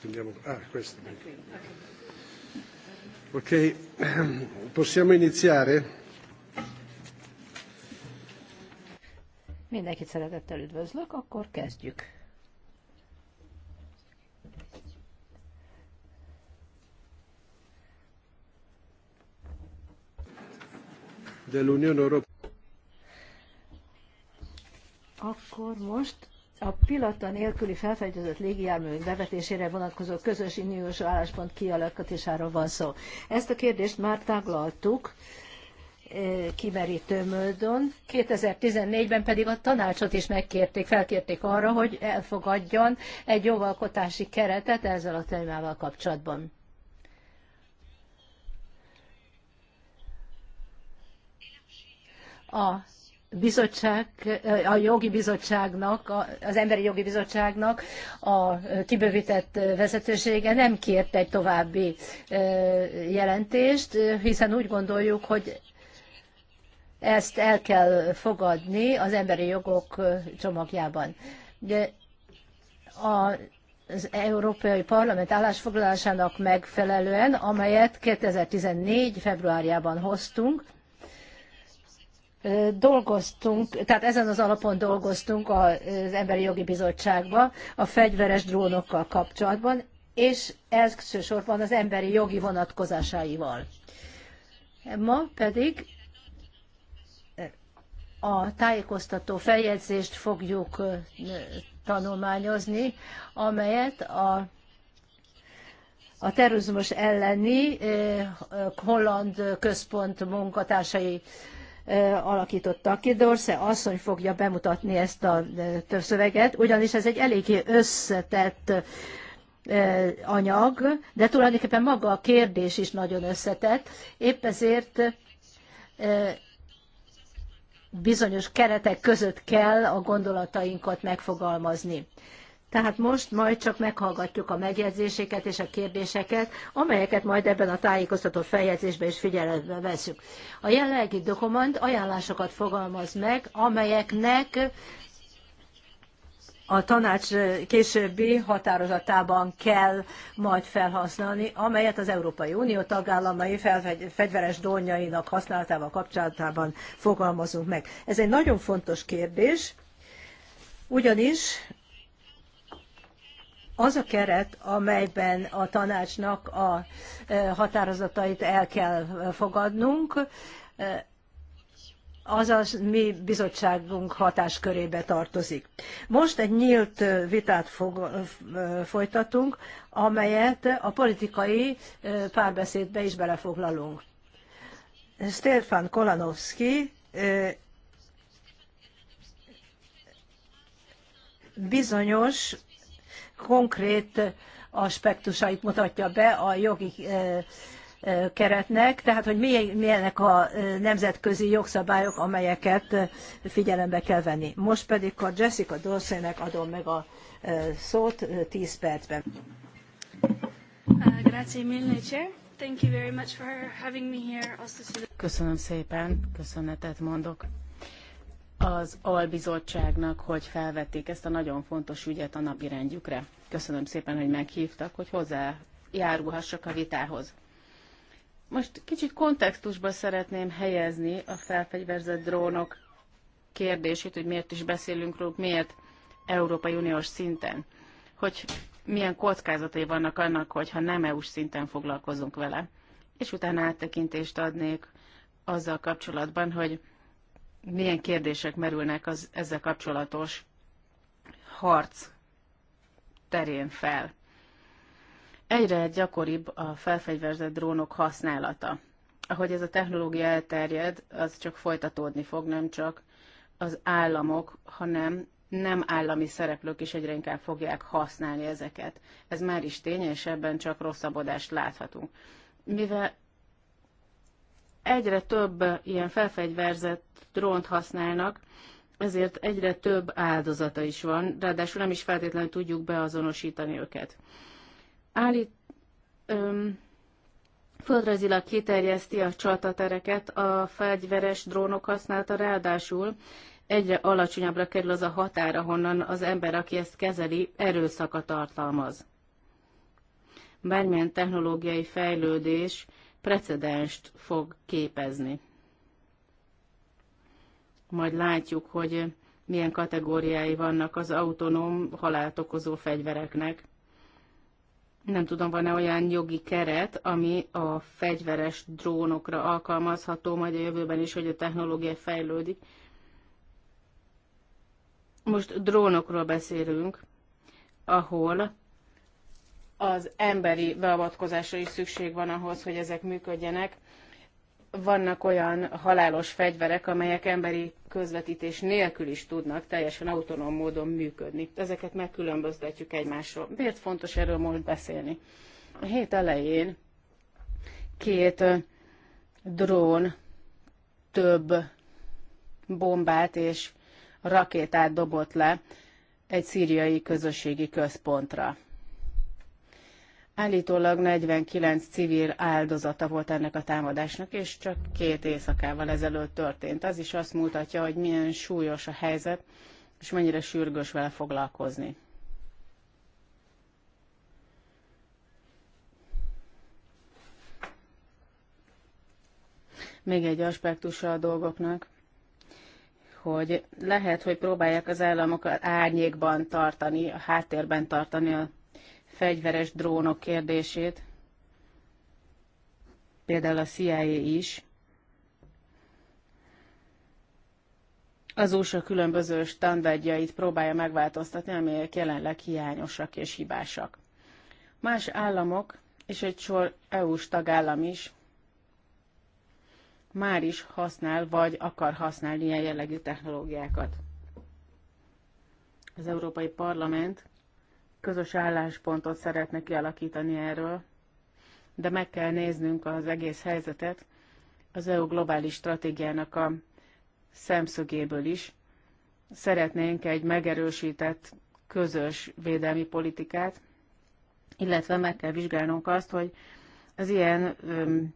Prendiamo... Ah, questo. Ok, possiamo iniziare? Mindenkit szeretettel üdvözlök, akkor kezdjük. dell'Unione Europea. Akkor most a pilota nélküli felfegyezott légijárművek bevetésére vonatkozó közös uniós álláspont kialakításáról van szó. Ezt a kérdést már taglaltuk eh, kimerítő módon. 2014-ben pedig a tanácsot is megkérték, felkérték arra, hogy elfogadjon egy jogalkotási keretet ezzel a témával kapcsolatban. A bizottság, a jogi bizottságnak, az emberi jogi bizottságnak a kibővített vezetősége nem kért egy további jelentést, hiszen úgy gondoljuk, hogy ezt el kell fogadni az emberi jogok csomagjában. De a az Európai Parlament állásfoglalásának megfelelően, amelyet 2014. februárjában hoztunk, dolgoztunk, tehát ezen az alapon dolgoztunk az Emberi Jogi Bizottságban a fegyveres drónokkal kapcsolatban, és elsősorban az emberi jogi vonatkozásaival. Ma pedig a tájékoztató feljegyzést fogjuk tanulmányozni, amelyet a a terrorizmus elleni holland központ munkatársai alakítottak ki. Dorsze asszony fogja bemutatni ezt a szöveget, ugyanis ez egy eléggé összetett anyag, de tulajdonképpen maga a kérdés is nagyon összetett. Épp ezért bizonyos keretek között kell a gondolatainkat megfogalmazni. Tehát most majd csak meghallgatjuk a megjegyzéseket és a kérdéseket, amelyeket majd ebben a tájékoztató feljegyzésben is figyelembe veszünk. A jelenlegi dokument ajánlásokat fogalmaz meg, amelyeknek a tanács későbbi határozatában kell majd felhasználni, amelyet az Európai Unió tagállamai fegyveres dolnyainak használatával kapcsolatában fogalmazunk meg. Ez egy nagyon fontos kérdés, ugyanis az a keret, amelyben a tanácsnak a határozatait el kell fogadnunk, azaz mi bizottságunk hatáskörébe tartozik. Most egy nyílt vitát fog, folytatunk, amelyet a politikai párbeszédbe is belefoglalunk. Stefan Kolanowski bizonyos konkrét aspektusait mutatja be a jogi eh, eh, keretnek, tehát hogy milyenek a eh, nemzetközi jogszabályok, amelyeket figyelembe kell venni. Most pedig a Jessica Dorsey-nek adom meg a szót 10 percben. Köszönöm szépen, köszönetet mondok az albizottságnak, hogy felvették ezt a nagyon fontos ügyet a napirendjükre. Köszönöm szépen, hogy meghívtak, hogy hozzájárulhassak a vitához. Most kicsit kontextusba szeretném helyezni a felfegyverzett drónok kérdését, hogy miért is beszélünk róluk, miért Európai Uniós szinten. Hogy milyen kockázatai vannak annak, hogyha nem EU-s szinten foglalkozunk vele. És utána áttekintést adnék azzal kapcsolatban, hogy milyen kérdések merülnek az ezzel kapcsolatos harc terén fel. Egyre gyakoribb a felfegyverzett drónok használata. Ahogy ez a technológia elterjed, az csak folytatódni fog, nem csak az államok, hanem nem állami szereplők is egyre inkább fogják használni ezeket. Ez már is tény, és ebben csak rosszabbodást láthatunk. Mivel egyre több ilyen felfegyverzett drónt használnak, ezért egyre több áldozata is van, ráadásul nem is feltétlenül tudjuk beazonosítani őket. Állít, öm, földrajzilag kiterjeszti a csatatereket, a fegyveres drónok használata ráadásul egyre alacsonyabbra kerül az a határ, ahonnan az ember, aki ezt kezeli, erőszaka tartalmaz. Bármilyen technológiai fejlődés, precedenst fog képezni. Majd látjuk, hogy milyen kategóriái vannak az autonóm halált okozó fegyvereknek. Nem tudom, van-e olyan jogi keret, ami a fegyveres drónokra alkalmazható majd a jövőben is, hogy a technológia fejlődik. Most drónokról beszélünk, ahol az emberi beavatkozásra is szükség van ahhoz, hogy ezek működjenek. Vannak olyan halálos fegyverek, amelyek emberi közvetítés nélkül is tudnak teljesen autonóm módon működni. Ezeket megkülönböztetjük egymásról. Miért fontos erről most beszélni? A hét elején két drón több bombát és rakétát dobott le egy szíriai közösségi központra. Állítólag 49 civil áldozata volt ennek a támadásnak, és csak két éjszakával ezelőtt történt. Az is azt mutatja, hogy milyen súlyos a helyzet, és mennyire sürgős vele foglalkozni. Még egy aspektusa a dolgoknak, hogy lehet, hogy próbálják az államokat árnyékban tartani, a háttérben tartani a fegyveres drónok kérdését, például a CIA is, az USA különböző standardjait próbálja megváltoztatni, amelyek jelenleg hiányosak és hibásak. Más államok és egy sor EU-s tagállam is már is használ vagy akar használni ilyen jellegű technológiákat. Az Európai Parlament közös álláspontot szeretne kialakítani erről, de meg kell néznünk az egész helyzetet az EU globális stratégiának a szemszögéből is. Szeretnénk egy megerősített közös védelmi politikát, illetve meg kell vizsgálnunk azt, hogy az ilyen öm,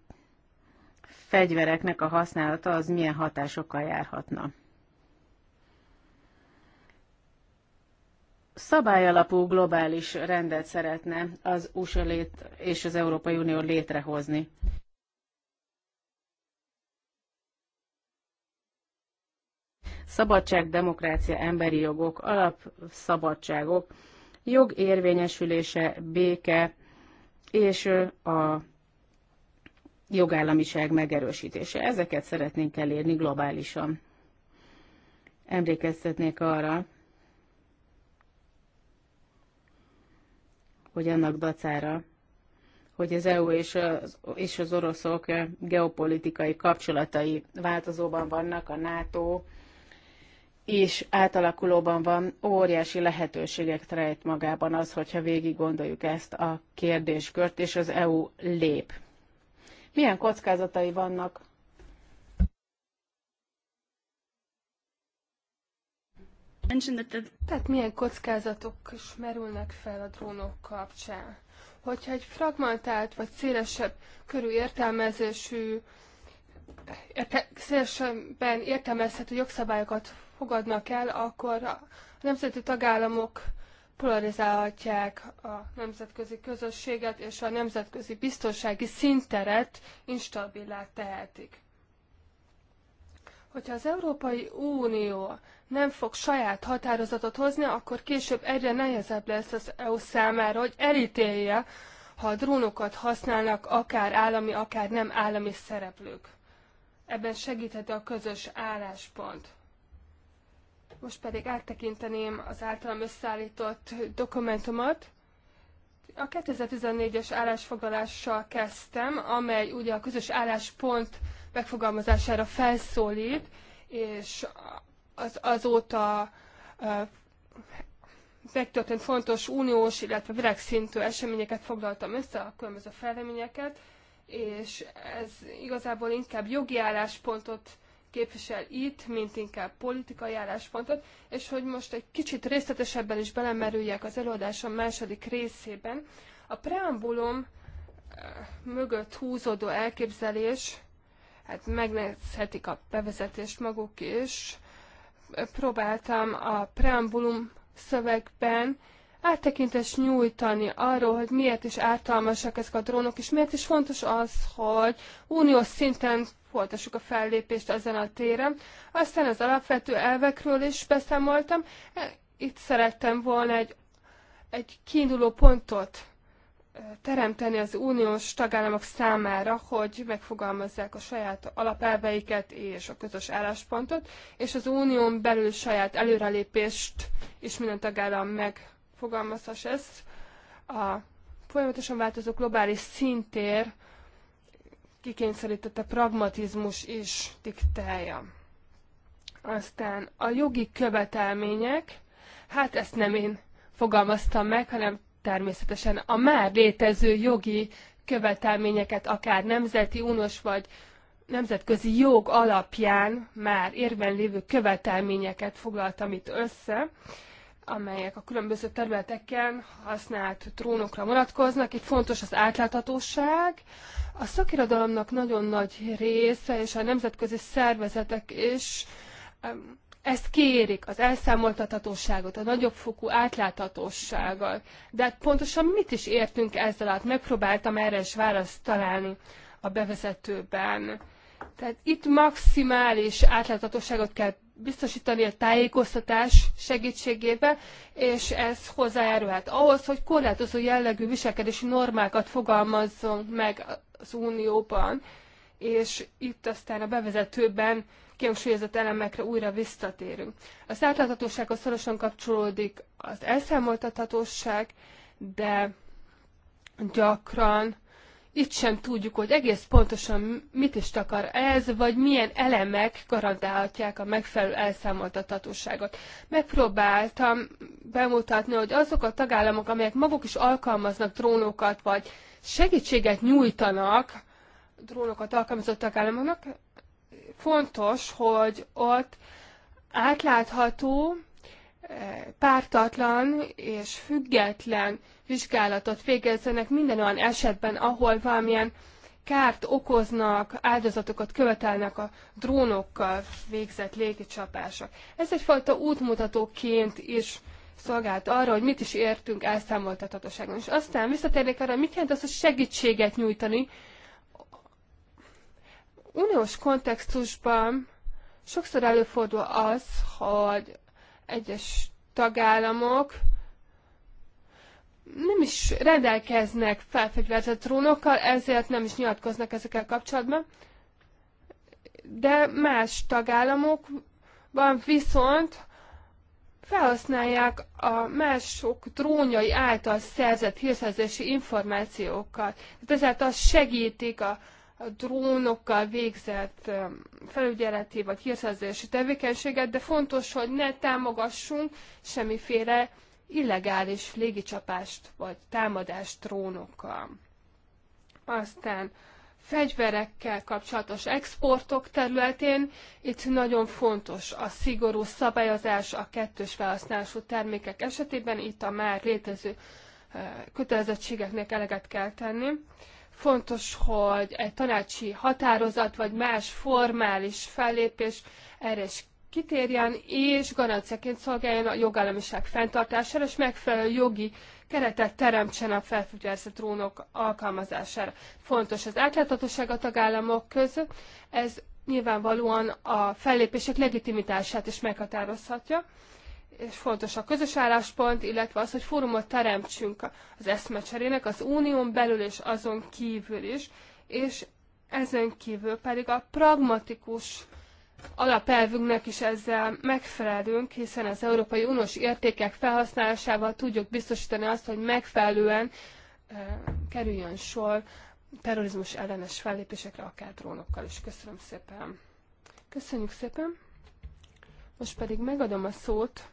fegyvereknek a használata az milyen hatásokkal járhatna. szabályalapú globális rendet szeretne az USA lét és az Európai Unió létrehozni. Szabadság, demokrácia, emberi jogok, alapszabadságok, jog érvényesülése, béke és a jogállamiság megerősítése. Ezeket szeretnénk elérni globálisan. Emlékeztetnék arra, hogy annak dacára, hogy az EU és az, és az oroszok geopolitikai kapcsolatai változóban vannak, a NATO és átalakulóban van, óriási lehetőségek rejt magában az, hogyha végig gondoljuk ezt a kérdéskört, és az EU lép. Milyen kockázatai vannak Tehát milyen kockázatok is merülnek fel a drónok kapcsán? Hogyha egy fragmentált vagy szélesebb körű értelmezésű, érte, szélesebben értelmezhető jogszabályokat fogadnak el, akkor a nemzeti tagállamok polarizálhatják a nemzetközi közösséget és a nemzetközi biztonsági szinteret instabilá tehetik hogyha az Európai Unió nem fog saját határozatot hozni, akkor később egyre nehezebb lesz az EU számára, hogy elítélje, ha a drónokat használnak akár állami, akár nem állami szereplők. Ebben segíthető a közös álláspont. Most pedig áttekinteném az általam összeállított dokumentumot. A 2014-es állásfoglalással kezdtem, amely ugye a közös álláspont megfogalmazására felszólít, és az, azóta megtörtént fontos uniós, illetve világszintű eseményeket foglaltam össze, a különböző fejleményeket, és ez igazából inkább jogi álláspontot képvisel itt, mint inkább politikai álláspontot, és hogy most egy kicsit részletesebben is belemerüljek az előadásom második részében, a preambulum mögött húzódó elképzelés hát megnézhetik a bevezetést maguk is. Próbáltam a preambulum szövegben áttekintést nyújtani arról, hogy miért is ártalmasak ezek a drónok, és miért is fontos az, hogy uniós szinten folytassuk a fellépést ezen a téren. Aztán az alapvető elvekről is beszámoltam. Itt szerettem volna egy, egy kiinduló pontot teremteni az uniós tagállamok számára, hogy megfogalmazzák a saját alapelveiket és a közös álláspontot, és az unión belül saját előrelépést is minden tagállam megfogalmazhassa ezt. A folyamatosan változó globális szintér kikényszerítette pragmatizmus is diktálja. Aztán a jogi követelmények, hát ezt nem én fogalmaztam meg, hanem természetesen a már létező jogi követelményeket, akár nemzeti, uniós vagy nemzetközi jog alapján már érben lévő követelményeket foglaltam itt össze, amelyek a különböző területeken használt trónokra vonatkoznak. Itt fontos az átláthatóság. A szakirodalomnak nagyon nagy része, és a nemzetközi szervezetek is ezt kérik, az elszámoltathatóságot, a nagyobb fokú átláthatósággal. De hát pontosan mit is értünk ezzel alatt? Megpróbáltam erre is választ találni a bevezetőben. Tehát itt maximális átláthatóságot kell biztosítani a tájékoztatás segítségével, és ez hozzájárulhat ahhoz, hogy korlátozó jellegű viselkedési normákat fogalmazzon meg az Unióban, és itt aztán a bevezetőben kihangsúlyozott elemekre újra visszatérünk. Az átláthatósághoz szorosan kapcsolódik az elszámoltathatóság, de gyakran itt sem tudjuk, hogy egész pontosan mit is takar ez, vagy milyen elemek garantálhatják a megfelelő elszámoltathatóságot. Megpróbáltam bemutatni, hogy azok a tagállamok, amelyek maguk is alkalmaznak drónokat, vagy segítséget nyújtanak drónokat alkalmazott tagállamoknak, fontos, hogy ott átlátható, eh, pártatlan és független vizsgálatot végezzenek minden olyan esetben, ahol valamilyen kárt okoznak, áldozatokat követelnek a drónokkal végzett légicsapások. Ez egyfajta útmutatóként is szolgált arra, hogy mit is értünk elszámoltathatóságon. És aztán visszatérnék arra, mit jelent az, hogy segítséget nyújtani uniós kontextusban sokszor előfordul az, hogy egyes tagállamok nem is rendelkeznek felfegyverzett trónokkal, ezért nem is nyilatkoznak ezekkel kapcsolatban. De más tagállamokban viszont felhasználják a mások drónjai által szerzett hírszerzési információkat. Ezért az segítik a drónokkal végzett felügyeleti vagy hírszerzési tevékenységet, de fontos, hogy ne támogassunk semmiféle illegális légicsapást vagy támadást drónokkal. Aztán fegyverekkel kapcsolatos exportok területén itt nagyon fontos a szigorú szabályozás a kettős felhasználású termékek esetében, itt a már létező kötelezettségeknek eleget kell tenni Fontos, hogy egy tanácsi határozat vagy más formális fellépés erre is kitérjen, és garanciaként szolgáljon a jogállamiság fenntartására, és megfelelő jogi keretet teremtsen a felfüggesztett trónok alkalmazására. Fontos az átláthatóság a tagállamok között, ez nyilvánvalóan a fellépések legitimitását is meghatározhatja és fontos a közös álláspont, illetve az, hogy fórumot teremtsünk az eszmecserének az unión belül és azon kívül is, és ezen kívül pedig a pragmatikus alapelvünknek is ezzel megfelelünk, hiszen az Európai Uniós értékek felhasználásával tudjuk biztosítani azt, hogy megfelelően e, kerüljön sor terrorizmus ellenes fellépésekre, akár drónokkal is. Köszönöm szépen. Köszönjük szépen. Most pedig megadom a szót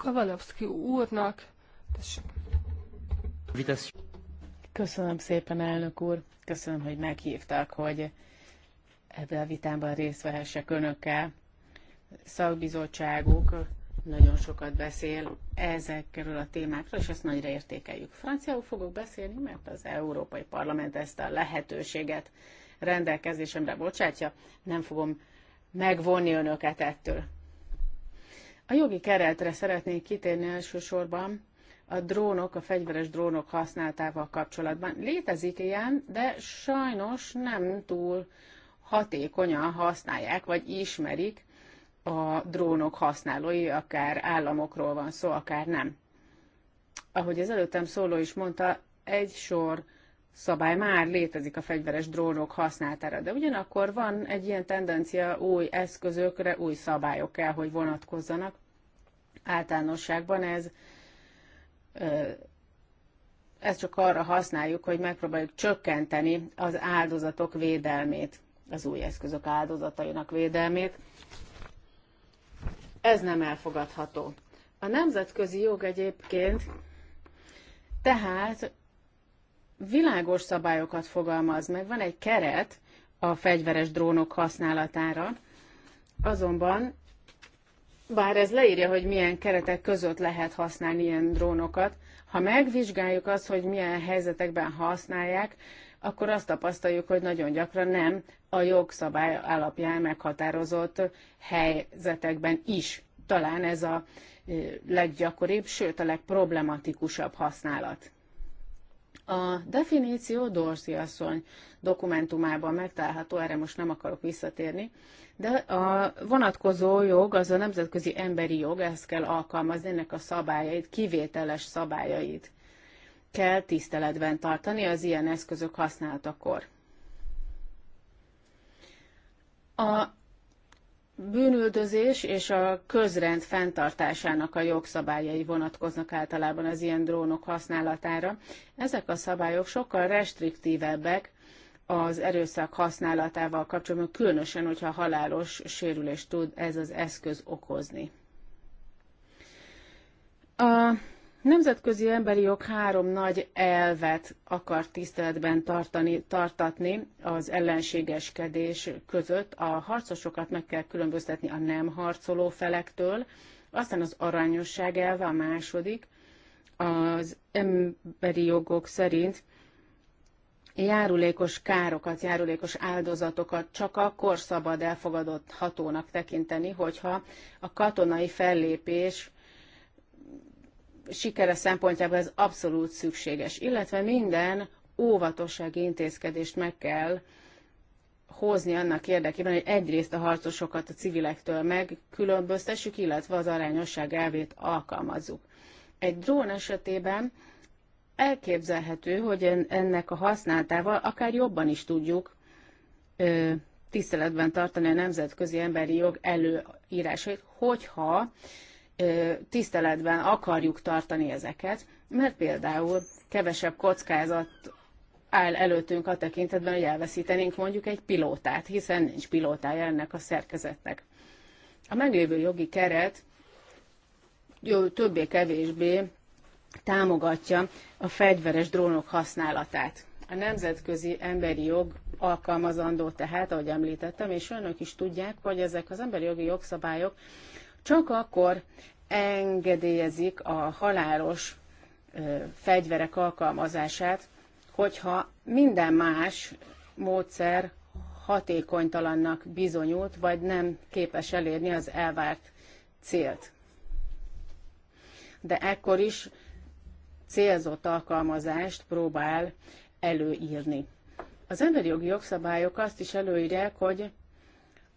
Kavalovszki úrnak. Köszönöm szépen, elnök úr. Köszönöm, hogy meghívtak, hogy ebben a vitában részt vehessek önökkel. Szakbizottságuk nagyon sokat beszél ezekről a témákról, és ezt nagyra értékeljük. Franciául fogok beszélni, mert az Európai Parlament ezt a lehetőséget rendelkezésemre bocsátja. Nem fogom megvonni önöket ettől. A jogi keretre szeretnék kitérni elsősorban a drónok, a fegyveres drónok használatával kapcsolatban. Létezik ilyen, de sajnos nem túl hatékonyan használják, vagy ismerik a drónok használói, akár államokról van szó, akár nem. Ahogy az előttem szóló is mondta, egy sor szabály már létezik a fegyveres drónok használatára, de ugyanakkor van egy ilyen tendencia új eszközökre, új szabályok kell, hogy vonatkozzanak, Általánosságban ez, ez csak arra használjuk, hogy megpróbáljuk csökkenteni az áldozatok védelmét, az új eszközök áldozatainak védelmét. Ez nem elfogadható. A nemzetközi jog egyébként tehát világos szabályokat fogalmaz meg, van egy keret a fegyveres drónok használatára, azonban bár ez leírja, hogy milyen keretek között lehet használni ilyen drónokat, ha megvizsgáljuk azt, hogy milyen helyzetekben használják, akkor azt tapasztaljuk, hogy nagyon gyakran nem a jogszabály alapján meghatározott helyzetekben is. Talán ez a leggyakoribb, sőt a legproblematikusabb használat. A definíció Dorsi asszony dokumentumában megtalálható, erre most nem akarok visszatérni, de a vonatkozó jog az a nemzetközi emberi jog, ezt kell alkalmazni, ennek a szabályait, kivételes szabályait kell tiszteletben tartani az ilyen eszközök használatakor. A bűnüldözés és a közrend fenntartásának a jogszabályai vonatkoznak általában az ilyen drónok használatára. Ezek a szabályok sokkal restriktívebbek, az erőszak használatával kapcsolatban, különösen, hogyha halálos sérülést tud ez az eszköz okozni. A nemzetközi emberi jog három nagy elvet akar tiszteletben tartani, tartatni az ellenségeskedés között. A harcosokat meg kell különböztetni a nem harcoló felektől, aztán az arányosság elve a második, az emberi jogok szerint járulékos károkat, járulékos áldozatokat csak akkor szabad elfogadott hatónak tekinteni, hogyha a katonai fellépés sikere szempontjából ez abszolút szükséges, illetve minden óvatossági intézkedést meg kell hozni annak érdekében, hogy egyrészt a harcosokat a civilektől megkülönböztessük, illetve az arányosság elvét alkalmazzuk. Egy drón esetében elképzelhető, hogy ennek a használatával akár jobban is tudjuk tiszteletben tartani a nemzetközi emberi jog előírásait, hogyha tiszteletben akarjuk tartani ezeket, mert például kevesebb kockázat áll előttünk a tekintetben, hogy elveszítenénk mondjuk egy pilótát, hiszen nincs pilótája ennek a szerkezetnek. A meglévő jogi keret többé-kevésbé támogatja a fegyveres drónok használatát. A nemzetközi emberi jog alkalmazandó tehát, ahogy említettem, és önök is tudják, hogy ezek az emberi jogi jogszabályok csak akkor engedélyezik a halálos ö, fegyverek alkalmazását, hogyha minden más módszer hatékonytalannak bizonyult, vagy nem képes elérni az elvárt célt. De ekkor is célzott alkalmazást próbál előírni. Az emberi jogi jogszabályok azt is előírják, hogy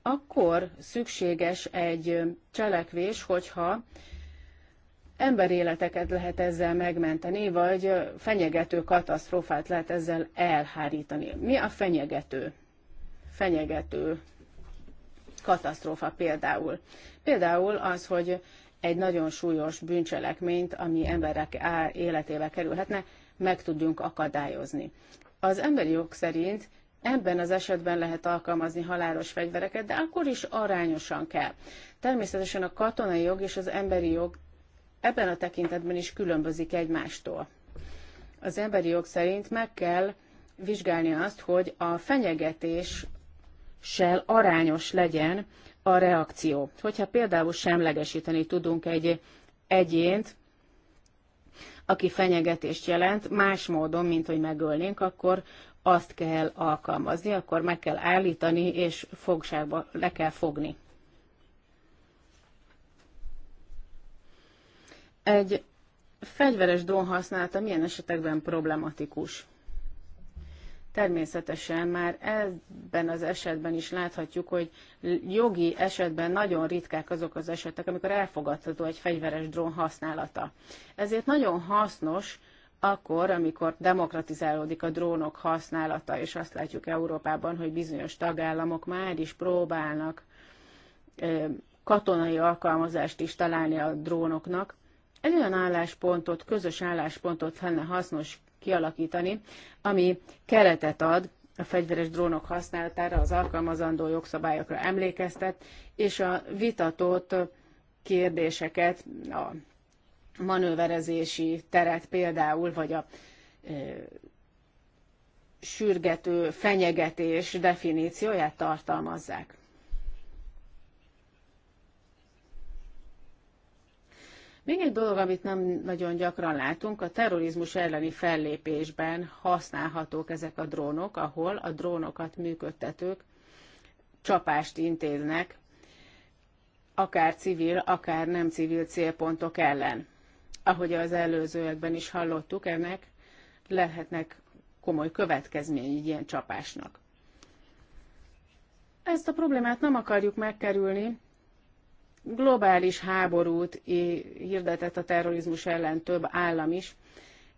akkor szükséges egy cselekvés, hogyha emberéleteket lehet ezzel megmenteni, vagy fenyegető katasztrófát lehet ezzel elhárítani. Mi a fenyegető? Fenyegető katasztrófa például. Például az, hogy egy nagyon súlyos bűncselekményt, ami emberek életébe kerülhetne, meg tudjunk akadályozni. Az emberi jog szerint ebben az esetben lehet alkalmazni halálos fegyvereket, de akkor is arányosan kell. Természetesen a katonai jog és az emberi jog ebben a tekintetben is különbözik egymástól. Az emberi jog szerint meg kell vizsgálni azt, hogy a fenyegetés arányos legyen a reakció. Hogyha például semlegesíteni tudunk egy egyént, aki fenyegetést jelent, más módon, mint hogy megölnénk, akkor azt kell alkalmazni, akkor meg kell állítani, és fogságba le kell fogni. Egy fegyveres drón használata milyen esetekben problematikus? Természetesen már ebben az esetben is láthatjuk, hogy jogi esetben nagyon ritkák azok az esetek, amikor elfogadható egy fegyveres drón használata. Ezért nagyon hasznos akkor, amikor demokratizálódik a drónok használata, és azt látjuk Európában, hogy bizonyos tagállamok már is próbálnak katonai alkalmazást is találni a drónoknak. Egy olyan álláspontot, közös álláspontot lenne hasznos kialakítani, ami keretet ad a fegyveres drónok használatára, az alkalmazandó jogszabályokra emlékeztet, és a vitatott kérdéseket, a manőverezési teret például, vagy a e, sürgető fenyegetés definícióját tartalmazzák. Még egy dolog, amit nem nagyon gyakran látunk, a terrorizmus elleni fellépésben használhatók ezek a drónok, ahol a drónokat működtetők csapást intéznek, akár civil, akár nem civil célpontok ellen. Ahogy az előzőekben is hallottuk, ennek lehetnek komoly következményi ilyen csapásnak. Ezt a problémát nem akarjuk megkerülni, globális háborút hirdetett a terrorizmus ellen több állam is.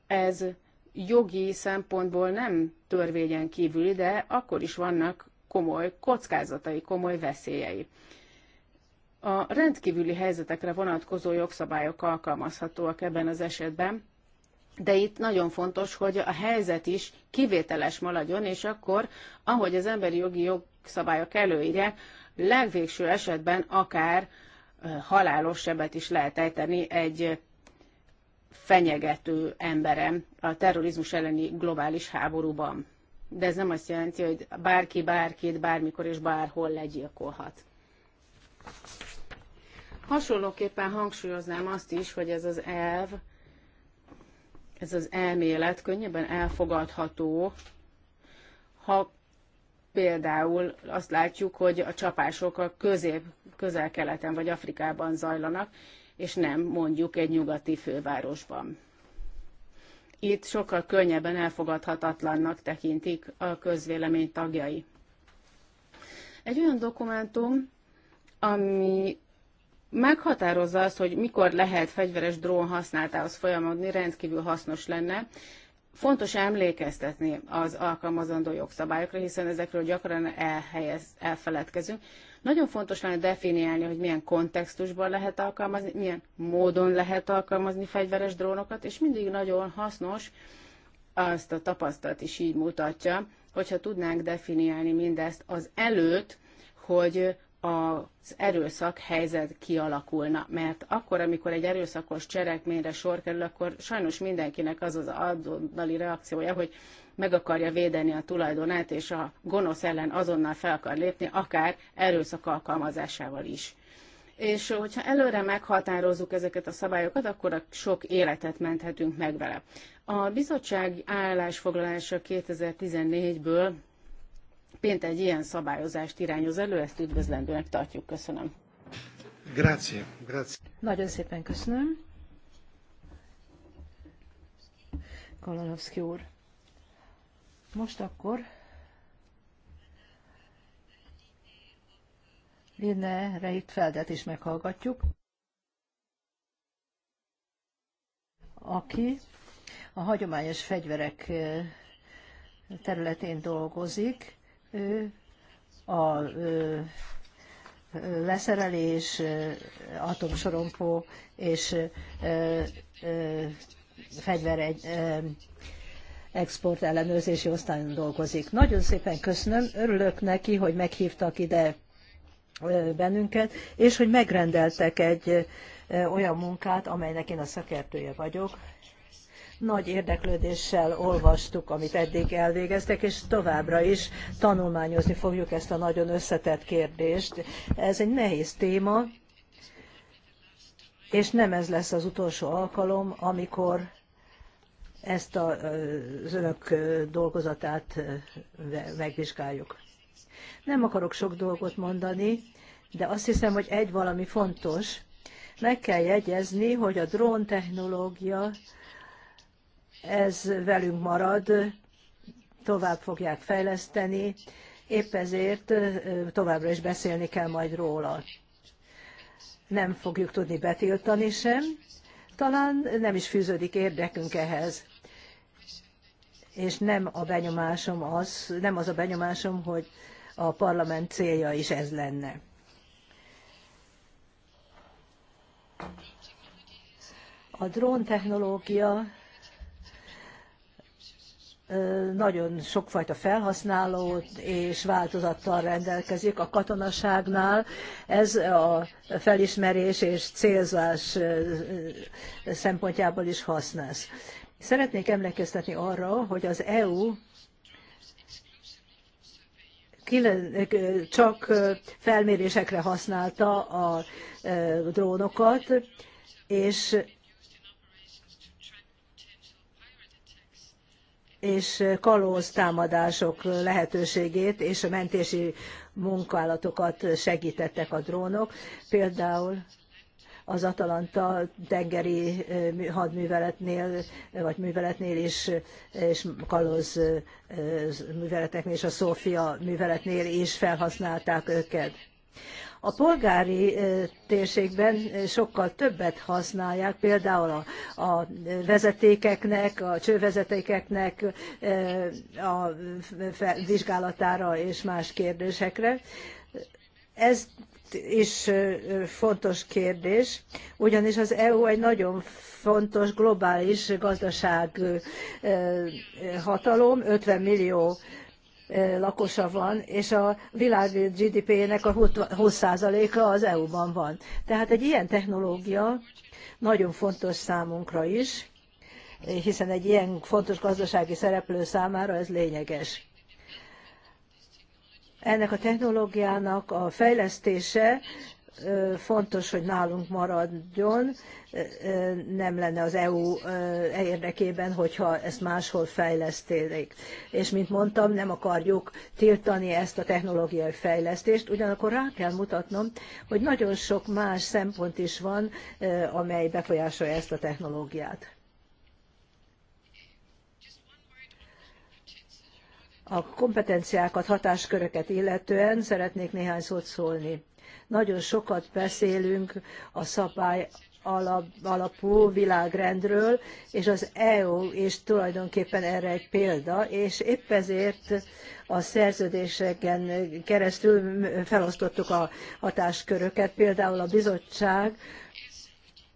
Ez jogi szempontból nem törvényen kívüli, de akkor is vannak komoly kockázatai, komoly veszélyei. A rendkívüli helyzetekre vonatkozó jogszabályok alkalmazhatóak ebben az esetben, de itt nagyon fontos, hogy a helyzet is kivételes maradjon, és akkor, ahogy az emberi jogi jogszabályok előírják, legvégső esetben akár halálos sebet is lehet ejteni egy fenyegető emberem a terrorizmus elleni globális háborúban. De ez nem azt jelenti, hogy bárki bárkit bármikor és bárhol legyilkolhat. Hasonlóképpen hangsúlyoznám azt is, hogy ez az elv, ez az elmélet könnyebben elfogadható, ha például azt látjuk, hogy a csapások a közép közel-keleten vagy Afrikában zajlanak, és nem mondjuk egy nyugati fővárosban. Itt sokkal könnyebben elfogadhatatlannak tekintik a közvélemény tagjai. Egy olyan dokumentum, ami meghatározza azt, hogy mikor lehet fegyveres drón használatához folyamodni, rendkívül hasznos lenne, Fontos emlékeztetni az alkalmazandó jogszabályokra, hiszen ezekről gyakran elhelyez, elfeledkezünk. Nagyon fontos lenne definiálni, hogy milyen kontextusban lehet alkalmazni, milyen módon lehet alkalmazni fegyveres drónokat, és mindig nagyon hasznos, azt a tapasztalat is így mutatja, hogyha tudnánk definiálni mindezt az előtt, hogy az erőszak helyzet kialakulna. Mert akkor, amikor egy erőszakos cselekményre sor kerül, akkor sajnos mindenkinek az az azonnali reakciója, hogy meg akarja védeni a tulajdonát, és a gonosz ellen azonnal fel akar lépni, akár erőszak alkalmazásával is. És hogyha előre meghatározzuk ezeket a szabályokat, akkor a sok életet menthetünk meg vele. A bizottság állásfoglalása 2014-ből Pont egy ilyen szabályozást irányoz elő, ezt üdvözlendőnek tartjuk. Köszönöm. Grazie, grazie. Nagyon szépen köszönöm. Kalanovszki úr. Most akkor Linne Feldet is meghallgatjuk, aki a hagyományos fegyverek területén dolgozik, a leszerelés, atomsorompó és fegyver egy, export ellenőrzési osztályon dolgozik. Nagyon szépen köszönöm, örülök neki, hogy meghívtak ide bennünket, és hogy megrendeltek egy olyan munkát, amelynek én a szakértője vagyok, nagy érdeklődéssel olvastuk, amit eddig elvégeztek, és továbbra is tanulmányozni fogjuk ezt a nagyon összetett kérdést. Ez egy nehéz téma, és nem ez lesz az utolsó alkalom, amikor ezt a, az önök dolgozatát megvizsgáljuk. Nem akarok sok dolgot mondani, de azt hiszem, hogy egy valami fontos. Meg kell jegyezni, hogy a drón technológia ez velünk marad, tovább fogják fejleszteni, épp ezért továbbra is beszélni kell majd róla. Nem fogjuk tudni betiltani sem, talán nem is fűződik érdekünk ehhez. És nem a benyomásom az, nem az a benyomásom, hogy a parlament célja is ez lenne. A drón technológia nagyon sokfajta felhasználót és változattal rendelkezik. A katonaságnál ez a felismerés és célzás szempontjából is használsz. Szeretnék emlékeztetni arra, hogy az EU csak felmérésekre használta a drónokat, és és kalóz támadások lehetőségét és a mentési munkálatokat segítettek a drónok. Például az Atalanta tengeri hadműveletnél, vagy műveletnél is, és kalóz műveleteknél és a Szófia műveletnél is felhasználták őket. A polgári térségben sokkal többet használják, például a, a vezetékeknek, a csővezetékeknek a vizsgálatára és más kérdésekre. Ez is fontos kérdés, ugyanis az EU egy nagyon fontos globális gazdaság hatalom, 50 millió lakosa van, és a világ GDP-nek a 20%-a az EU-ban van. Tehát egy ilyen technológia nagyon fontos számunkra is, hiszen egy ilyen fontos gazdasági szereplő számára ez lényeges. Ennek a technológiának a fejlesztése fontos, hogy nálunk maradjon, nem lenne az EU e érdekében, hogyha ezt máshol fejlesztélik. És mint mondtam, nem akarjuk tiltani ezt a technológiai fejlesztést, ugyanakkor rá kell mutatnom, hogy nagyon sok más szempont is van, amely befolyásolja ezt a technológiát. A kompetenciákat, hatásköröket illetően szeretnék néhány szót szólni nagyon sokat beszélünk a szabály alapú világrendről, és az EU is tulajdonképpen erre egy példa, és épp ezért a szerződéseken keresztül felosztottuk a hatásköröket. Például a bizottság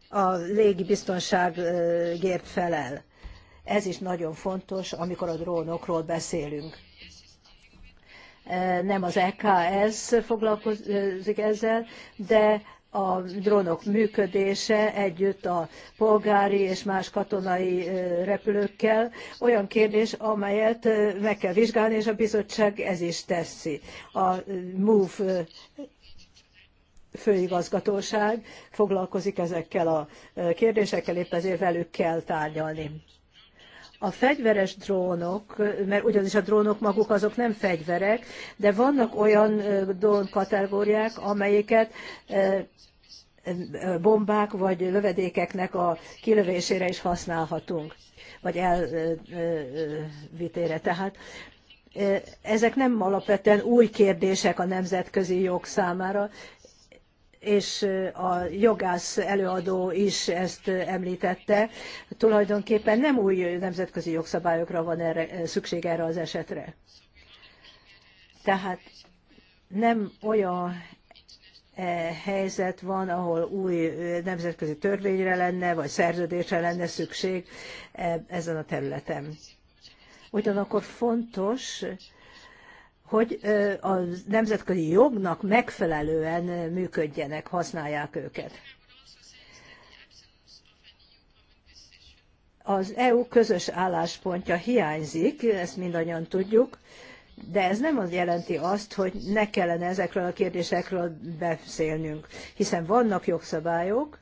a légibiztonságért felel. Ez is nagyon fontos, amikor a drónokról beszélünk nem az EKS foglalkozik ezzel, de a drónok működése együtt a polgári és más katonai repülőkkel olyan kérdés, amelyet meg kell vizsgálni, és a bizottság ez is teszi. A MOVE főigazgatóság foglalkozik ezekkel a kérdésekkel, épp ezért velük kell tárgyalni. A fegyveres drónok, mert ugyanis a drónok maguk azok nem fegyverek, de vannak olyan drónkategóriák, amelyeket bombák vagy lövedékeknek a kilövésére is használhatunk, vagy elvitére. Tehát ezek nem alapvetően új kérdések a nemzetközi jog számára, és a jogász előadó is ezt említette, tulajdonképpen nem új nemzetközi jogszabályokra van erre, szükség erre az esetre. Tehát nem olyan e, helyzet van, ahol új nemzetközi törvényre lenne, vagy szerződésre lenne szükség e, ezen a területen. Ugyanakkor fontos, hogy a nemzetközi jognak megfelelően működjenek, használják őket. Az EU közös álláspontja hiányzik, ezt mindannyian tudjuk, de ez nem az jelenti azt, hogy ne kellene ezekről a kérdésekről beszélnünk, hiszen vannak jogszabályok,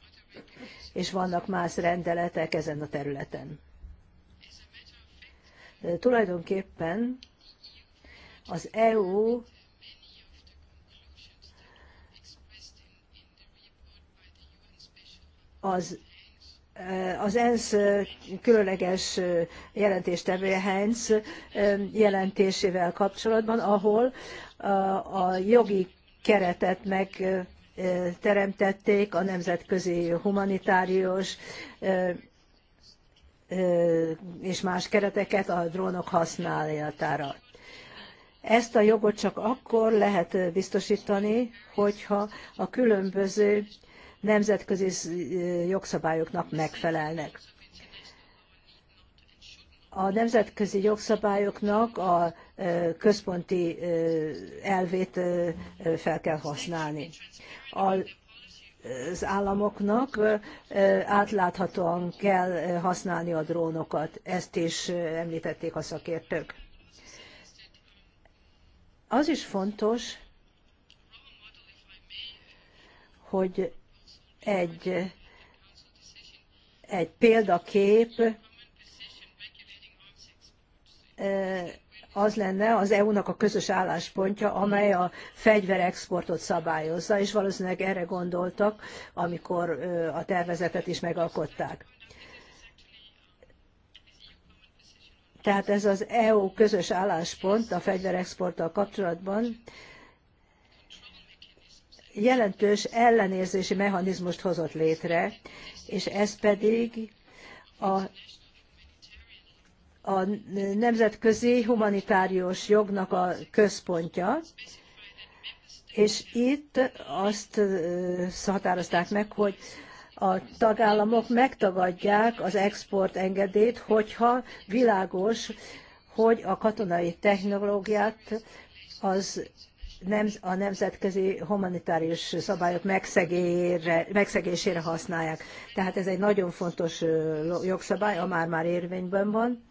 és vannak más rendeletek ezen a területen. De tulajdonképpen az EU az e, az ENSZ e, különleges e, jelentéstevője Heinz jelentésével kapcsolatban, ahol a jogi keretet megteremtették a nemzetközi humanitárius és más kereteket a drónok használatára. Ezt a jogot csak akkor lehet biztosítani, hogyha a különböző nemzetközi jogszabályoknak megfelelnek. A nemzetközi jogszabályoknak a központi elvét fel kell használni. Az államoknak átláthatóan kell használni a drónokat, ezt is említették a szakértők az is fontos, hogy egy, egy példakép az lenne az EU-nak a közös álláspontja, amely a fegyverexportot szabályozza, és valószínűleg erre gondoltak, amikor a tervezetet is megalkották. Tehát ez az EU közös álláspont a fegyverexporttal kapcsolatban jelentős ellenérzési mechanizmust hozott létre, és ez pedig a, a nemzetközi humanitárius jognak a központja, és itt azt határozták meg, hogy a tagállamok megtagadják az export engedélyt, hogyha világos, hogy a katonai technológiát az nem, a nemzetközi humanitárius szabályok megszegésére használják. Tehát ez egy nagyon fontos jogszabály, a már-már érvényben van.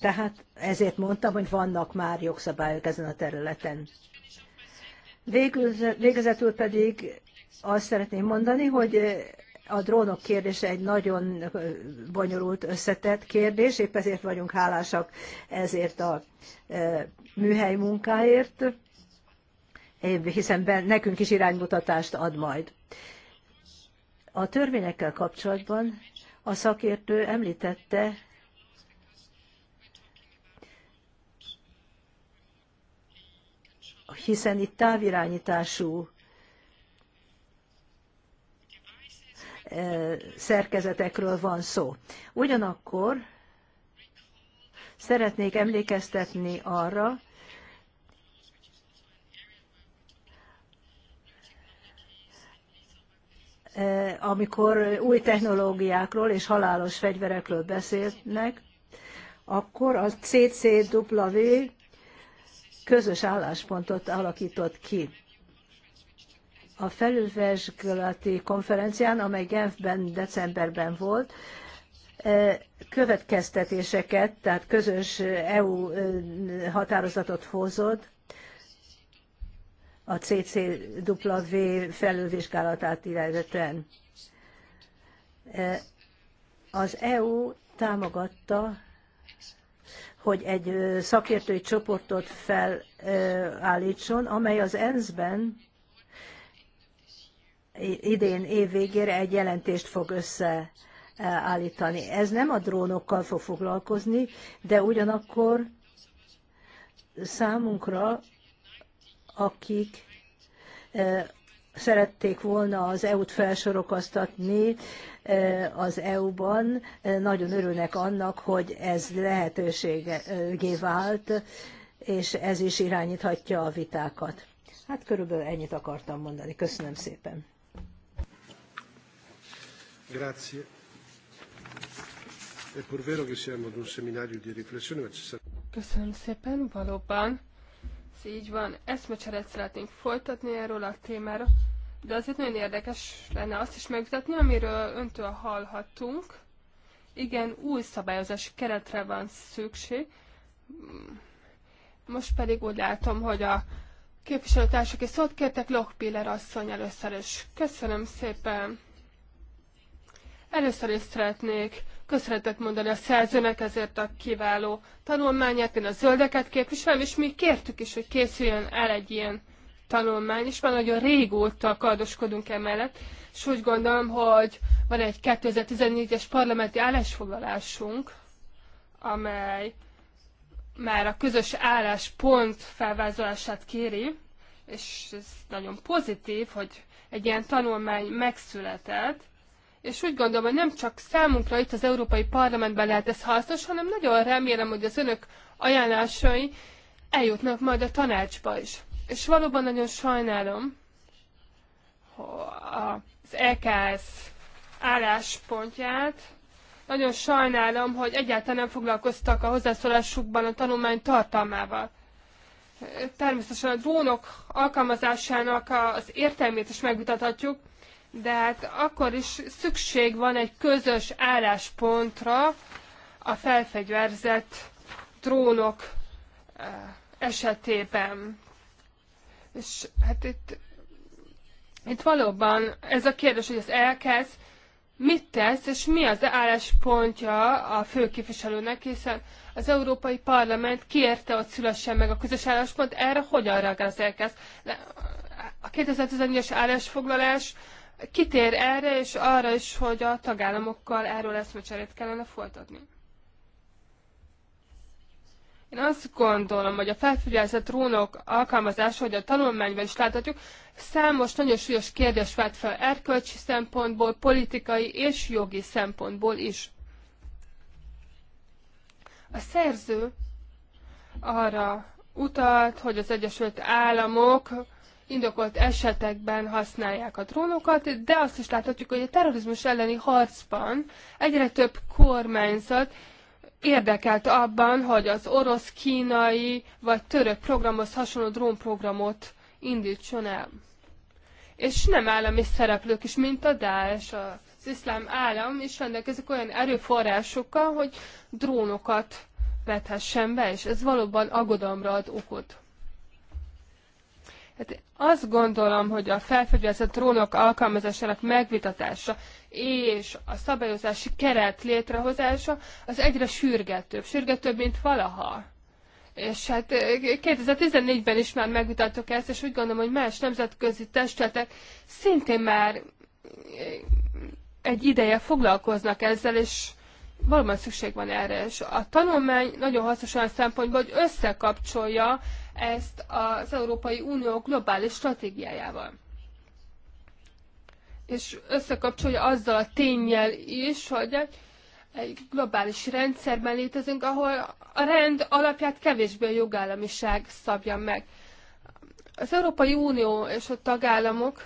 Tehát ezért mondtam, hogy vannak már jogszabályok ezen a területen. Végül, végezetül pedig azt szeretném mondani, hogy a drónok kérdése egy nagyon bonyolult, összetett kérdés, épp ezért vagyunk hálásak ezért a műhely munkáért, hiszen nekünk is iránymutatást ad majd. A törvényekkel kapcsolatban a szakértő említette, hiszen itt távirányítású eh, szerkezetekről van szó. Ugyanakkor szeretnék emlékeztetni arra, eh, amikor új technológiákról és halálos fegyverekről beszélnek, akkor a CCW közös álláspontot alakított ki. A felülvizsgálati konferencián, amely Genfben decemberben volt, e, következtetéseket, tehát közös EU e, határozatot hozott, a CCW felülvizsgálatát illetően. E, az EU támogatta hogy egy szakértői csoportot felállítson, amely az ENSZ-ben idén év végére egy jelentést fog összeállítani. Ez nem a drónokkal fog foglalkozni, de ugyanakkor számunkra, akik szerették volna az EU-t felsorokoztatni e, az EU-ban. E, nagyon örülnek annak, hogy ez lehetőségé vált, és ez is irányíthatja a vitákat. Hát körülbelül ennyit akartam mondani. Köszönöm szépen. Grazie. È pur vero che siamo ad un seminario di riflessione, ma ci sarà... Köszönöm szépen, valóban. Ez így van, eszmecserét szeretnénk folytatni erről a témáról de azért nagyon érdekes lenne azt is megmutatni, amiről öntől hallhattunk. Igen, új szabályozási keretre van szükség. Most pedig úgy látom, hogy a képviselőtársak és szót kértek Lokpiller asszony először is. Köszönöm szépen! Először is szeretnék köszönetet mondani a szerzőnek ezért a kiváló tanulmányát. Én a zöldeket képviselem, és mi kértük is, hogy készüljön el egy ilyen tanulmány, és már nagyon régóta kardoskodunk emellett, és úgy gondolom, hogy van egy 2014-es parlamenti állásfoglalásunk, amely már a közös álláspont felvázolását kéri, és ez nagyon pozitív, hogy egy ilyen tanulmány megszületett, és úgy gondolom, hogy nem csak számunkra itt az Európai Parlamentben lehet ez hasznos, hanem nagyon remélem, hogy az önök ajánlásai eljutnak majd a tanácsba is. És valóban nagyon sajnálom az EKS álláspontját. Nagyon sajnálom, hogy egyáltalán nem foglalkoztak a hozzászólásukban a tanulmány tartalmával. Természetesen a drónok alkalmazásának az értelmét is megmutathatjuk, de hát akkor is szükség van egy közös álláspontra a felfegyverzett drónok eh, esetében. És hát itt, itt valóban ez a kérdés, hogy az elkezd, mit tesz, és mi az álláspontja a főképviselőnek, hiszen az Európai Parlament kérte, hogy szülessen meg a közös álláspont, erre hogyan reagál az elkezd? A 2011 es állásfoglalás kitér erre, és arra is, hogy a tagállamokkal erről eszmecserét kellene folytatni. Én azt gondolom, hogy a felfigyelzett rónok alkalmazása, hogy a tanulmányban is láthatjuk, számos nagyon súlyos kérdés vált fel erkölcsi szempontból, politikai és jogi szempontból is. A szerző arra utalt, hogy az Egyesült Államok indokolt esetekben használják a drónokat, de azt is láthatjuk, hogy a terrorizmus elleni harcban egyre több kormányzat érdekelt abban, hogy az orosz, kínai vagy török programhoz hasonló drónprogramot indítson el. És nem állami szereplők is, mint a Daesh, az iszlám állam is rendelkezik olyan erőforrásokkal, hogy drónokat vethessen be, és ez valóban aggodalomra ad okot. Hát azt gondolom, hogy a felfegyverzett drónok alkalmazásának megvitatása és a szabályozási keret létrehozása az egyre sürgetőbb, sürgetőbb, mint valaha. És hát 2014-ben eh, is már megvitattuk ezt, és úgy gondolom, hogy más nemzetközi testületek szintén már eh, egy ideje foglalkoznak ezzel, és valóban szükség van erre. És a tanulmány nagyon hasznos olyan szempontból, hogy összekapcsolja ezt az Európai Unió globális stratégiájával és összekapcsolja azzal a tényel is, hogy egy globális rendszerben létezünk, ahol a rend alapját kevésbé a jogállamiság szabja meg. Az Európai Unió és a tagállamok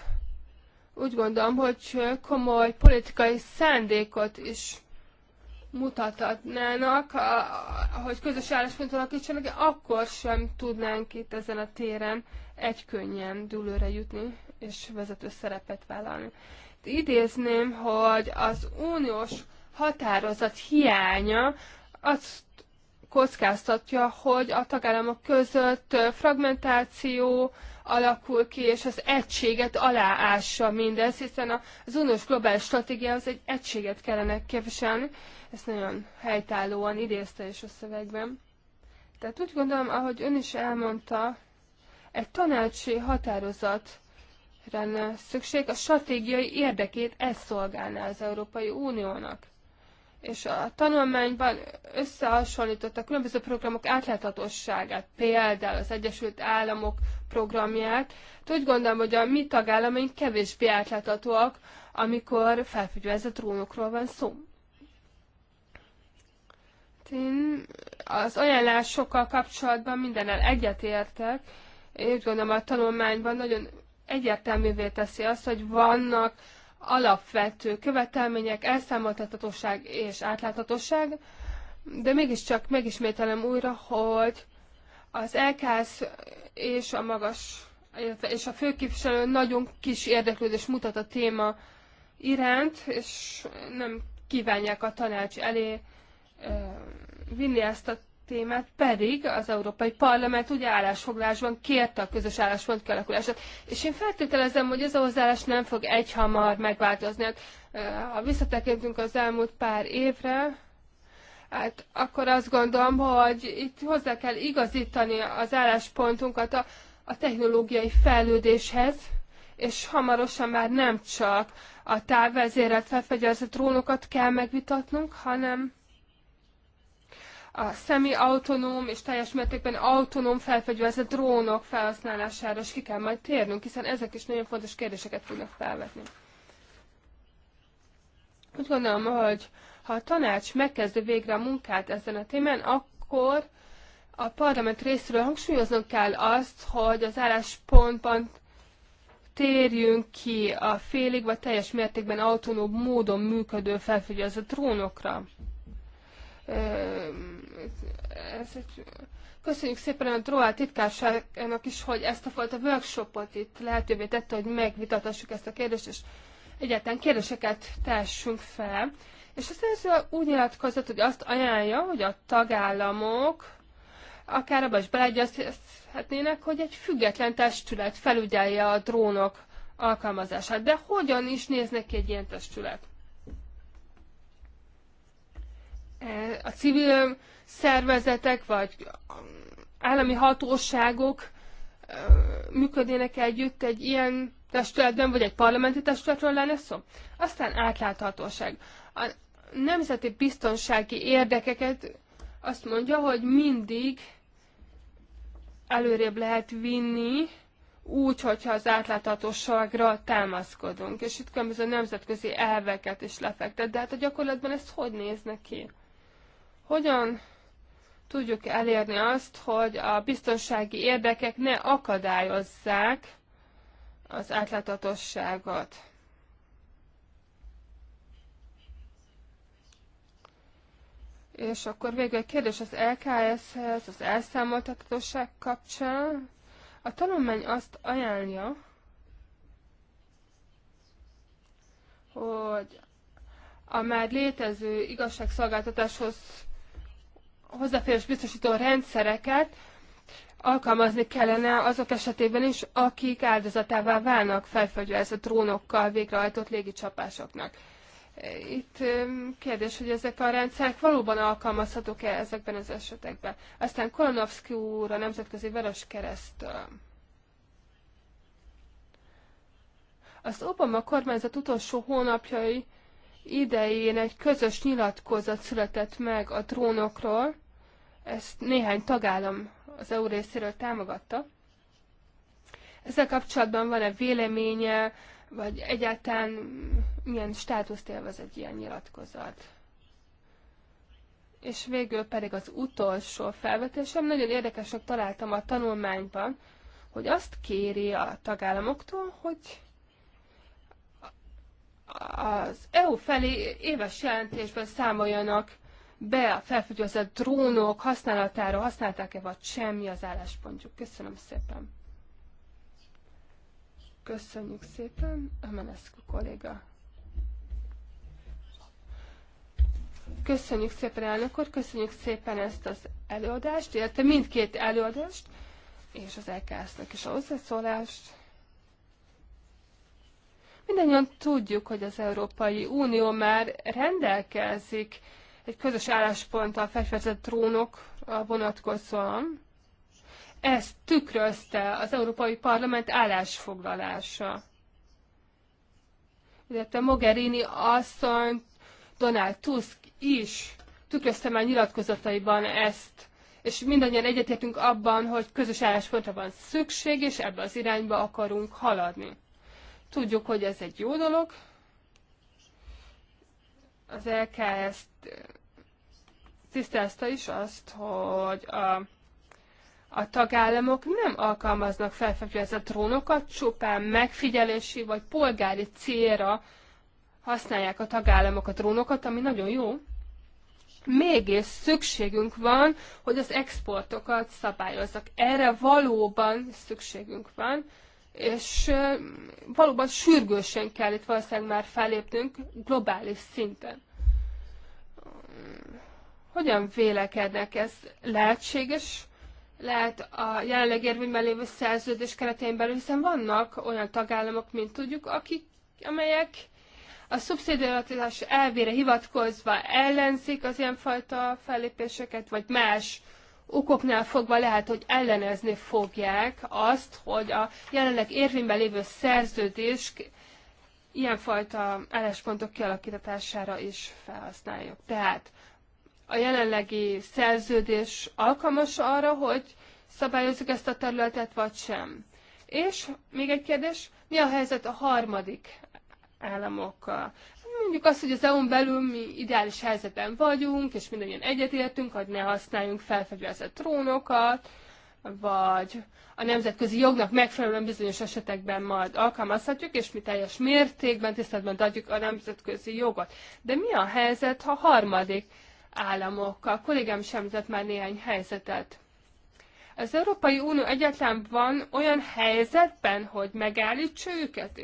úgy gondolom, hogy komoly politikai szándékot is mutathatnának, hogy közös álláspont alakítsanak, akkor sem tudnánk itt ezen a téren egykönnyen dőlőre jutni és vezető szerepet vállalni. Idézném, hogy az uniós határozat hiánya azt kockáztatja, hogy a tagállamok között fragmentáció alakul ki, és az egységet aláássa mindez, hiszen az uniós globális stratégiához egy egységet kellene képviselni. Ezt nagyon helytállóan idézte is a szövegben. Tehát úgy gondolom, ahogy ön is elmondta, egy tanácsi határozat lenne szükség. A stratégiai érdekét ez szolgálná az Európai Uniónak. És a tanulmányban összehasonlította a különböző programok átláthatóságát, például az Egyesült Államok programját. Hát úgy gondolom, hogy a mi tagállamaink kevésbé átláthatóak, amikor a trónokról van szó. Én az ajánlásokkal kapcsolatban mindennel egyetértek. Én úgy gondolom, a tanulmányban nagyon egyértelművé teszi azt, hogy vannak alapvető követelmények, elszámoltathatóság és átláthatóság, de mégiscsak megismételem újra, hogy az LKS és a magas, illetve és a főképviselő nagyon kis érdeklődés mutat a téma iránt, és nem kívánják a tanács elé vinni ezt a témát, pedig az Európai Parlament ugye állásfoglásban kérte a közös álláspont kialakulását. És én feltételezem, hogy ez a hozzáállás nem fog egyhamar megváltozni. Hát, eh, ha visszatekintünk az elmúlt pár évre, hát akkor azt gondolom, hogy itt hozzá kell igazítani az álláspontunkat a, a technológiai fejlődéshez, és hamarosan már nem csak a távvezérelt felfegyelzett drónokat kell megvitatnunk, hanem a semi-autonóm és teljes mértékben autonóm felfegyverzett drónok felhasználására is ki kell majd térnünk, hiszen ezek is nagyon fontos kérdéseket tudnak felvetni. Úgy gondolom, hogy ha a tanács megkezdi végre a munkát ezen a témán, akkor a parlament részéről hangsúlyoznunk kell azt, hogy az álláspontban térjünk ki a félig vagy teljes mértékben autonóm módon működő felfigyelző drónokra ez egy, köszönjük szépen a Droá titkárságának is, hogy ezt a fajta workshopot itt lehetővé tette, hogy megvitatassuk ezt a kérdést, és egyáltalán kérdéseket tessünk fel. És aztán ez úgy nyilatkozott, hogy azt ajánlja, hogy a tagállamok akár abban is beleegyezhetnének, hogy egy független testület felügyelje a drónok alkalmazását. De hogyan is néznek ki egy ilyen testület? E, a civil szervezetek vagy állami hatóságok működnének együtt egy ilyen testületben, vagy egy parlamenti testületről lenne szó. Aztán átláthatóság. A nemzeti biztonsági érdekeket azt mondja, hogy mindig előrébb lehet vinni, úgy, hogyha az átláthatóságra támaszkodunk, és itt különböző nemzetközi elveket is lefektet. De hát a gyakorlatban ez hogy néznek ki? Hogyan tudjuk elérni azt, hogy a biztonsági érdekek ne akadályozzák az átláthatóságot. És akkor végül egy kérdés az LKS-hez, az elszámoltatottság kapcsán. A tanulmány azt ajánlja, hogy a már létező igazságszolgáltatáshoz hozzáférés biztosító rendszereket alkalmazni kellene azok esetében is, akik áldozatává válnak felfegyverzett drónokkal végrehajtott légicsapásoknak. Itt kérdés, hogy ezek a rendszerek valóban alkalmazhatók-e ezekben az esetekben. Aztán Kolonovszki úr a Nemzetközi Vörös Kereszt. Az Obama kormányzat utolsó hónapjai idején egy közös nyilatkozat született meg a drónokról, ezt néhány tagállam az EU részéről támogatta. Ezzel kapcsolatban van-e véleménye, vagy egyáltalán milyen státuszt élvez egy ilyen nyilatkozat? És végül pedig az utolsó felvetésem, nagyon érdekesnek találtam a tanulmányban, hogy azt kéri a tagállamoktól, hogy az EU felé éves jelentésben számoljanak be a felfüggesztett drónok használatára használták-e, vagy semmi az álláspontjuk. Köszönöm szépen. Köszönjük szépen, Ömeneszkú kolléga. Köszönjük szépen, elnök úr, köszönjük szépen ezt az előadást, illetve mindkét előadást, és az lks nek is a hozzászólást. Mindannyian tudjuk, hogy az Európai Unió már rendelkezik egy közös álláspont a fegyverzett trónokra vonatkozóan. Ezt tükrözte az Európai Parlament állásfoglalása. Illetve Mogherini asszony, Donald Tusk is tükrözte már nyilatkozataiban ezt, és mindannyian egyetértünk abban, hogy közös álláspontra van szükség, és ebbe az irányba akarunk haladni. Tudjuk, hogy ez egy jó dolog, az LKS tisztázta is azt, hogy a, a tagállamok nem alkalmaznak felfegyverzett drónokat, csupán megfigyelési vagy polgári célra használják a tagállamok a drónokat, ami nagyon jó. Mégis szükségünk van, hogy az exportokat szabályozzak. Erre valóban szükségünk van, és valóban sürgősen kell itt valószínűleg már felépnünk globális szinten. Hogyan vélekednek ez? Lehetséges? Lehet a jelenleg érvényben lévő szerződés keretén belül, hiszen vannak olyan tagállamok, mint tudjuk, akik, amelyek a szubszidiaritás elvére hivatkozva ellenzik az ilyenfajta fellépéseket, vagy más uh, okoknál fogva lehet, hogy ellenezni fogják azt, hogy a jelenleg érvényben lévő szerződés ilyenfajta álláspontok kialakítására is felhasználjuk. Tehát a jelenlegi szerződés alkalmas arra, hogy szabályozzuk ezt a területet, vagy sem. És még egy kérdés, mi a helyzet a harmadik államokkal? mondjuk azt, hogy az EU-n belül mi ideális helyzetben vagyunk, és mindannyian egyetértünk, hogy ne használjunk felfegyverzett trónokat, vagy a nemzetközi jognak megfelelően bizonyos esetekben majd alkalmazhatjuk, és mi teljes mértékben tiszteletben adjuk a nemzetközi jogot. De mi a helyzet, ha harmadik államokkal? A kollégám sem már néhány helyzetet. Az Európai Unió egyáltalán van olyan helyzetben, hogy megállítsa őket,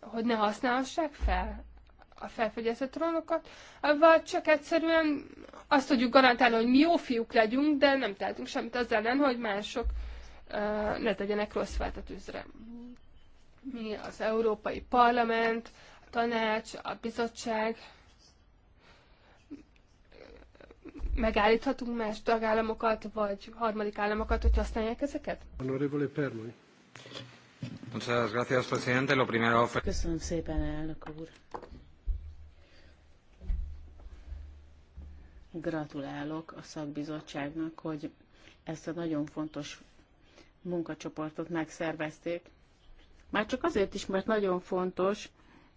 hogy ne használhassák fel a felfedezett trónokat, vagy csak egyszerűen azt tudjuk garantálni, hogy mi jó fiúk legyünk, de nem tehetünk semmit az ellen, hogy mások uh, ne tegyenek rossz fát a tűzre. Mi az Európai Parlament, a tanács, a bizottság, megállíthatunk más tagállamokat, vagy harmadik államokat, hogy használják ezeket? Köszönöm szépen, elnök úr. Gratulálok a szakbizottságnak, hogy ezt a nagyon fontos munkacsoportot megszervezték. Már csak azért is, mert nagyon fontos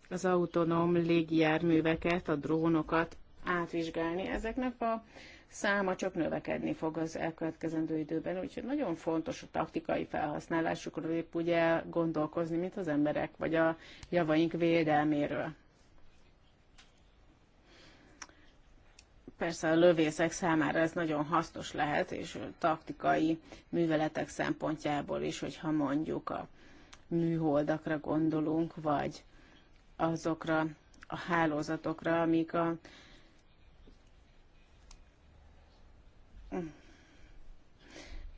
az autonóm légijárműveket, a drónokat átvizsgálni. Ezeknek a száma csak növekedni fog az elkövetkezendő időben, úgyhogy nagyon fontos a taktikai felhasználásukról épp ugye gondolkozni, mint az emberek, vagy a javaink védelméről. Persze a lövészek számára ez nagyon hasznos lehet, és taktikai műveletek szempontjából is, hogyha mondjuk a műholdakra gondolunk, vagy azokra a hálózatokra, amik a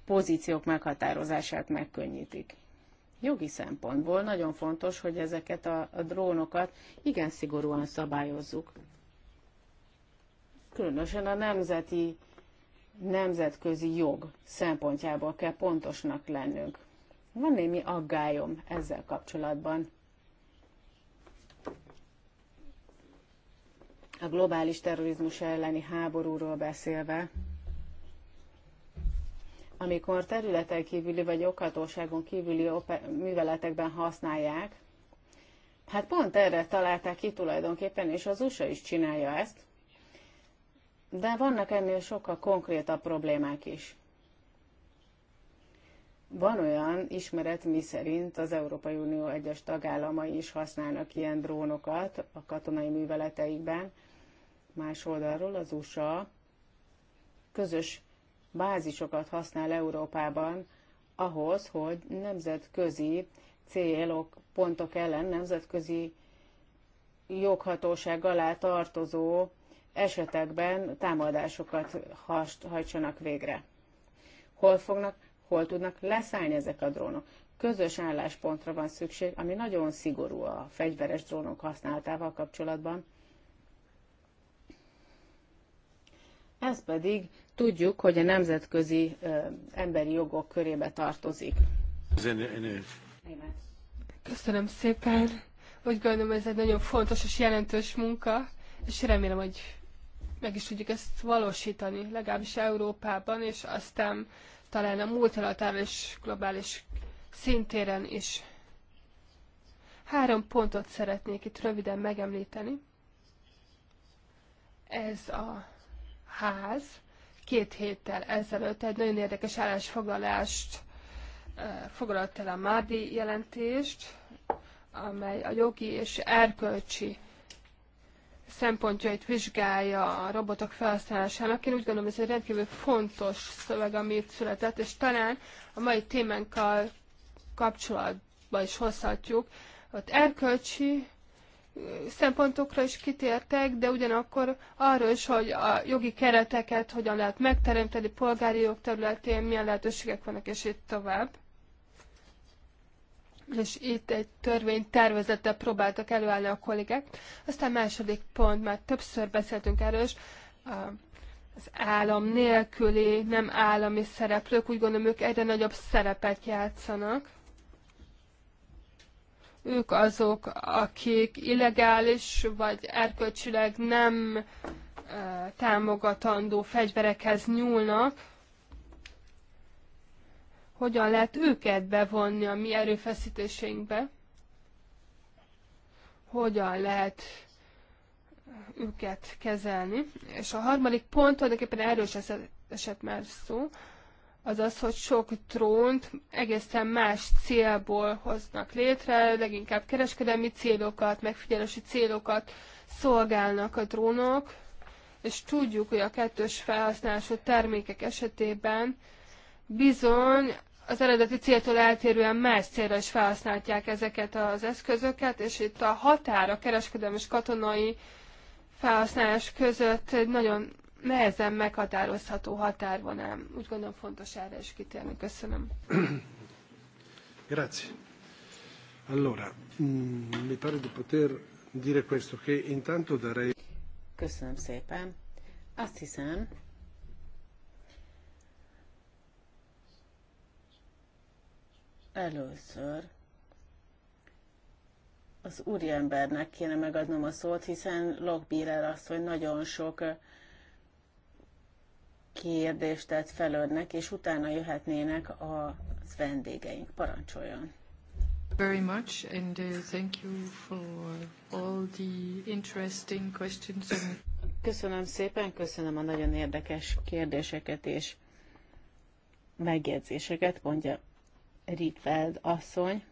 pozíciók meghatározását megkönnyítik. Jogi szempontból nagyon fontos, hogy ezeket a, a drónokat igen szigorúan szabályozzuk, különösen a nemzeti, nemzetközi jog szempontjából kell pontosnak lennünk. Van némi aggályom ezzel kapcsolatban. A globális terrorizmus elleni háborúról beszélve, amikor területen kívüli vagy okhatóságon kívüli műveletekben használják, hát pont erre találták ki tulajdonképpen, és az USA is csinálja ezt. De vannak ennél sokkal konkrétabb problémák is. Van olyan ismeret, mi szerint az Európai Unió egyes tagállamai is használnak ilyen drónokat a katonai műveleteikben. Más oldalról az USA közös bázisokat használ Európában ahhoz, hogy nemzetközi célok, pontok ellen nemzetközi joghatóság alá tartozó esetekben támadásokat hast, hajtsanak végre. Hol fognak, hol tudnak leszállni ezek a drónok. Közös álláspontra van szükség, ami nagyon szigorú a fegyveres drónok használatával kapcsolatban. Ez pedig tudjuk, hogy a nemzetközi ö, emberi jogok körébe tartozik. Köszönöm szépen. Úgy gondolom, ez egy nagyon fontos és jelentős munka, és remélem, hogy meg is tudjuk ezt valósítani, legalábbis Európában, és aztán talán a multilaterális globális szintéren is. Három pontot szeretnék itt röviden megemlíteni. Ez a ház két héttel ezelőtt egy nagyon érdekes állásfoglalást eh, foglalt el a Mádi jelentést, amely a jogi és erkölcsi szempontjait vizsgálja a robotok felhasználásának. Én úgy gondolom, ez egy rendkívül fontos szöveg, ami itt született, és talán a mai témánkkal kapcsolatba is hozhatjuk. Ott erkölcsi szempontokra is kitértek, de ugyanakkor arról is, hogy a jogi kereteket hogyan lehet megteremteni polgári jog területén, milyen lehetőségek vannak, és itt tovább és itt egy törvénytervezettel próbáltak előállni a kollégek. Aztán második pont, már többször beszéltünk erről, az állam nélküli, nem állami szereplők, úgy gondolom ők egyre nagyobb szerepet játszanak. Ők azok, akik illegális vagy erkölcsileg nem támogatandó fegyverekhez nyúlnak, hogyan lehet őket bevonni a mi erőfeszítéseinkbe, hogyan lehet őket kezelni. És a harmadik pont, tulajdonképpen erről is esett, már szó, az az, hogy sok trónt egészen más célból hoznak létre, leginkább kereskedelmi célokat, megfigyelési célokat szolgálnak a drónok, és tudjuk, hogy a kettős felhasználású termékek esetében bizony az eredeti céltól eltérően más célra is felhasználják ezeket az eszközöket, és itt a határ a kereskedelmi és katonai felhasználás között egy nagyon nehezen meghatározható határ van ám. Úgy gondolom fontos erre is kitérni. Köszönöm. Grazie. Allora, mm, mi pare di poter dire questo, che intanto darei... Köszönöm szépen. Azt hiszem, Először az úriembernek kéne megadnom a szót, hiszen Lockbiller azt, hogy nagyon sok kérdést tett fel önnek, és utána jöhetnének a vendégeink. Parancsoljon! very much, and uh, thank you for all the interesting questions. Köszönöm szépen, köszönöm a nagyon érdekes kérdéseket és megjegyzéseket, mondja Ritveld asszony.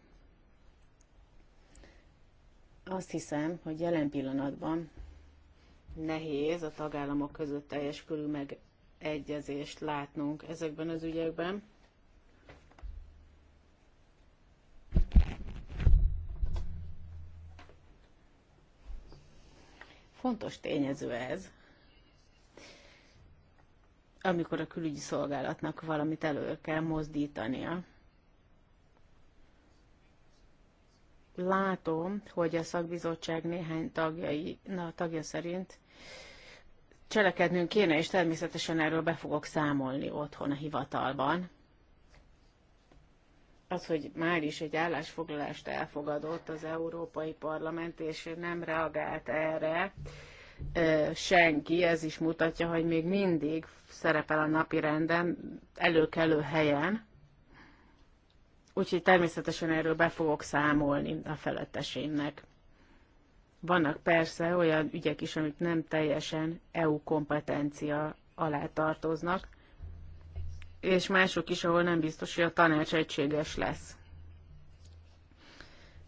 Azt hiszem, hogy jelen pillanatban nehéz a tagállamok között teljes meg megegyezést látnunk ezekben az ügyekben. Fontos tényező ez, amikor a külügyi szolgálatnak valamit elő kell mozdítania látom, hogy a szakbizottság néhány tagjai, na, tagja szerint cselekednünk kéne, és természetesen erről be fogok számolni otthon a hivatalban. Az, hogy már is egy állásfoglalást elfogadott az Európai Parlament, és nem reagált erre senki, ez is mutatja, hogy még mindig szerepel a napi renden előkelő helyen, Úgyhogy természetesen erről be fogok számolni a felettesének. Vannak persze olyan ügyek is, amik nem teljesen EU kompetencia alá tartoznak, és mások is, ahol nem biztos, hogy a tanács egységes lesz.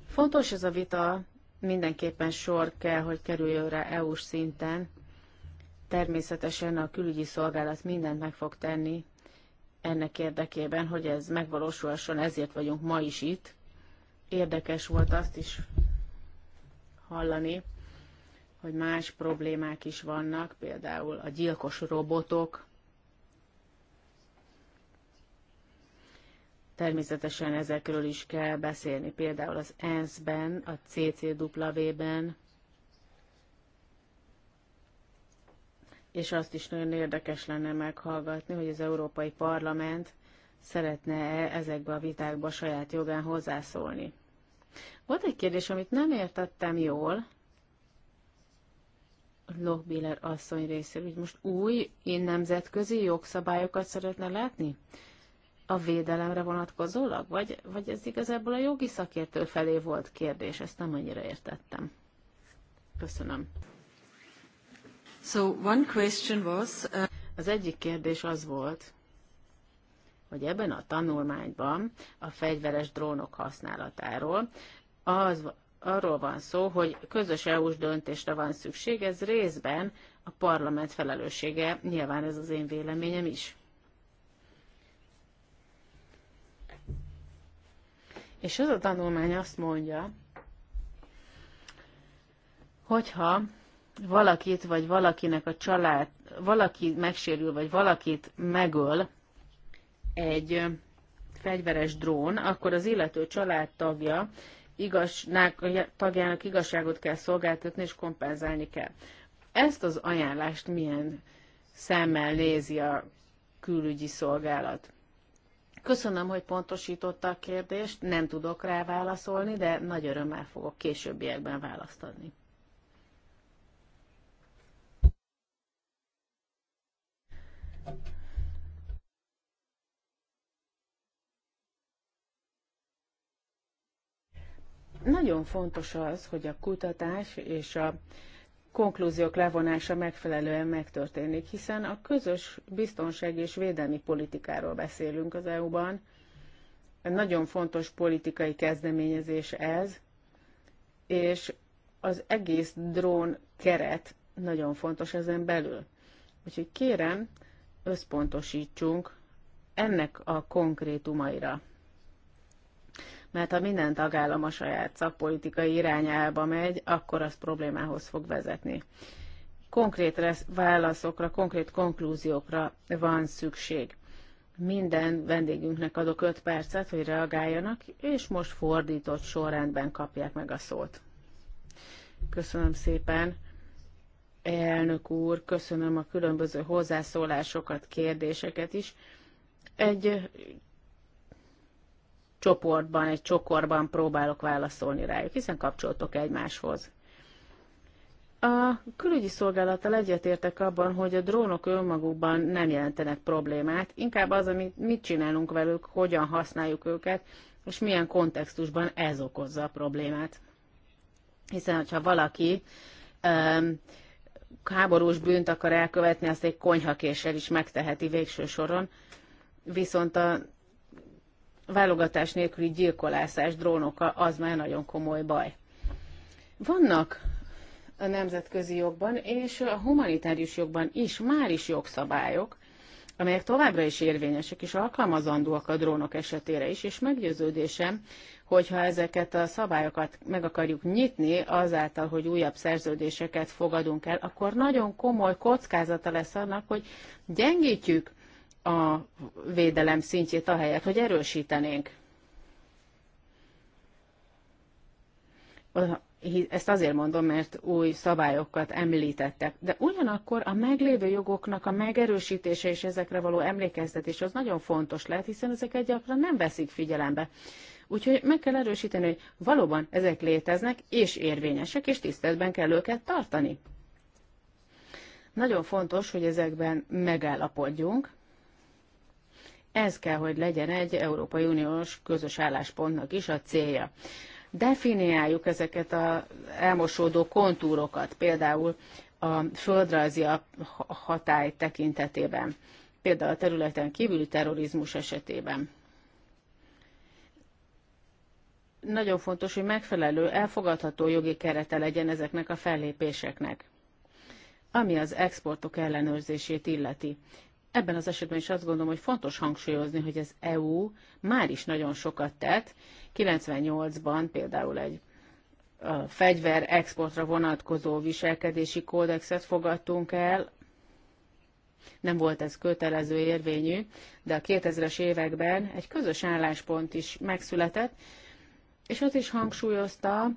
Fontos ez a vita, mindenképpen sor kell, hogy kerüljön rá EU-s szinten. Természetesen a külügyi szolgálat mindent meg fog tenni ennek érdekében, hogy ez megvalósulhasson, ezért vagyunk ma is itt. Érdekes volt azt is hallani, hogy más problémák is vannak, például a gyilkos robotok. Természetesen ezekről is kell beszélni, például az ENSZ-ben, a CCW-ben, és azt is nagyon érdekes lenne meghallgatni, hogy az Európai Parlament szeretne -e ezekbe a vitákba saját jogán hozzászólni. Volt egy kérdés, amit nem értettem jól, Lochbiller asszony részéről, hogy most új nemzetközi jogszabályokat szeretne látni? A védelemre vonatkozólag? Vagy, vagy ez igazából a jogi szakértő felé volt kérdés? Ezt nem annyira értettem. Köszönöm. So one question was, uh... Az egyik kérdés az volt, hogy ebben a tanulmányban a fegyveres drónok használatáról az, arról van szó, hogy közös EU-s döntésre van szükség, ez részben a parlament felelőssége, nyilván ez az én véleményem is. És az a tanulmány azt mondja, hogyha valakit vagy valakinek a család, valaki megsérül, vagy valakit megöl egy fegyveres drón, akkor az illető családtagja igaz, tagjának igazságot kell szolgáltatni és kompenzálni kell. Ezt az ajánlást milyen szemmel nézi a külügyi szolgálat? Köszönöm, hogy pontosította a kérdést, nem tudok rá válaszolni, de nagy örömmel fogok későbbiekben választ adni. Nagyon fontos az, hogy a kutatás és a konklúziók levonása megfelelően megtörténik, hiszen a közös biztonság és védelmi politikáról beszélünk az EU-ban. Nagyon fontos politikai kezdeményezés ez, és az egész drón keret nagyon fontos ezen belül. Úgyhogy kérem, összpontosítsunk ennek a konkrétumaira mert ha minden tagállam a saját szakpolitikai irányába megy, akkor az problémához fog vezetni. Konkrét válaszokra, konkrét konklúziókra van szükség. Minden vendégünknek adok 5 percet, hogy reagáljanak, és most fordított sorrendben kapják meg a szót. Köszönöm szépen! elnök úr, köszönöm a különböző hozzászólásokat, kérdéseket is. Egy csoportban, egy csokorban próbálok válaszolni rájuk, hiszen kapcsoltok egymáshoz. A külügyi szolgálattal egyetértek abban, hogy a drónok önmagukban nem jelentenek problémát, inkább az, amit mit csinálunk velük, hogyan használjuk őket, és milyen kontextusban ez okozza a problémát. Hiszen, hogyha valaki um, háborús bűnt akar elkövetni, azt egy konyhakéssel is megteheti végső soron, viszont a válogatás nélküli gyilkolászás drónokkal az már nagyon komoly baj. Vannak a nemzetközi jogban és a humanitárius jogban is már is jogszabályok, amelyek továbbra is érvényesek és alkalmazandóak a drónok esetére is, és meggyőződésem, hogyha ezeket a szabályokat meg akarjuk nyitni azáltal, hogy újabb szerződéseket fogadunk el, akkor nagyon komoly kockázata lesz annak, hogy gyengítjük a védelem szintjét ahelyett, hogy erősítenénk. Ezt azért mondom, mert új szabályokat említettek. De ugyanakkor a meglévő jogoknak a megerősítése és ezekre való emlékeztetés az nagyon fontos lehet, hiszen ezeket gyakran nem veszik figyelembe. Úgyhogy meg kell erősíteni, hogy valóban ezek léteznek, és érvényesek, és tiszteletben kell őket tartani. Nagyon fontos, hogy ezekben megállapodjunk, ez kell, hogy legyen egy Európai Uniós közös álláspontnak is a célja. Definiáljuk ezeket az elmosódó kontúrokat, például a földrajzi hatály tekintetében, például a területen kívüli terrorizmus esetében. Nagyon fontos, hogy megfelelő, elfogadható jogi kerete legyen ezeknek a fellépéseknek ami az exportok ellenőrzését illeti. Ebben az esetben is azt gondolom, hogy fontos hangsúlyozni, hogy az EU már is nagyon sokat tett. 98-ban például egy a fegyver exportra vonatkozó viselkedési kódexet fogadtunk el. Nem volt ez kötelező érvényű, de a 2000-es években egy közös álláspont is megszületett, és az is hangsúlyozta,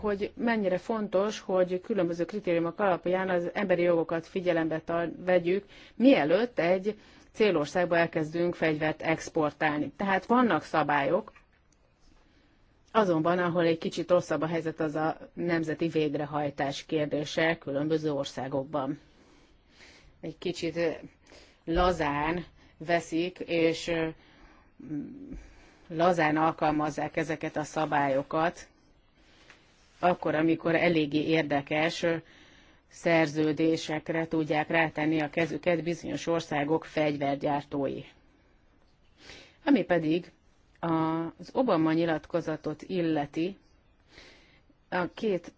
hogy mennyire fontos, hogy különböző kritériumok alapján az emberi jogokat figyelembe tar- vegyük, mielőtt egy célországba elkezdünk fegyvert exportálni. Tehát vannak szabályok, azonban ahol egy kicsit rosszabb a helyzet, az a nemzeti végrehajtás kérdése különböző országokban. Egy kicsit eh, lazán veszik, és mm, lazán alkalmazzák ezeket a szabályokat, akkor, amikor eléggé érdekes szerződésekre tudják rátenni a kezüket bizonyos országok fegyvergyártói. Ami pedig az Obama nyilatkozatot illeti, a két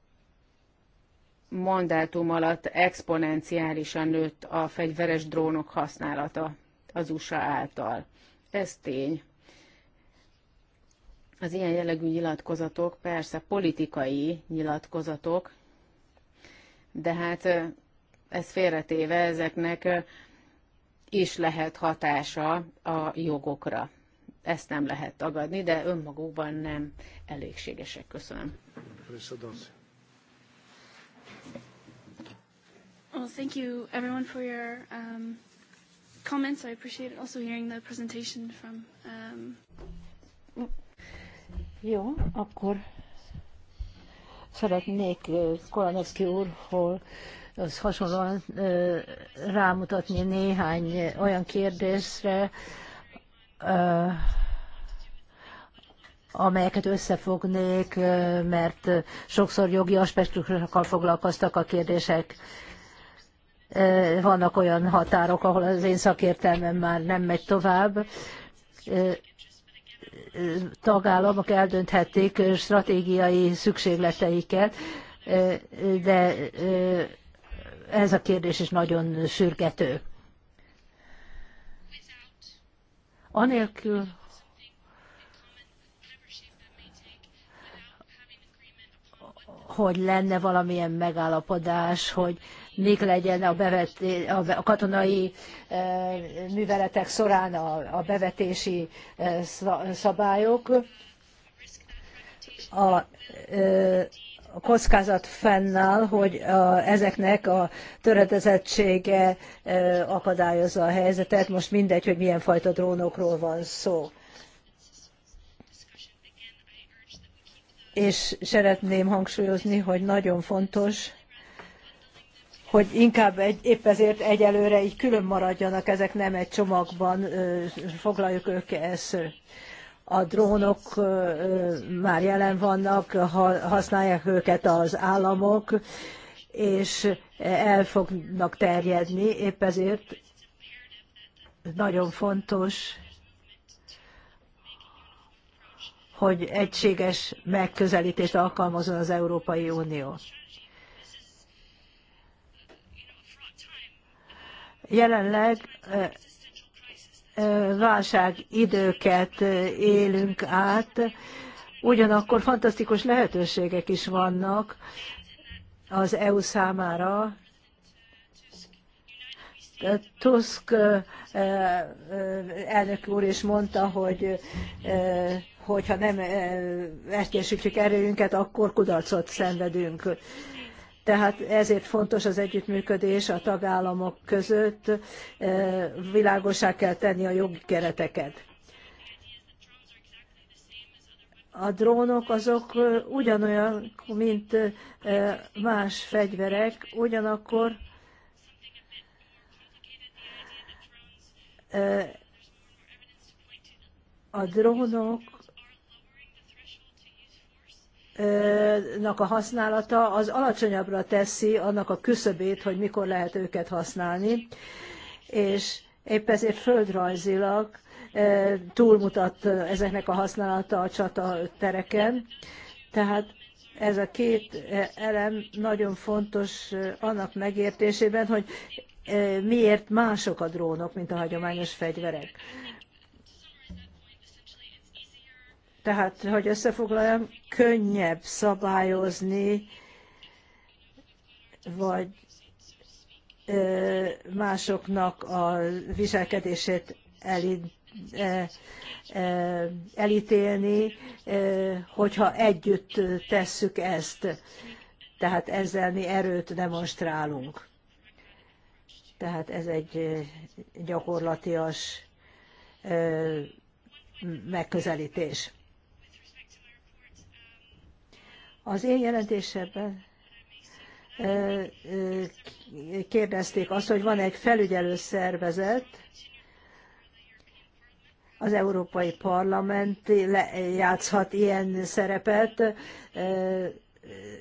mandátum alatt exponenciálisan nőtt a fegyveres drónok használata az USA által. Ez tény. Az ilyen jellegű nyilatkozatok persze politikai nyilatkozatok, de hát ez félretéve ezeknek is lehet hatása a jogokra. Ezt nem lehet tagadni, de önmagukban nem elégségesek. Köszönöm. Well, thank you everyone for your um, comments. I appreciate also hearing the presentation from. Um... Jó, akkor szeretnék Kolanowski úrhoz az hasonlóan rámutatni néhány olyan kérdésre, amelyeket összefognék, mert sokszor jogi aspektusokkal foglalkoztak a kérdések. Vannak olyan határok, ahol az én szakértelmem már nem megy tovább tagállamok eldönthették stratégiai szükségleteiket, de ez a kérdés is nagyon sürgető. Anélkül, hogy lenne valamilyen megállapodás, hogy mik legyen a, bevet, a katonai e, műveletek során a, a bevetési e, szabályok. A, e, a kockázat fennáll, hogy a, ezeknek a töredezettsége akadályozza a helyzetet. Most mindegy, hogy milyen fajta drónokról van szó. És szeretném hangsúlyozni, hogy nagyon fontos, hogy inkább egy, épp ezért egyelőre így külön maradjanak, ezek nem egy csomagban foglaljuk őket a drónok már jelen vannak, használják őket az államok, és el fognak terjedni, épp ezért nagyon fontos, hogy egységes megközelítést alkalmazon az Európai Unió. Jelenleg időket élünk át, ugyanakkor fantasztikus lehetőségek is vannak az EU számára. Tusk elnök úr is mondta, hogy hogyha nem egyesítjük erőünket, akkor kudarcot szenvedünk. Tehát ezért fontos az együttműködés a tagállamok között, e, világosá kell tenni a jogi kereteket. A drónok azok ugyanolyan, mint e, más fegyverek, ugyanakkor e, a drónok nak a használata az alacsonyabbra teszi annak a küszöbét, hogy mikor lehet őket használni, és épp ezért földrajzilag túlmutat ezeknek a használata a csatatereken. Tehát ez a két elem nagyon fontos annak megértésében, hogy miért mások a drónok, mint a hagyományos fegyverek. Tehát, hogy összefoglaljam, könnyebb szabályozni, vagy másoknak a viselkedését elítélni, hogyha együtt tesszük ezt. Tehát ezzel mi erőt demonstrálunk. Tehát ez egy gyakorlatias megközelítés. Az én jelentésemben kérdezték azt, hogy van egy felügyelő szervezet, az Európai Parlament játszhat ilyen szerepet,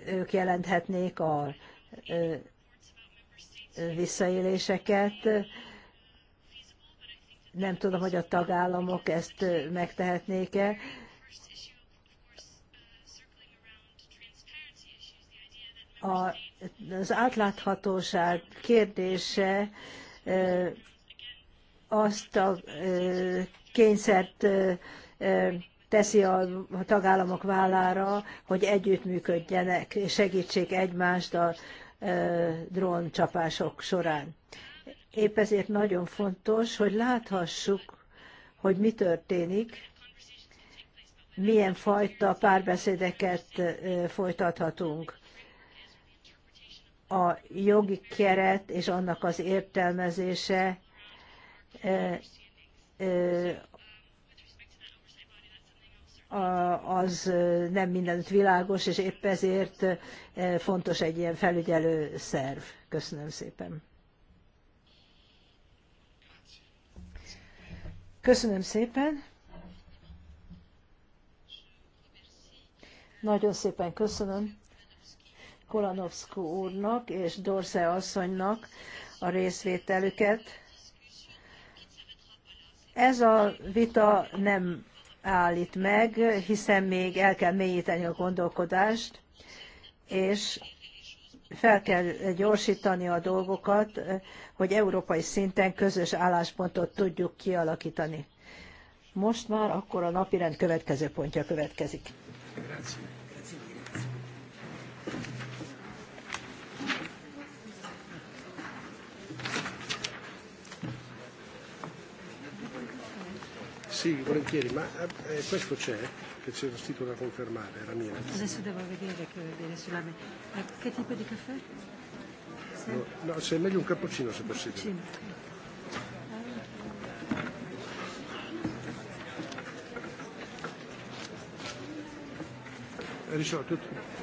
ők jelenthetnék a visszaéléseket. Nem tudom, hogy a tagállamok ezt megtehetnék-e, a, az átláthatóság kérdése azt a kényszert teszi a tagállamok vállára, hogy együttműködjenek és segítsék egymást a dróncsapások során. Épp ezért nagyon fontos, hogy láthassuk, hogy mi történik, milyen fajta párbeszédeket folytathatunk a jogi keret és annak az értelmezése az nem mindent világos, és épp ezért fontos egy ilyen felügyelő szerv. Köszönöm szépen. Köszönöm szépen. Nagyon szépen köszönöm. Kolanovszkó úrnak és Dorsze asszonynak a részvételüket. Ez a vita nem állít meg, hiszen még el kell mélyíteni a gondolkodást, és fel kell gyorsítani a dolgokat, hogy európai szinten közös álláspontot tudjuk kialakítani. Most már akkor a napirend következő pontja következik. Sì, volentieri, ma eh, eh, questo c'è, che c'è lo scritto da confermare, era mia. Adesso devo vedere che viene sulla me. Eh, che tipo di caffè? Se... No, no, se è meglio un cappuccino se possibile. Cappuccino. Risolto tutto.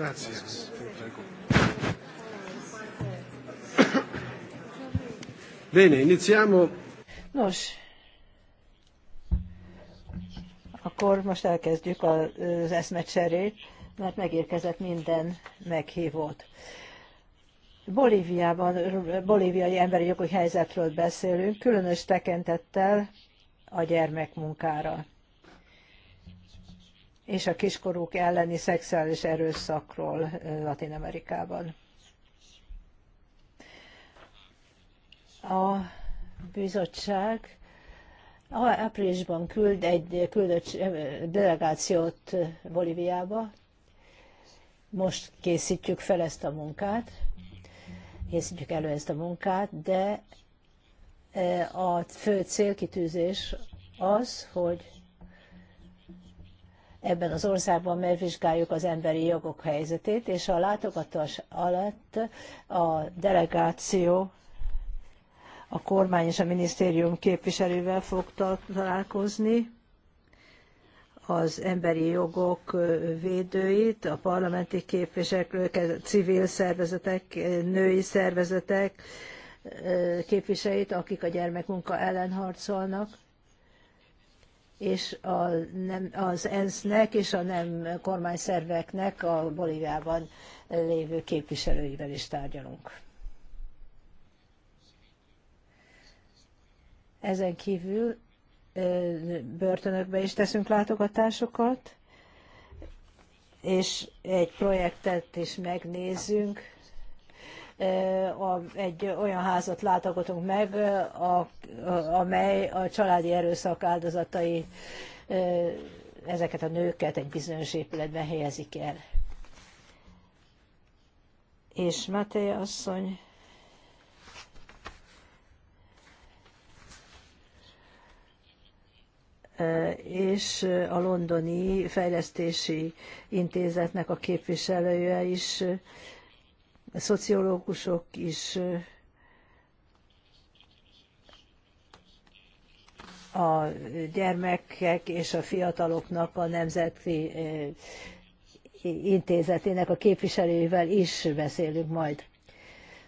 Grazie. Bene, iniziamo. Nos, akkor most elkezdjük az eszmecserét, mert megérkezett minden meghívót. Bolíviában, bolíviai emberi jogi helyzetről beszélünk, különös tekintettel a gyermekmunkára és a kiskorúk elleni szexuális erőszakról Latin Amerikában. A bizottság áprilisban küld egy küldött delegációt Bolíviába, most készítjük fel ezt a munkát, készítjük elő ezt a munkát, de a fő célkitűzés az, hogy ebben az országban megvizsgáljuk az emberi jogok helyzetét, és a látogatás alatt a delegáció a kormány és a minisztérium képviselővel fog találkozni, az emberi jogok védőit, a parlamenti képviselők, civil szervezetek, női szervezetek képviselőit, akik a gyermekmunka ellen harcolnak és a, nem, az ENSZ-nek és a nem kormányszerveknek a Bolíviában lévő képviselőivel is tárgyalunk. Ezen kívül börtönökbe is teszünk látogatásokat, és egy projektet is megnézünk, egy olyan házat látogatunk meg, amely a családi erőszak áldozatai ezeket a nőket egy bizonyos épületben helyezik el. És Máté asszony és a londoni fejlesztési intézetnek a képviselője is szociológusok is a gyermekek és a fiataloknak a nemzeti intézetének a képviselőivel is beszélünk majd.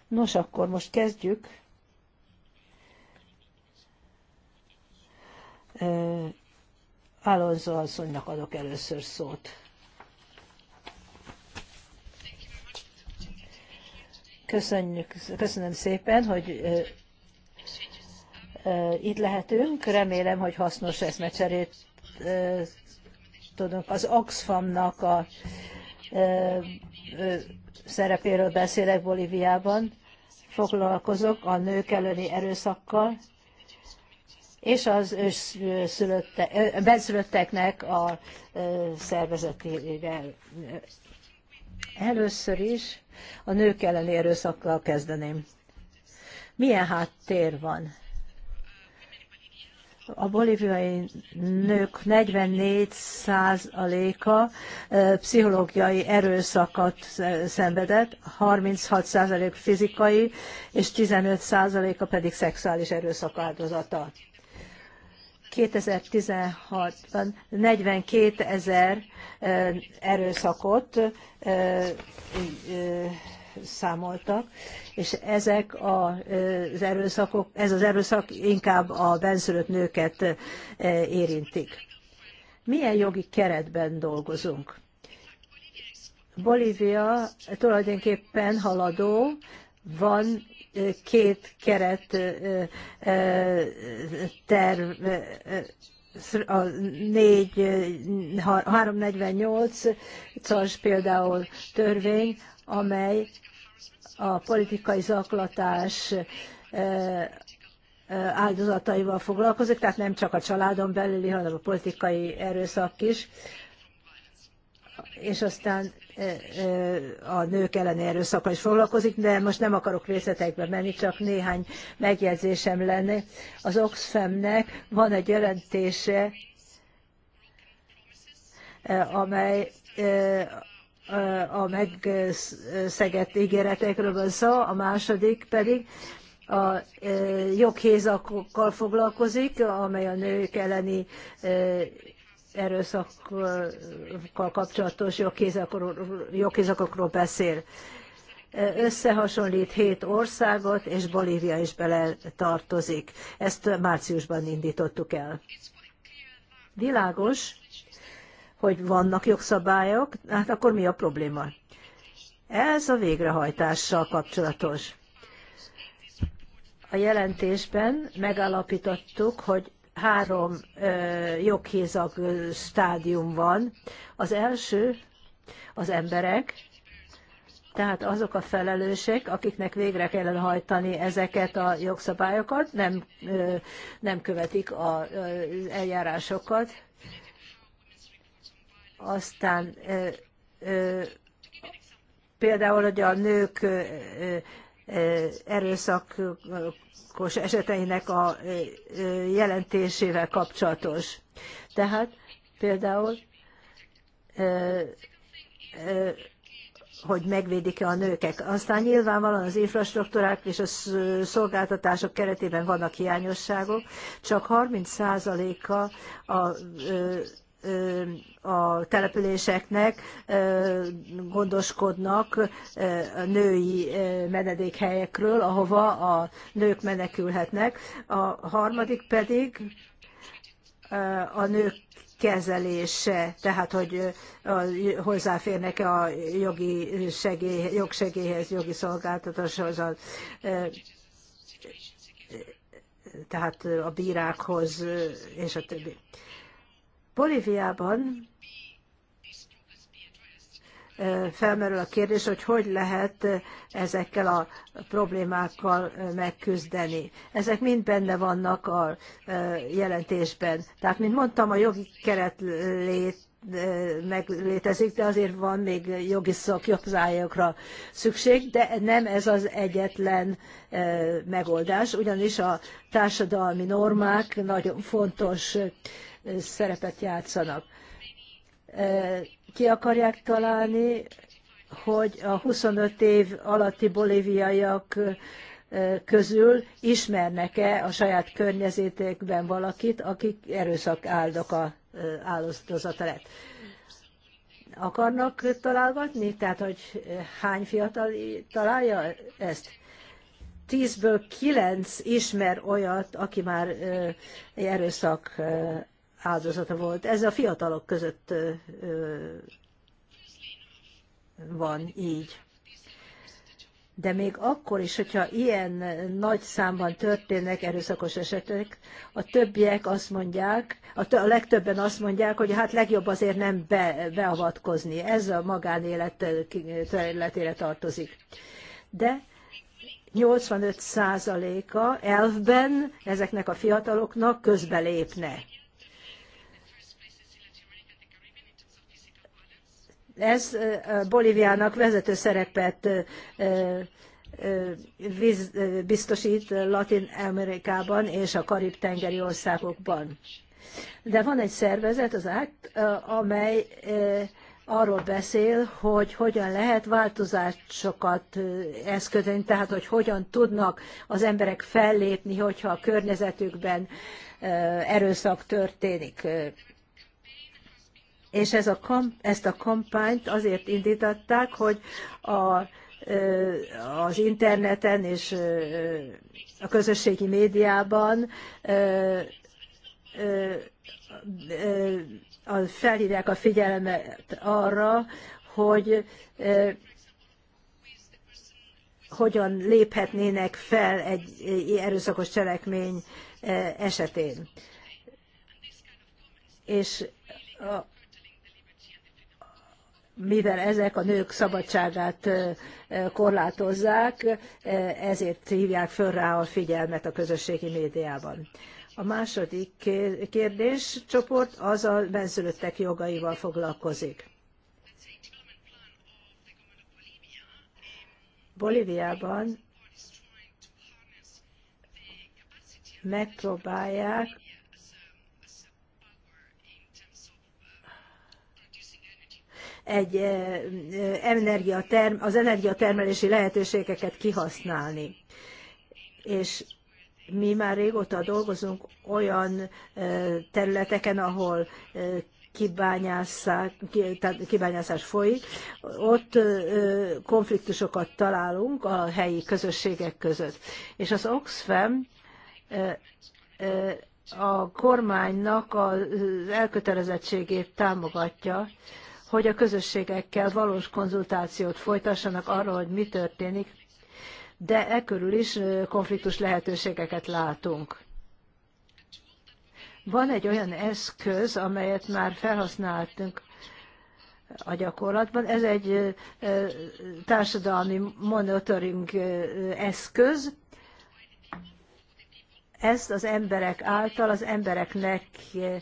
Nos, akkor most kezdjük. Alonso asszonynak adok először szót. Köszönjük, köszönöm szépen, hogy itt lehetünk. Remélem, hogy hasznos eszmecserét tudunk. Az Oxfamnak a szerepéről beszélek Bolíviában, foglalkozok a nők elleni erőszakkal, és az őszülötte, benszülötteknek a szervezetével. Először is a nők elleni erőszakkal kezdeném. Milyen háttér van? A bolíviai nők 44 a pszichológiai erőszakot szenvedett, 36 fizikai, és 15 a pedig szexuális erőszak áldozata. 2016-ban 42 ezer erőszakot számoltak, és ezek az erőszakok, ez az erőszak inkább a benszülött nőket érintik. Milyen jogi keretben dolgozunk? Bolívia tulajdonképpen haladó, van két keret terv a 348-as például törvény, amely a politikai zaklatás áldozataival foglalkozik, tehát nem csak a családon belüli, hanem a politikai erőszak is és aztán a nők elleni erőszakkal is foglalkozik, de most nem akarok részletekbe menni, csak néhány megjegyzésem lenne. Az Oxfamnek van egy jelentése, amely a megszegett ígéretekről van szó, a második pedig a joghézakokkal foglalkozik, amely a nők elleni erőszakkal kapcsolatos jogkézakokról beszél. Összehasonlít hét országot, és Bolívia is bele tartozik. Ezt márciusban indítottuk el. Világos, hogy vannak jogszabályok, hát akkor mi a probléma? Ez a végrehajtással kapcsolatos. A jelentésben megállapítottuk, hogy három joghézag stádium van. Az első az emberek, tehát azok a felelősek, akiknek végre kellene hajtani ezeket a jogszabályokat, nem, nem követik az eljárásokat. Aztán például, hogy a nők erőszakos eseteinek a jelentésével kapcsolatos. Tehát például hogy megvédik-e a nőket. Aztán nyilvánvalóan az infrastruktúrák és a szolgáltatások keretében vannak hiányosságok, csak 30%-a a a településeknek gondoskodnak a női menedékhelyekről, ahova a nők menekülhetnek. A harmadik pedig a nők kezelése, tehát hogy hozzáférnek -e a jogi segély, jogsegélyhez, jogi szolgáltatáshoz, a, tehát a bírákhoz és a többi. Bolíviában felmerül a kérdés, hogy hogy lehet ezekkel a problémákkal megküzdeni. Ezek mind benne vannak a jelentésben. Tehát, mint mondtam, a jogi keret lét meglétezik, de azért van még jogi szakjobbzályokra szükség, de nem ez az egyetlen megoldás, ugyanis a társadalmi normák nagyon fontos szerepet játszanak. Ki akarják találni, hogy a 25 év alatti bolíviaiak közül ismernek-e a saját környezetekben valakit, akik erőszak áldok a áldozata lett. Akarnak találgatni? Tehát, hogy hány fiatal találja ezt? Tízből kilenc ismer olyat, aki már erőszak áldozata volt. Ez a fiatalok között van így. De még akkor is, hogyha ilyen nagy számban történnek erőszakos esetek, a többiek azt mondják, a, t- a legtöbben azt mondják, hogy hát legjobb azért nem be- beavatkozni. Ez a magánélet területére tartozik. De 85%-a elfben ezeknek a fiataloknak közbelépne. Ez Bolíviának vezető szerepet biztosít Latin Amerikában és a Karib-tengeri országokban. De van egy szervezet, az ACT, amely arról beszél, hogy hogyan lehet változásokat eszközölni, tehát hogy hogyan tudnak az emberek fellépni, hogyha a környezetükben erőszak történik és ez a kamp, ezt a kampányt azért indították, hogy a, az interneten és a közösségi médiában felhívják a figyelmet arra, hogy hogyan léphetnének fel egy erőszakos cselekmény esetén. És mivel ezek a nők szabadságát korlátozzák, ezért hívják föl rá a figyelmet a közösségi médiában. A második kérdéscsoport az a benszülöttek jogaival foglalkozik. Bolíviában megpróbálják egy energiaterm, az energiatermelési lehetőségeket kihasználni. És mi már régóta dolgozunk olyan területeken, ahol kibányászás, kibányászás folyik, ott konfliktusokat találunk a helyi közösségek között. És az Oxfam a kormánynak az elkötelezettségét támogatja, hogy a közösségekkel valós konzultációt folytassanak arról, hogy mi történik, de e körül is konfliktus lehetőségeket látunk. Van egy olyan eszköz, amelyet már felhasználtunk a gyakorlatban. Ez egy társadalmi monitoring eszköz, ezt az emberek által az embereknek eh,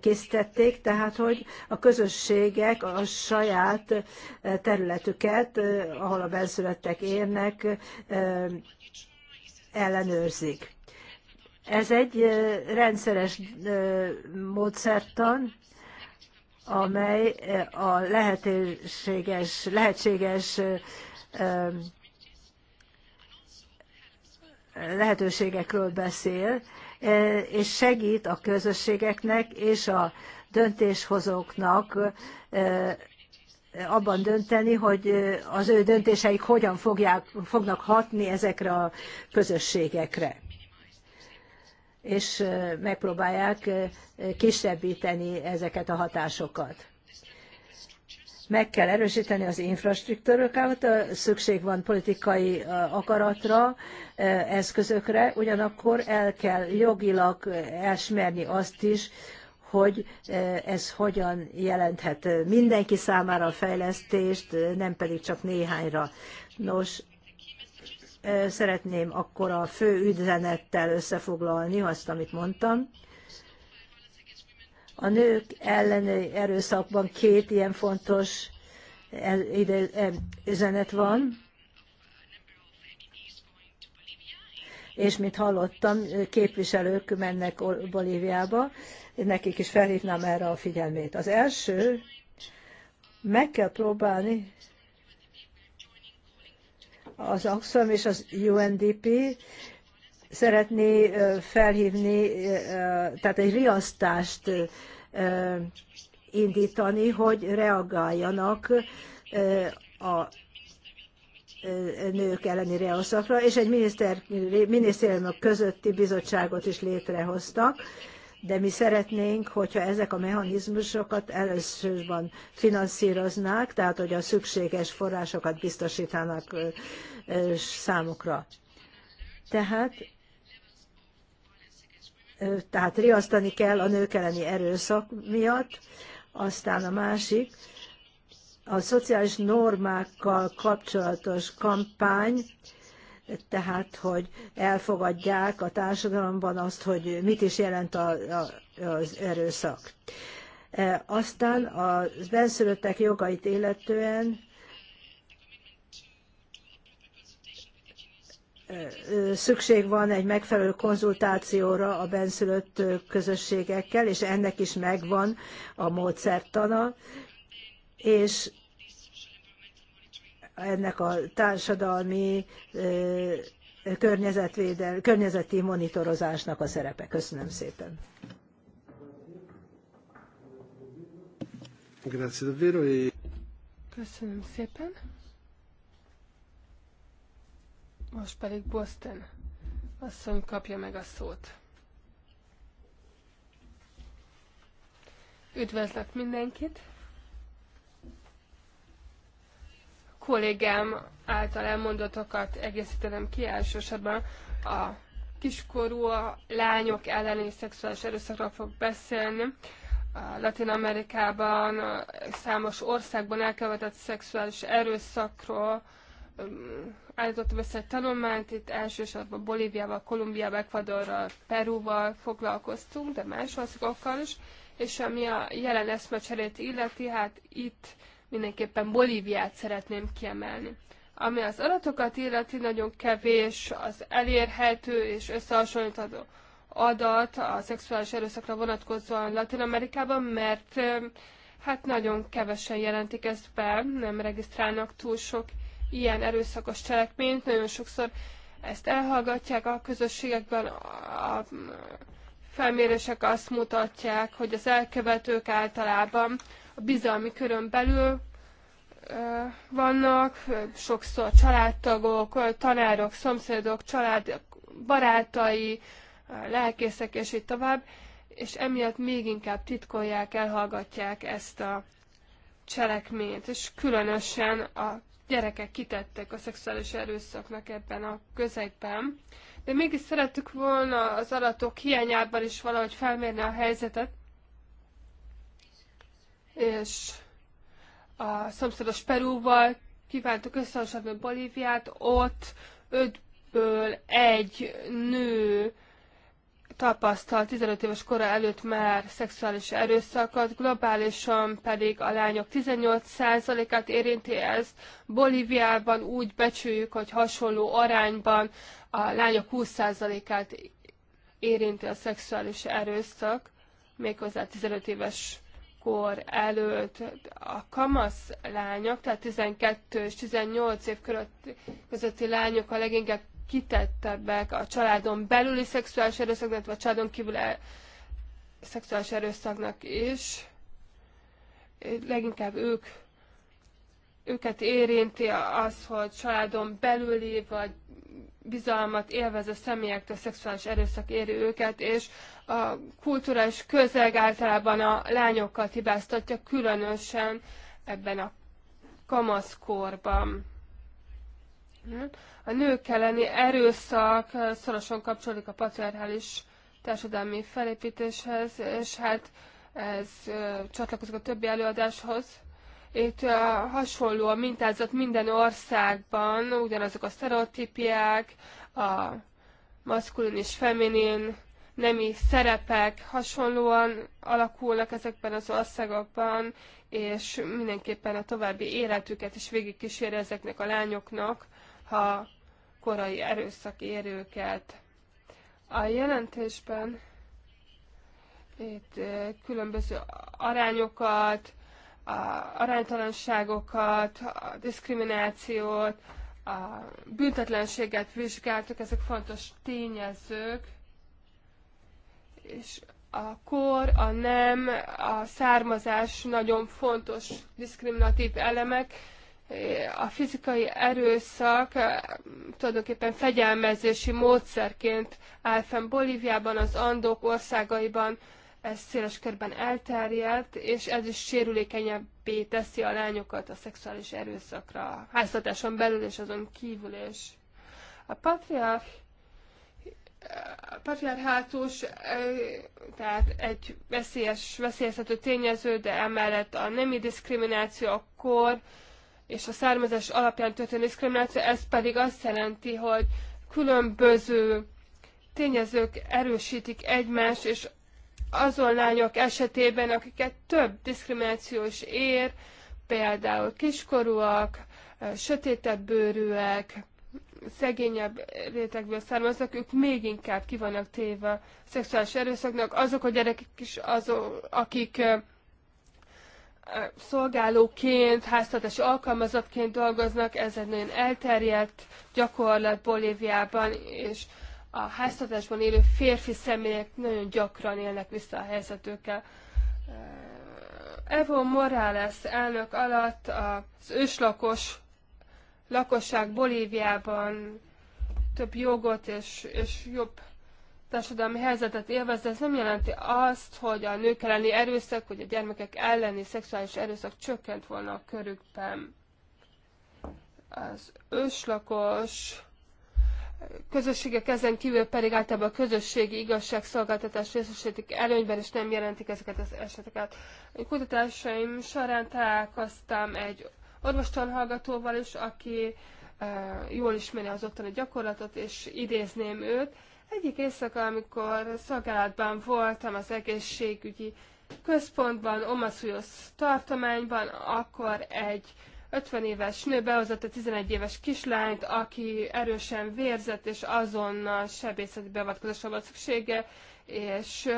készítették, tehát hogy a közösségek a saját eh, területüket, eh, ahol a benszülöttek érnek, ellenőrzik. Ez egy rendszeres módszertan, amely a lehetséges, lehetséges lehetőségekről beszél, e, és segít a közösségeknek és a döntéshozóknak e, abban dönteni, hogy az ő döntéseik hogyan fogják, fognak hatni ezekre a közösségekre és e, megpróbálják kisebbíteni ezeket a hatásokat. Meg kell erősíteni az infrastruktúrákat, szükség van politikai akaratra, eszközökre, ugyanakkor el kell jogilag esmerni azt is, hogy ez hogyan jelenthet mindenki számára a fejlesztést, nem pedig csak néhányra. Nos, szeretném akkor a fő üzenettel összefoglalni azt, amit mondtam. A nők elleni erőszakban két ilyen fontos e, üzenet van, és mint hallottam, képviselők mennek Bolíviába, nekik is felhívnám erre a figyelmét. Az első, meg kell próbálni az Axom és az UNDP szeretné felhívni, tehát egy riasztást indítani, hogy reagáljanak a nők elleni reoszakra, és egy minisztériumok közötti bizottságot is létrehoztak, de mi szeretnénk, hogyha ezek a mechanizmusokat elsősorban finanszíroznák, tehát hogy a szükséges forrásokat biztosítanak számukra. Tehát tehát riasztani kell a nők elleni erőszak miatt, aztán a másik, a szociális normákkal kapcsolatos kampány, tehát hogy elfogadják a társadalomban azt, hogy mit is jelent a, a, az erőszak. Aztán a benszülöttek jogait illetően szükség van egy megfelelő konzultációra a benszülött közösségekkel, és ennek is megvan a módszertana, és ennek a társadalmi környezetvédel, környezeti monitorozásnak a szerepe. Köszönöm szépen. E- Köszönöm szépen. Most pedig Boston asszony kapja meg a szót. Üdvözlök mindenkit! A kollégám által elmondottakat egészítenem ki elsősorban a kiskorú a lányok elleni szexuális erőszakról fog beszélni. A Latin Amerikában számos országban elkövetett szexuális erőszakról, állított össze egy tanulmányt, itt elsősorban Bolíviával, Kolumbiával, Ecuadorral, Perúval foglalkoztunk, de más országokkal is, és ami a jelen eszmecserét illeti, hát itt mindenképpen Bolíviát szeretném kiemelni. Ami az adatokat illeti, nagyon kevés az elérhető és összehasonlítható adat a szexuális erőszakra vonatkozóan Latin Amerikában, mert hát nagyon kevesen jelentik ezt be, nem regisztrálnak túl sok ilyen erőszakos cselekményt. Nagyon sokszor ezt elhallgatják a közösségekben, a felmérések azt mutatják, hogy az elkövetők általában a bizalmi körön belül vannak, sokszor családtagok, tanárok, szomszédok, család barátai, lelkészek és így tovább, és emiatt még inkább titkolják, elhallgatják ezt a cselekményt, és különösen a gyerekek kitettek a szexuális erőszaknak ebben a közegben. De mégis szerettük volna az adatok hiányában is valahogy felmérni a helyzetet, és a szomszédos Perúval kívántuk összehasonlítani Bolíviát, ott ötből egy nő tapasztalt 15 éves kora előtt már szexuális erőszakot, globálisan pedig a lányok 18%-át érinti ezt. Bolíviában úgy becsüljük, hogy hasonló arányban a lányok 20%-át érinti a szexuális erőszak, méghozzá 15 éves kor előtt a kamasz lányok, tehát 12 és 18 év közötti lányok a leginkább kitettebbek a családon belüli szexuális erőszaknak, illetve a családon kívül el, szexuális erőszaknak is. Leginkább ők, őket érinti az, hogy családon belüli vagy bizalmat élvező személyektől szexuális erőszak éri őket, és a kulturális közeg általában a lányokat hibáztatja, különösen ebben a kamaszkorban. A nők elleni erőszak eh, szorosan kapcsolódik a patriarchális társadalmi felépítéshez, és hát ez eh, csatlakozik a többi előadáshoz. Itt eh, hasonló a mintázat minden országban, ugyanazok a sztereotípiák, a maszkulin és feminin nemi szerepek hasonlóan alakulnak ezekben az országokban, és mindenképpen a további életüket is végigkíséri ezeknek a lányoknak ha korai erőszak ér őket. A jelentésben itt eh, különböző arányokat, a aránytalanságokat, a diszkriminációt, a büntetlenséget vizsgáltuk, ezek fontos tényezők, és a kor, a nem, a származás nagyon fontos diszkriminatív elemek, a fizikai erőszak eh, tulajdonképpen fegyelmezési módszerként áll fenn Bolíviában, az Andok országaiban, ez széles körben elterjedt, és ez is sérülékenyebbé teszi a lányokat a szexuális erőszakra, háztatáson belül és azon kívül is. A patriarch a patriarhátus, eh, tehát egy veszélyes, veszélyeztető tényező, de emellett a nemi diszkrimináció, a kor és a származás alapján történő diszkrimináció, ez pedig azt jelenti, hogy különböző tényezők erősítik egymást, és azon lányok esetében, akiket több diszkriminációs ér, például kiskorúak, sötétebb bőrűek, szegényebb rétegből származnak, ők még inkább kivannak téve a szexuális erőszaknak, azok a gyerekek is, azok, akik szolgálóként, háztartási alkalmazottként dolgoznak, ez egy nagyon elterjedt gyakorlat Bolíviában, és a háztartásban élő férfi személyek nagyon gyakran élnek vissza a helyzetükkel. Evo Morales elnök alatt az őslakos lakosság Bolíviában több jogot és, és jobb társadalmi helyzetet élvez, de ez nem jelenti azt, hogy a nők elleni erőszak, vagy a gyermekek elleni szexuális erőszak csökkent volna a körükben. Az őslakos közösségek ezen kívül pedig általában a közösségi igazságszolgáltatás részesítik előnyben, és nem jelentik ezeket az eseteket. A kutatásaim során találkoztam egy orvostanhallgatóval is, aki eh, jól ismeri az ottani gyakorlatot, és idézném őt, egyik éjszaka, amikor szolgálatban voltam az egészségügyi központban, Omaszújos tartományban, akkor egy 50 éves nő behozott a 11 éves kislányt, aki erősen vérzett, és azonnal sebészeti beavatkozásra volt szüksége, és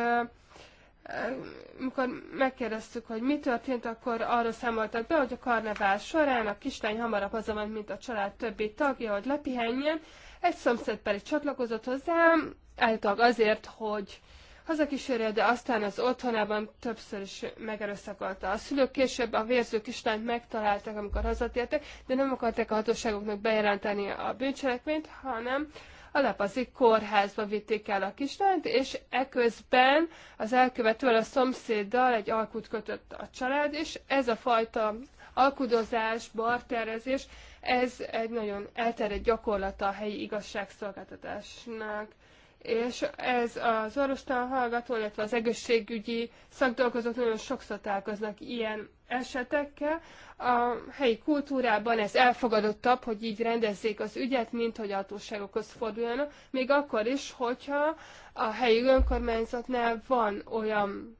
amikor megkérdeztük, hogy mi történt, akkor arról számoltak be, hogy a karnevál során a kislány hamarabb hazament, mint a család többi tagja, hogy lepihenjen, egy szomszéd pedig csatlakozott hozzám, állítólag azért, hogy hazakísérje, de aztán az otthonában többször is megerőszakolta. A szülők később a vérző kislányt megtalálták, amikor hazatértek, de nem akarták a hatóságoknak bejelenteni a bűncselekményt, hanem a lapazi kórházba vitték el a kislányt, és eközben az elkövetővel a szomszéddal egy alkut kötött a család, és ez a fajta alkudozás, barterezés ez egy nagyon elterjedt gyakorlata a helyi igazságszolgáltatásnak és ez az orvostan hallgató, illetve az egészségügyi szakdolgozók nagyon sokszor találkoznak ilyen esetekkel. A helyi kultúrában ez elfogadottabb, hogy így rendezzék az ügyet, mint hogy hatóságokhoz forduljanak, még akkor is, hogyha a helyi önkormányzatnál van olyan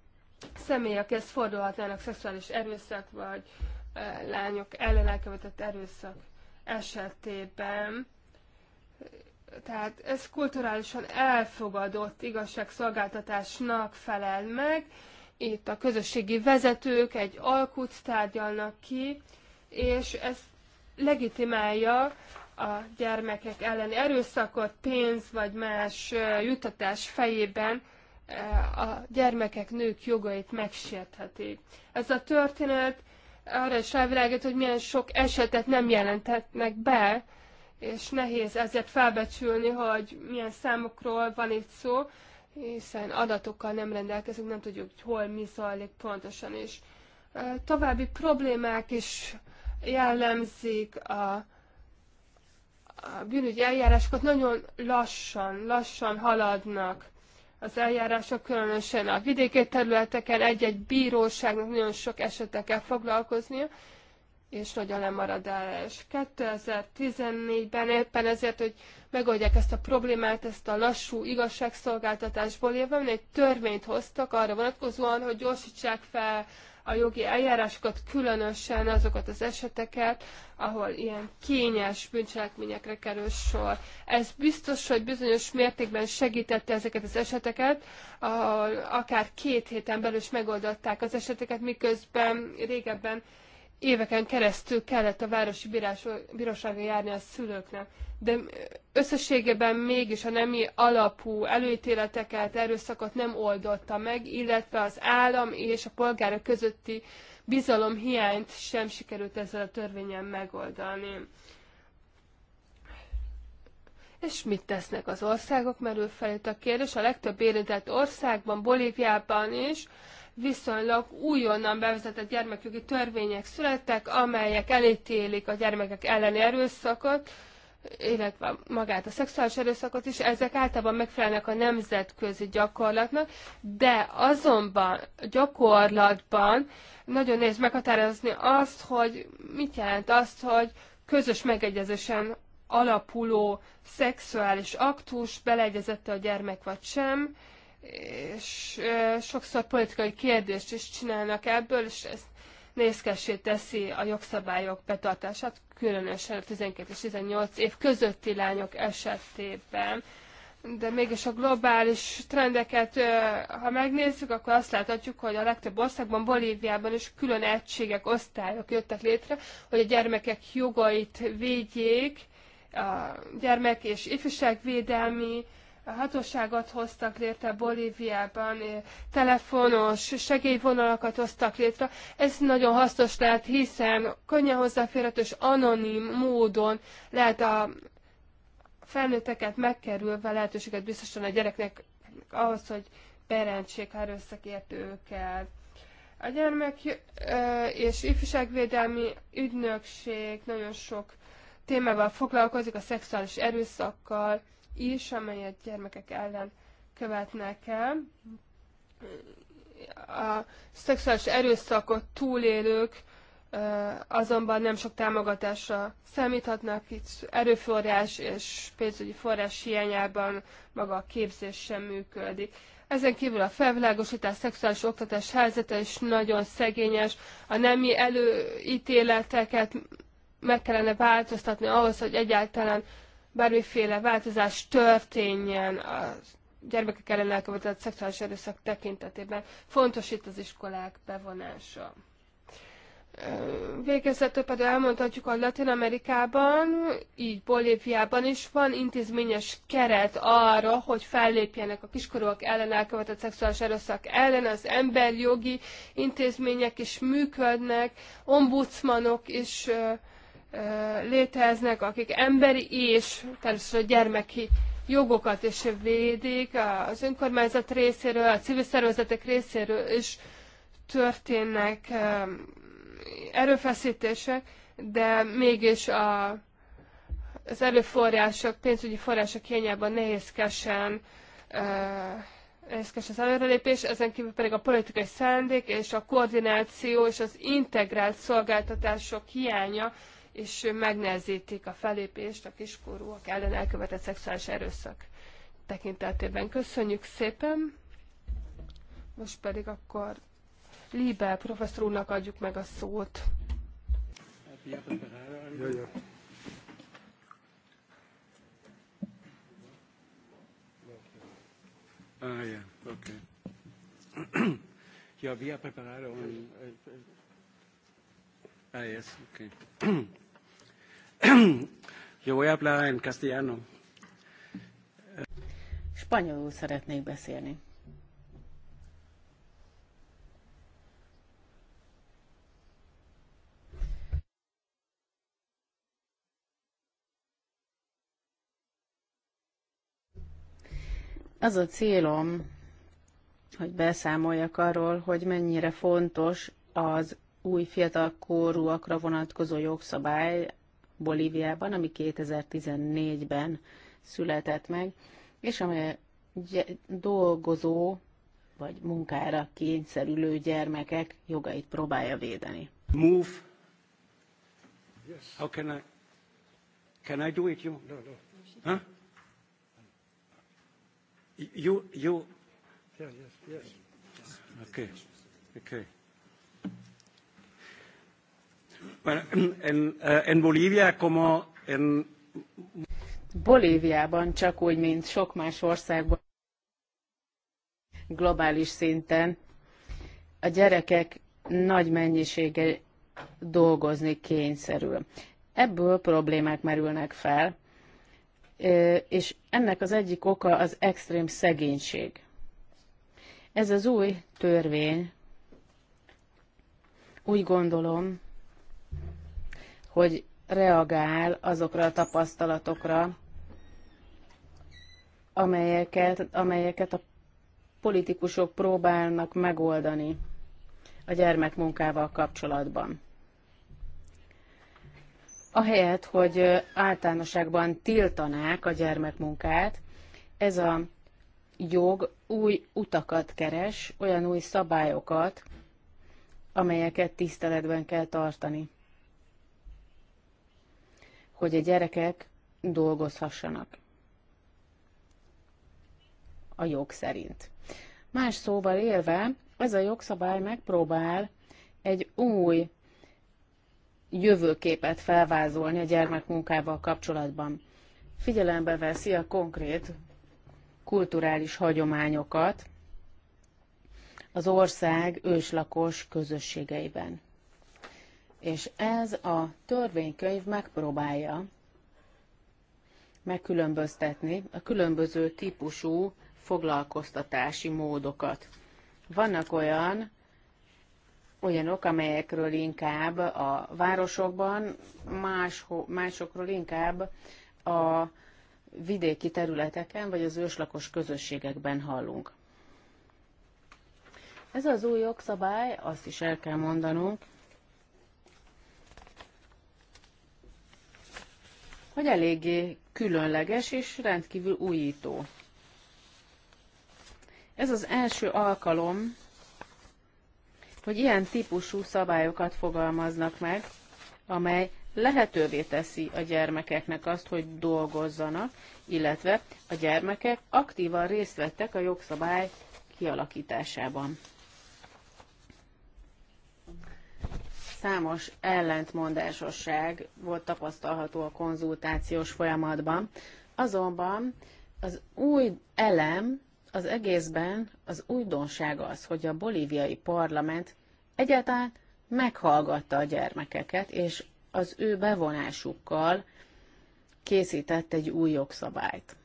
személy, akihez fordulhatnának szexuális erőszak, vagy eh, lányok ellen elkövetett erőszak esetében. Tehát ez kulturálisan elfogadott igazságszolgáltatásnak felel meg. Itt a közösségi vezetők egy alkut tárgyalnak ki, és ez legitimálja a gyermekek elleni erőszakot, pénz vagy más jutatás fejében a gyermekek, nők jogait megsértheti. Ez a történet arra is rávilágít, hogy milyen sok esetet nem jelentetnek be, és nehéz ezért felbecsülni, hogy milyen számokról van itt szó, hiszen adatokkal nem rendelkezünk, nem tudjuk, hogy hol mi zajlik pontosan is. További problémák is jellemzik a, a bűnügyi eljárásokat nagyon lassan, lassan haladnak az eljárások, különösen a vidéki területeken egy-egy bíróságnak nagyon sok esetekkel foglalkoznia, és nagy a lemaradás. 2014-ben éppen ezért, hogy megoldják ezt a problémát, ezt a lassú igazságszolgáltatásból élve, egy törvényt hoztak arra vonatkozóan, hogy gyorsítsák fel a jogi eljárásokat, különösen azokat az eseteket, ahol ilyen kényes bűncselekményekre kerül sor. Ez biztos, hogy bizonyos mértékben segítette ezeket az eseteket, ahol akár két héten belül is megoldották az eseteket, miközben régebben éveken keresztül kellett a városi bíróságra járni a szülőknek. De összességében mégis a nemi alapú előítéleteket, erőszakot nem oldotta meg, illetve az állam és a polgárok közötti bizalom hiányt sem sikerült ezzel a törvényen megoldani. És mit tesznek az országok? Merül fel itt a kérdés. A legtöbb érintett országban, Bolíviában is viszonylag újonnan bevezetett gyermekjogi törvények születtek, amelyek elítélik a gyermekek elleni erőszakot, illetve magát a szexuális erőszakot is, ezek általában megfelelnek a nemzetközi gyakorlatnak, de azonban gyakorlatban nagyon nehéz meghatározni azt, hogy mit jelent azt, hogy közös megegyezésen alapuló szexuális aktus beleegyezette a gyermek vagy sem, és sokszor politikai kérdést is csinálnak ebből, és ezt nézkessé teszi a jogszabályok betartását, különösen a 12 és 18 év közötti lányok esetében. De mégis a globális trendeket, ha megnézzük, akkor azt láthatjuk, hogy a legtöbb országban, Bolíviában is külön egységek, osztályok jöttek létre, hogy a gyermekek jogait védjék, a gyermek és ifjúságvédelmi hatóságot hoztak létre Bolíviában, eh, telefonos segélyvonalakat hoztak létre. Ez nagyon hasznos lehet, hiszen könnyen hozzáférhető és anonim módon lehet a felnőtteket megkerülve lehetőséget biztosan a gyereknek ahhoz, hogy berendség, ha összekért őket. A gyermek eh, és ifjúságvédelmi ügynökség nagyon sok témával foglalkozik, a szexuális erőszakkal, is, amelyet gyermekek ellen követnek el. A szexuális erőszakot túlélők azonban nem sok támogatásra számíthatnak, itt erőforrás és pénzügyi forrás hiányában maga a képzés sem működik. Ezen kívül a felvilágosítás, szexuális oktatás helyzete is nagyon szegényes, a nemi előítéleteket meg kellene változtatni ahhoz, hogy egyáltalán bármiféle változás történjen a gyermekek ellen elkövetett szexuális erőszak tekintetében. Fontos itt az iskolák bevonása. Végezetül pedig elmondhatjuk, hogy Latin Amerikában, így Bolíviában is van intézményes keret arra, hogy fellépjenek a kiskorúak ellen elkövetett szexuális erőszak ellen, az emberjogi intézmények is működnek, ombudsmanok is léteznek, akik emberi és természetesen a gyermeki jogokat is védik, az önkormányzat részéről, a civil szervezetek részéről is történnek erőfeszítések, de mégis a, az erőforrások, pénzügyi források hiányában nehézkesen nehézkes az előrelépés, ezen kívül pedig a politikai szándék és a koordináció és az integrált szolgáltatások hiánya és megnehezítik a felépést a kiskorúak ellen elkövetett szexuális erőszak tekintetében. Köszönjük szépen! Most pedig akkor Liebe professzor úrnak adjuk meg a szót. Ah, yeah, okay. yeah, había preparado un... Ah, yes, okay. Yo voy a hablar en castellano. Spanyolul szeretnék beszélni. Az a célom, hogy beszámoljak arról, hogy mennyire fontos az új fiatalkorúakra vonatkozó jogszabály Bolíviában, ami 2014-ben született meg, és amely dolgozó vagy munkára kényszerülő gyermekek jogait próbálja védeni. Move. Yes. How can I? Can I do it? You? No, no. Huh? You, you. Yeah, yes, yes. Okay. Okay. Eh, Bolíviában csak úgy, mint sok más országban, globális szinten a gyerekek nagy mennyisége dolgozni kényszerül. Ebből problémák merülnek fel, és ennek az egyik oka az extrém szegénység. Ez az új törvény, úgy gondolom, hogy reagál azokra a tapasztalatokra, amelyeket, amelyeket a politikusok próbálnak megoldani a gyermekmunkával kapcsolatban. Ahelyett, hogy általánosságban tiltanák a gyermekmunkát, ez a jog új utakat keres, olyan új szabályokat, amelyeket tiszteletben kell tartani hogy a gyerekek dolgozhassanak a jog szerint. Más szóval élve, ez a jogszabály megpróbál egy új jövőképet felvázolni a gyermekmunkával kapcsolatban. Figyelembe veszi a konkrét kulturális hagyományokat az ország őslakos közösségeiben. És ez a törvénykönyv megpróbálja megkülönböztetni a különböző típusú foglalkoztatási módokat. Vannak olyan, olyanok, amelyekről inkább a városokban, más, másokról inkább a vidéki területeken vagy az őslakos közösségekben hallunk. Ez az új jogszabály, azt is el kell mondanunk, hogy eléggé különleges és rendkívül újító. Ez az első alkalom, hogy ilyen típusú szabályokat fogalmaznak meg, amely lehetővé teszi a gyermekeknek azt, hogy dolgozzanak, illetve a gyermekek aktívan részt vettek a jogszabály kialakításában. számos ellentmondásosság volt tapasztalható a konzultációs folyamatban, azonban az új elem az egészben az újdonság az, hogy a bolíviai parlament egyáltalán meghallgatta a gyermekeket, és az ő bevonásukkal készített egy új jogszabályt.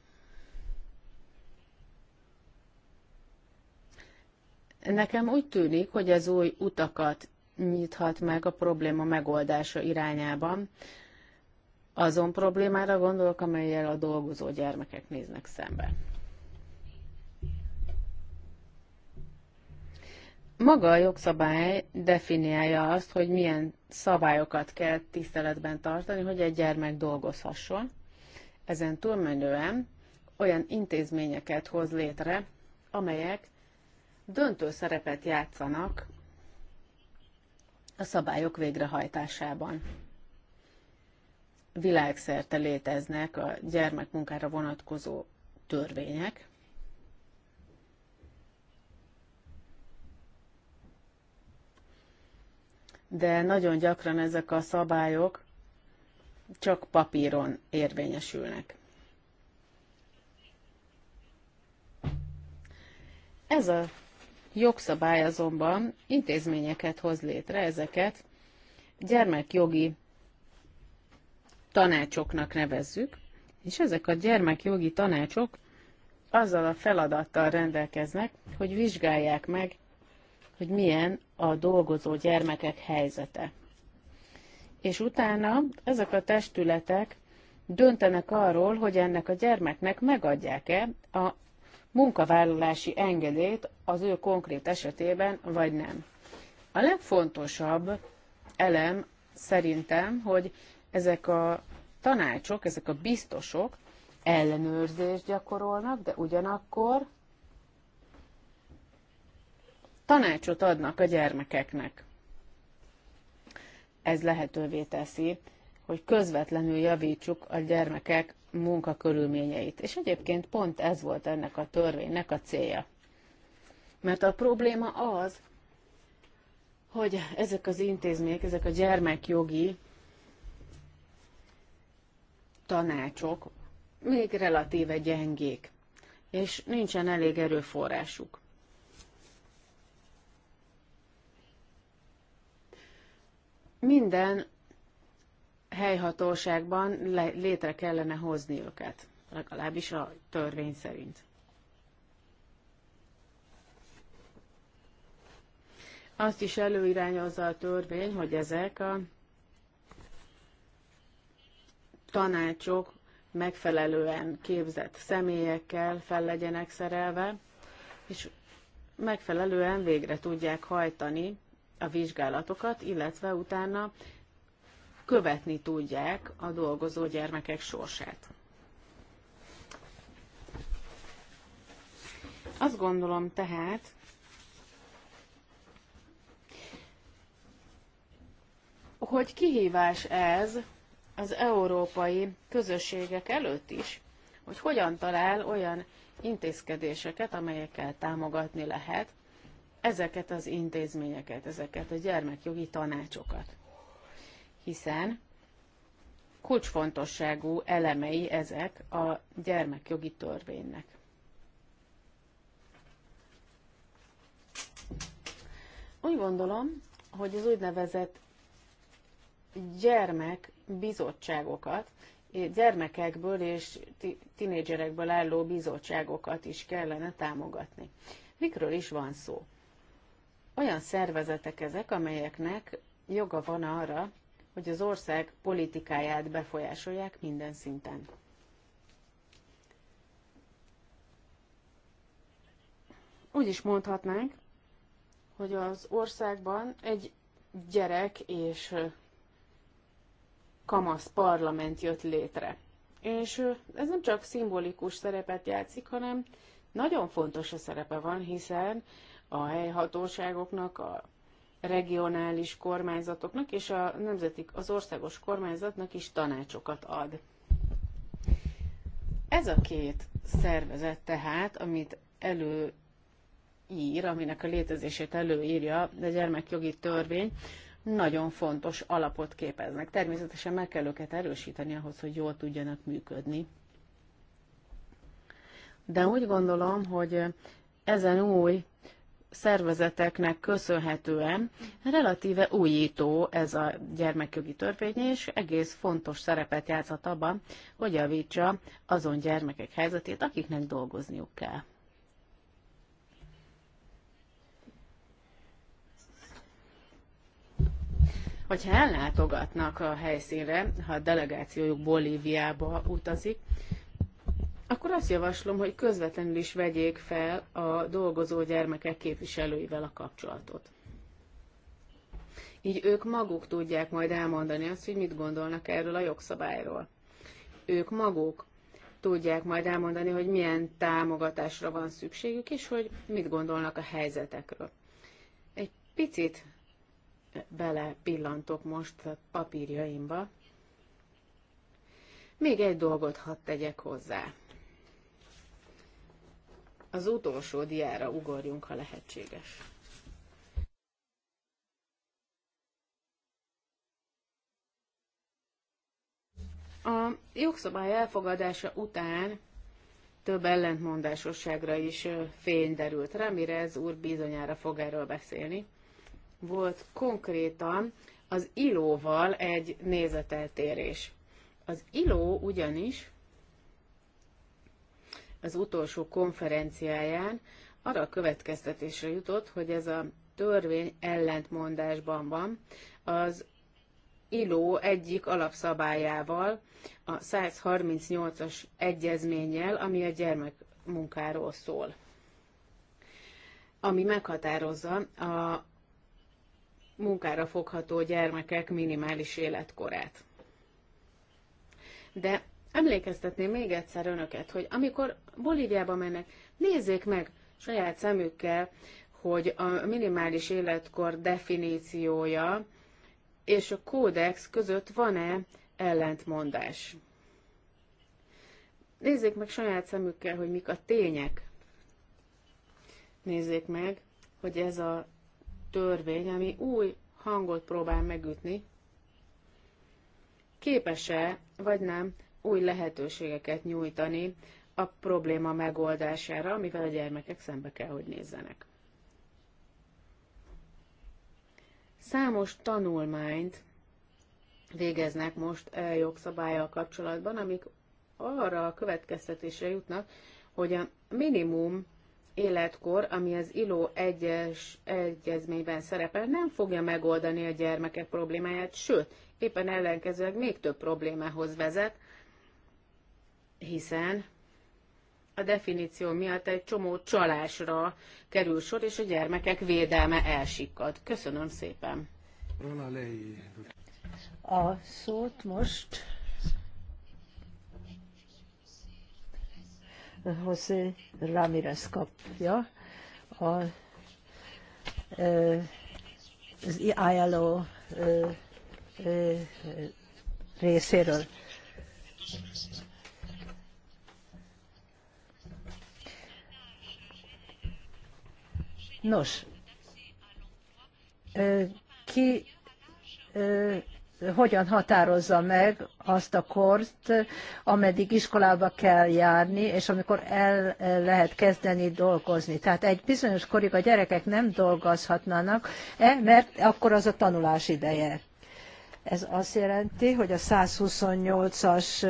Nekem úgy tűnik, hogy ez új utakat nyithat meg a probléma megoldása irányában. Azon problémára gondolok, amelyel a dolgozó gyermekek néznek szembe. Maga a jogszabály definiálja azt, hogy milyen szabályokat kell tiszteletben tartani, hogy egy gyermek dolgozhasson. Ezen túlmenően olyan intézményeket hoz létre, amelyek döntő szerepet játszanak a szabályok végrehajtásában. Világszerte léteznek a gyermekmunkára vonatkozó törvények, de nagyon gyakran ezek a szabályok csak papíron érvényesülnek. Ez a jogszabály azonban intézményeket hoz létre, ezeket gyermekjogi tanácsoknak nevezzük, és ezek a gyermekjogi tanácsok azzal a feladattal rendelkeznek, hogy vizsgálják meg, hogy milyen a dolgozó gyermekek helyzete. És utána ezek a testületek döntenek arról, hogy ennek a gyermeknek megadják-e a munkavállalási engedélyt az ő konkrét esetében, vagy nem. A legfontosabb elem szerintem, hogy ezek a tanácsok, ezek a biztosok ellenőrzést gyakorolnak, de ugyanakkor tanácsot adnak a gyermekeknek. Ez lehetővé teszi, hogy közvetlenül javítsuk a gyermekek munkakörülményeit. És egyébként pont ez volt ennek a törvénynek a célja. Mert a probléma az, hogy ezek az intézmények, ezek a gyermekjogi tanácsok még relatíve gyengék, és nincsen elég erőforrásuk. Minden helyhatóságban létre kellene hozni őket, legalábbis a törvény szerint. Azt is előirányozza a törvény, hogy ezek a tanácsok megfelelően képzett személyekkel fel legyenek szerelve, és megfelelően végre tudják hajtani a vizsgálatokat, illetve utána követni tudják a dolgozó gyermekek sorsát. Azt gondolom tehát, hogy kihívás ez az európai közösségek előtt is, hogy hogyan talál olyan intézkedéseket, amelyekkel támogatni lehet ezeket az intézményeket, ezeket a gyermekjogi tanácsokat hiszen kulcsfontosságú elemei ezek a gyermekjogi törvénynek. Úgy gondolom, hogy az úgynevezett gyermekbizottságokat, gyermekekből és tinédzserekből álló bizottságokat is kellene támogatni. Mikről is van szó? Olyan szervezetek ezek, amelyeknek joga van arra, hogy az ország politikáját befolyásolják minden szinten. Úgy is mondhatnánk, hogy az országban egy gyerek és kamasz parlament jött létre. És ez nem csak szimbolikus szerepet játszik, hanem nagyon fontos a szerepe van, hiszen a helyhatóságoknak, a regionális kormányzatoknak és a nemzeti, az országos kormányzatnak is tanácsokat ad. Ez a két szervezet tehát, amit előír, aminek a létezését előírja a gyermekjogi törvény, nagyon fontos alapot képeznek. Természetesen meg kell őket erősíteni ahhoz, hogy jól tudjanak működni. De úgy gondolom, hogy ezen új szervezeteknek köszönhetően relatíve újító ez a gyermekjogi törvény, és egész fontos szerepet játszhat abban, hogy javítsa azon gyermekek helyzetét, akiknek dolgozniuk kell. Hogyha ellátogatnak a helyszínre, ha a delegációjuk Bolíviába utazik, akkor azt javaslom, hogy közvetlenül is vegyék fel a dolgozó gyermekek képviselőivel a kapcsolatot. Így ők maguk tudják majd elmondani azt, hogy mit gondolnak erről a jogszabályról. Ők maguk tudják majd elmondani, hogy milyen támogatásra van szükségük, és hogy mit gondolnak a helyzetekről. Egy picit bele pillantok most a papírjaimba. Még egy dolgot hadd tegyek hozzá. Az utolsó diára ugorjunk, ha lehetséges. A jogszabály elfogadása után több ellentmondásosságra is fény derült. ez úr bizonyára fog erről beszélni. Volt konkrétan az ilóval egy nézeteltérés. Az iló ugyanis az utolsó konferenciáján arra a következtetésre jutott, hogy ez a törvény ellentmondásban van az ILO egyik alapszabályával, a 138-as egyezménnyel, ami a gyermekmunkáról szól, ami meghatározza a munkára fogható gyermekek minimális életkorát. De Emlékeztetném még egyszer önöket, hogy amikor Bolíviába mennek, nézzék meg saját szemükkel, hogy a minimális életkor definíciója és a kódex között van-e ellentmondás. Nézzék meg saját szemükkel, hogy mik a tények. Nézzék meg, hogy ez a törvény, ami új hangot próbál megütni, képes-e vagy nem új lehetőségeket nyújtani a probléma megoldására, amivel a gyermekek szembe kell, hogy nézzenek. Számos tanulmányt végeznek most e jogszabályjal kapcsolatban, amik arra a következtetésre jutnak, hogy a minimum életkor, ami az ILO egyes egyezményben szerepel, nem fogja megoldani a gyermekek problémáját, sőt, éppen ellenkezőleg még több problémához vezet, hiszen a definíció miatt egy csomó csalásra kerül sor, és a gyermekek védelme elsikkad. Köszönöm szépen. A szót most José Ramirez kapja a, az ILO részéről. Nos, ki hogyan határozza meg azt a kort, ameddig iskolába kell járni, és amikor el lehet kezdeni dolgozni. Tehát egy bizonyos korig a gyerekek nem dolgozhatnának, e, mert akkor az a tanulás ideje. Ez azt jelenti, hogy a 128-as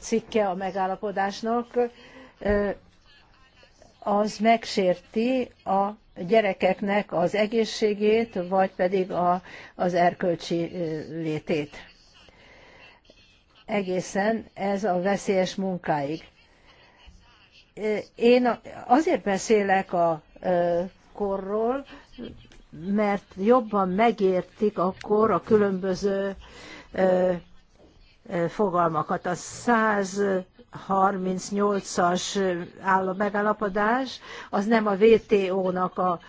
cikke a megállapodásnak az megsérti a gyerekeknek az egészségét, vagy pedig a, az erkölcsi létét. Egészen ez a veszélyes munkáig. Én azért beszélek a korról, mert jobban megértik akkor a különböző fogalmakat. A 100 38-as megállapodás, az nem a WTO-nak a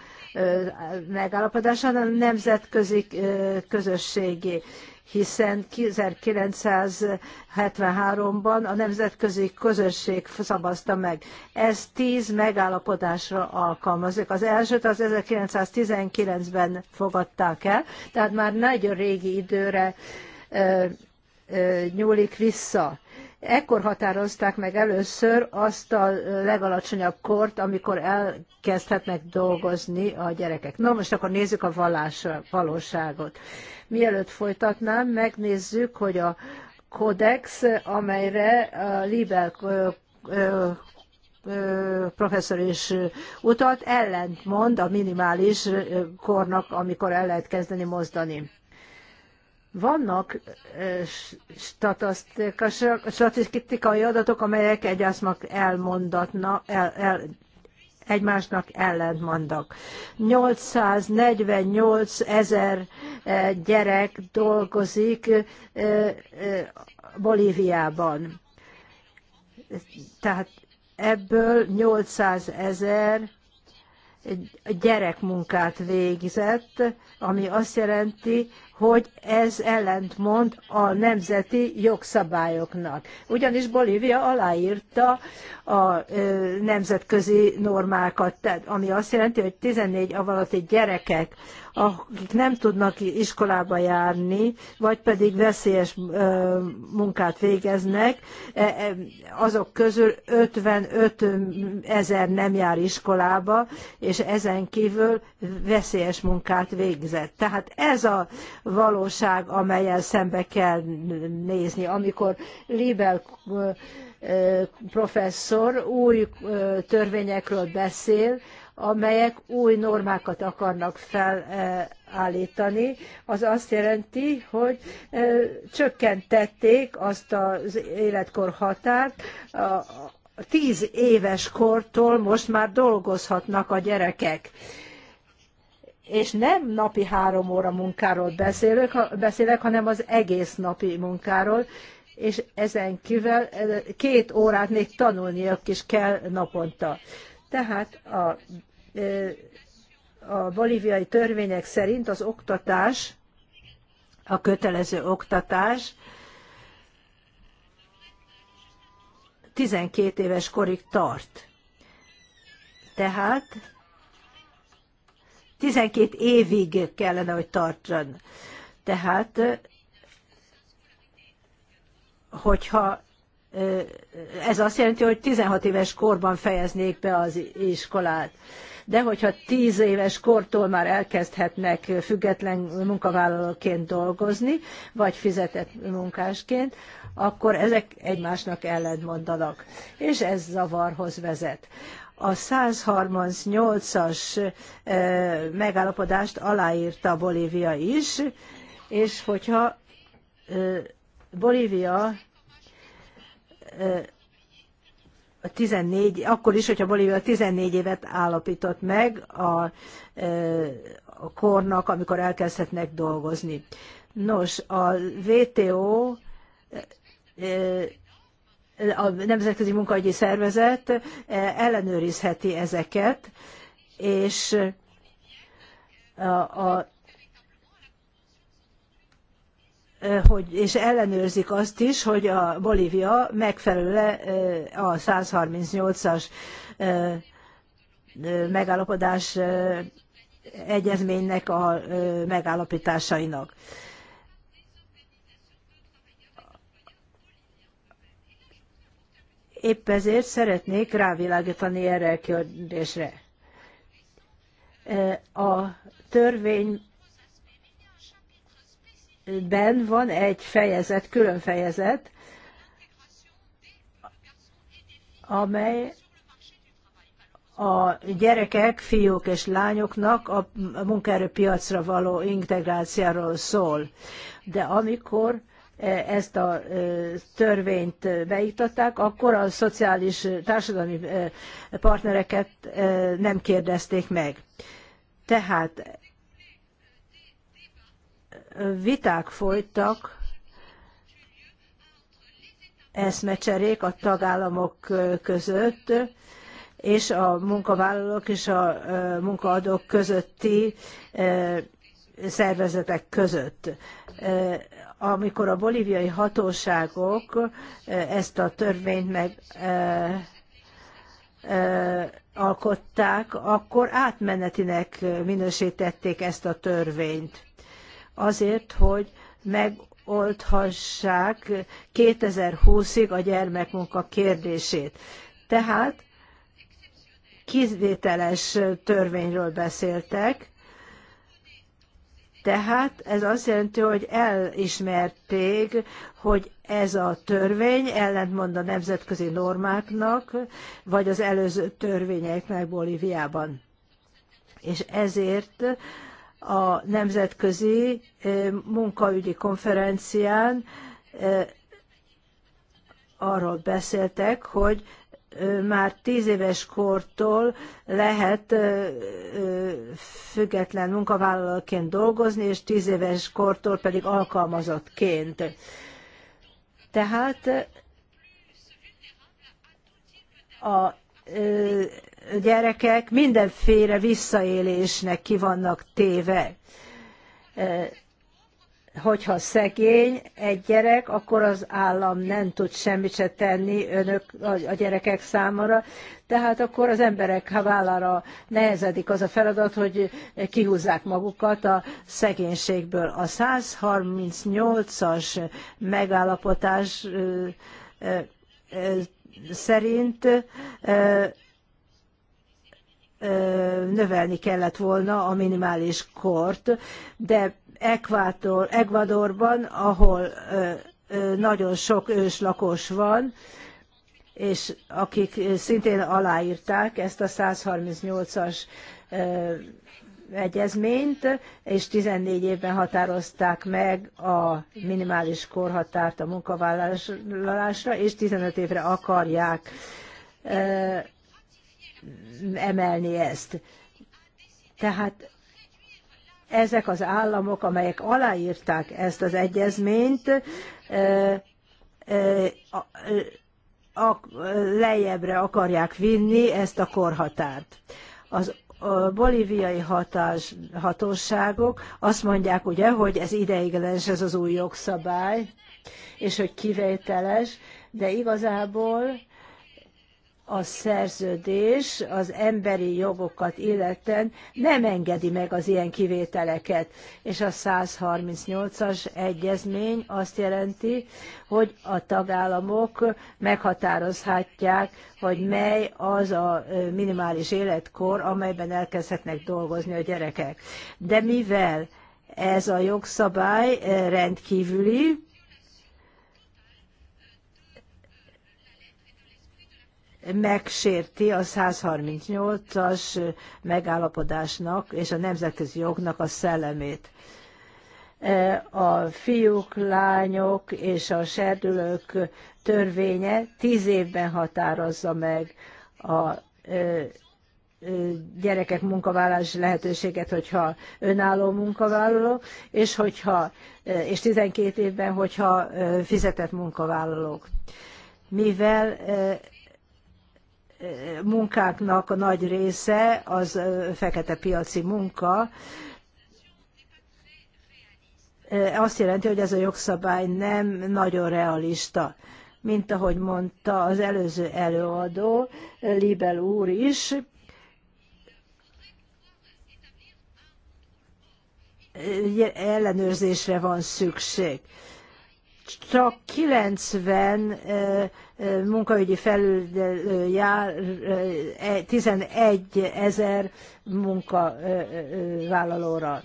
megállapodás, hanem a nemzetközi közösségé hiszen 1973-ban a nemzetközi közösség szavazta meg. Ez tíz megállapodásra alkalmazik. Az elsőt az 1919-ben fogadták el, tehát már nagyon régi időre ö, ö, nyúlik vissza. Ekkor határozták meg először azt a legalacsonyabb kort, amikor elkezdhetnek dolgozni a gyerekek. Na most akkor nézzük a vallás, valóságot. Mielőtt folytatnám, megnézzük, hogy a kodex, amelyre a Libel professzor is utalt, ellentmond a minimális kornak, amikor el lehet kezdeni mozdani. Vannak statisztikai adatok, amelyek egyásnak elmondatnak, el, el, egymásnak ellentmondak. 848 ezer gyerek dolgozik Bolíviában. Tehát ebből 800 ezer gyerekmunkát végzett, ami azt jelenti, hogy ez ellentmond a nemzeti jogszabályoknak. Ugyanis Bolívia aláírta a nemzetközi normákat, tehát, ami azt jelenti, hogy 14 avalati gyerekek, akik nem tudnak iskolába járni, vagy pedig veszélyes munkát végeznek, e, e, azok közül 55 ezer nem jár iskolába, és ezen kívül veszélyes munkát végzett. Tehát ez a valóság, amelyen szembe kell nézni. Amikor Liebel professzor új törvényekről beszél, amelyek új normákat akarnak felállítani, az azt jelenti, hogy csökkentették azt az életkor határt, tíz éves kortól most már dolgozhatnak a gyerekek és nem napi három óra munkáról beszélök, beszélek, hanem az egész napi munkáról, és ezen kívül eh, két órát még tanulniak is kell naponta. Tehát a, eh, a bolíviai törvények szerint az oktatás, a kötelező oktatás 12 éves korig tart. Tehát 12 évig kellene, hogy tartson. Tehát, hogyha ez azt jelenti, hogy 16 éves korban fejeznék be az iskolát. De hogyha 10 éves kortól már elkezdhetnek független munkavállalóként dolgozni, vagy fizetett munkásként, akkor ezek egymásnak ellentmondanak, és ez zavarhoz vezet a 138-as e, megállapodást aláírta Bolívia is, és hogyha e, Bolívia 14, e, akkor is, hogyha Bolívia 14 évet állapított meg a, a kornak, amikor elkezdhetnek dolgozni. Nos, a WTO a Nemzetközi Munkaügyi Szervezet eh, ellenőrizheti ezeket, és eh, a, a eh, hogy, és ellenőrzik azt is, hogy a Bolívia megfelel a 138-as megállapodás egyezménynek a megállapításainak. Épp ezért szeretnék rávilágítani erre a kérdésre. E, a törvényben van egy fejezet, külön fejezet, amely a gyerekek, fiúk és lányoknak a munkaerőpiacra való integráciáról szól. De amikor E, ezt a e, törvényt beiktatták, akkor a szociális társadalmi e, partnereket nem kérdezték meg. Tehát viták folytak, eszmecserék a tagállamok között, és a munkavállalók és a munkaadók közötti szervezetek között amikor a bolíviai hatóságok ezt a törvényt meg alkották, akkor átmenetinek minősítették ezt a törvényt. Azért, hogy megoldhassák 2020-ig a gyermekmunka kérdését. Tehát kivételes törvényről beszéltek, tehát ez azt jelenti, hogy elismerték, hogy ez a törvény ellentmond a nemzetközi normáknak, vagy az előző törvényeknek Bolíviában. És ezért a nemzetközi munkaügyi konferencián arról beszéltek, hogy már tíz éves kortól lehet független munkavállalóként dolgozni, és tíz éves kortól pedig alkalmazottként. Tehát a gyerekek mindenféle visszaélésnek ki vannak téve hogyha szegény egy gyerek, akkor az állam nem tud semmit se tenni önök a gyerekek számára, tehát akkor az emberek vállára nehezedik az a feladat, hogy kihúzzák magukat a szegénységből. A 138-as megállapotás szerint növelni kellett volna a minimális kort, de Ekvátor, Ekvadorban, ahol nagyon sok őslakos van, és akik szintén aláírták ezt a 138-as egyezményt, és 14 évben határozták meg a minimális korhatárt a munkavállalásra, és 15 évre akarják emelni ezt. Tehát ezek az államok, amelyek aláírták ezt az egyezményt, a, lejjebbre akarják vinni ezt a korhatárt. Az a bolíviai hatás, hatóságok azt mondják ugye, hogy ez ideiglenes ez az új jogszabály, és hogy kivételes, de igazából a szerződés az emberi jogokat illeten nem engedi meg az ilyen kivételeket. És a 138-as egyezmény azt jelenti, hogy a tagállamok meghatározhatják, hogy mely az a minimális életkor, amelyben elkezdhetnek dolgozni a gyerekek. De mivel ez a jogszabály rendkívüli, megsérti a 138-as megállapodásnak és a nemzetközi jognak a szellemét. Eh, a fiúk, lányok és a serdülők törvénye tíz évben határozza meg a eh, eh, gyerekek munkavállalási lehetőséget, hogyha önálló munkavállaló, és, hogyha, és 12 évben, hogyha fizetett munkavállalók. Mivel munkáknak a nagy része az fekete piaci munka, azt jelenti, hogy ez a jogszabály nem nagyon realista. Mint ahogy mondta az előző előadó, Libel úr is, ellenőrzésre van szükség. Csak 90 munkaügyi felül jár 11 eh, ezer munkavállalóra.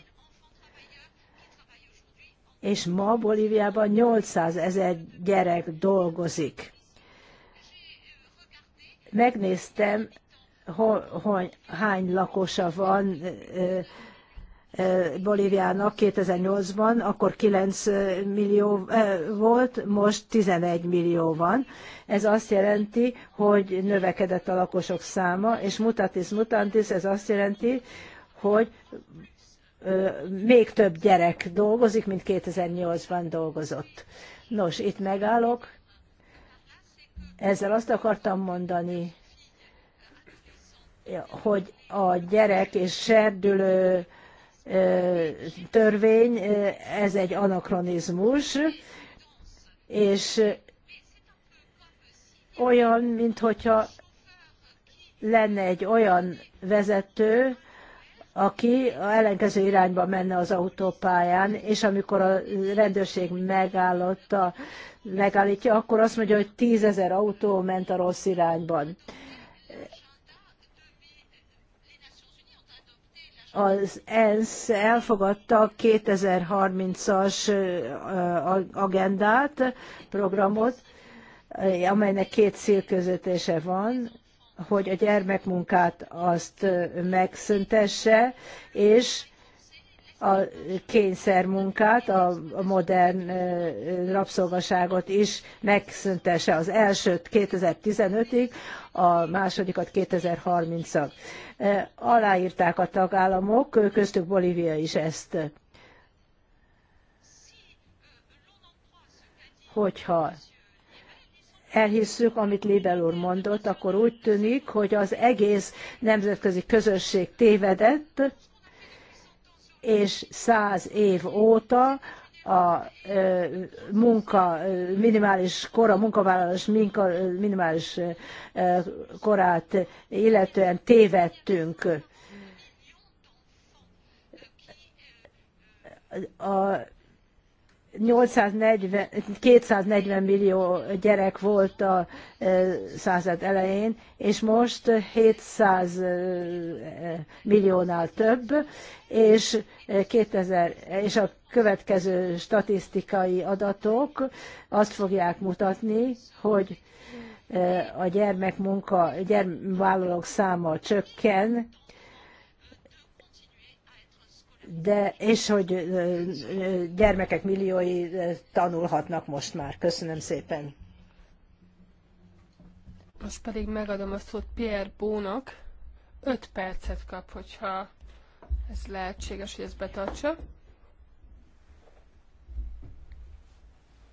És ma Bolíviában 800 ezer gyerek dolgozik. Megnéztem, hogy hány lakosa van eh, Eh, Bolíviának 2008-ban, akkor 9 eh, millió eh, volt, most 11 millió van. Ez azt jelenti, hogy növekedett a lakosok száma, és mutatis mutantis, ez azt jelenti, hogy még több gyerek dolgozik, mint 2008-ban dolgozott. Nos, itt megállok. Ezzel azt akartam mondani, hogy a gyerek és serdülő törvény, ez egy anakronizmus, és olyan, mintha lenne egy olyan vezető, aki ellenkező irányba menne az autópályán, és amikor a rendőrség megállotta megállítja, akkor azt mondja, hogy tízezer autó ment a rossz irányban. az ENSZ elfogadta a 2030-as agendát, programot, amelynek két célközötése van, hogy a gyermekmunkát azt megszüntesse, és a kényszermunkát, a modern rabszolgaságot is megszüntesse az elsőt 2015-ig, a másodikat 2030-ig. Aláírták a tagállamok, köztük Bolívia is ezt. Hogyha elhisszük, amit Libel úr mondott, akkor úgy tűnik, hogy az egész nemzetközi közösség tévedett, és száz év óta a munka, minimális kora, munkavállalás minimális korát illetően tévedtünk. A, 840, 240 millió gyerek volt a század elején, és most 700 milliónál több, és, 2000, és a következő statisztikai adatok azt fogják mutatni, hogy a gyermekmunka, gyermekvállalók száma csökken, de, és hogy gyermekek milliói tanulhatnak most már. Köszönöm szépen. Most pedig megadom a szót Pierre Bónak. öt percet kap, hogyha ez lehetséges, hogy ezt betartsa.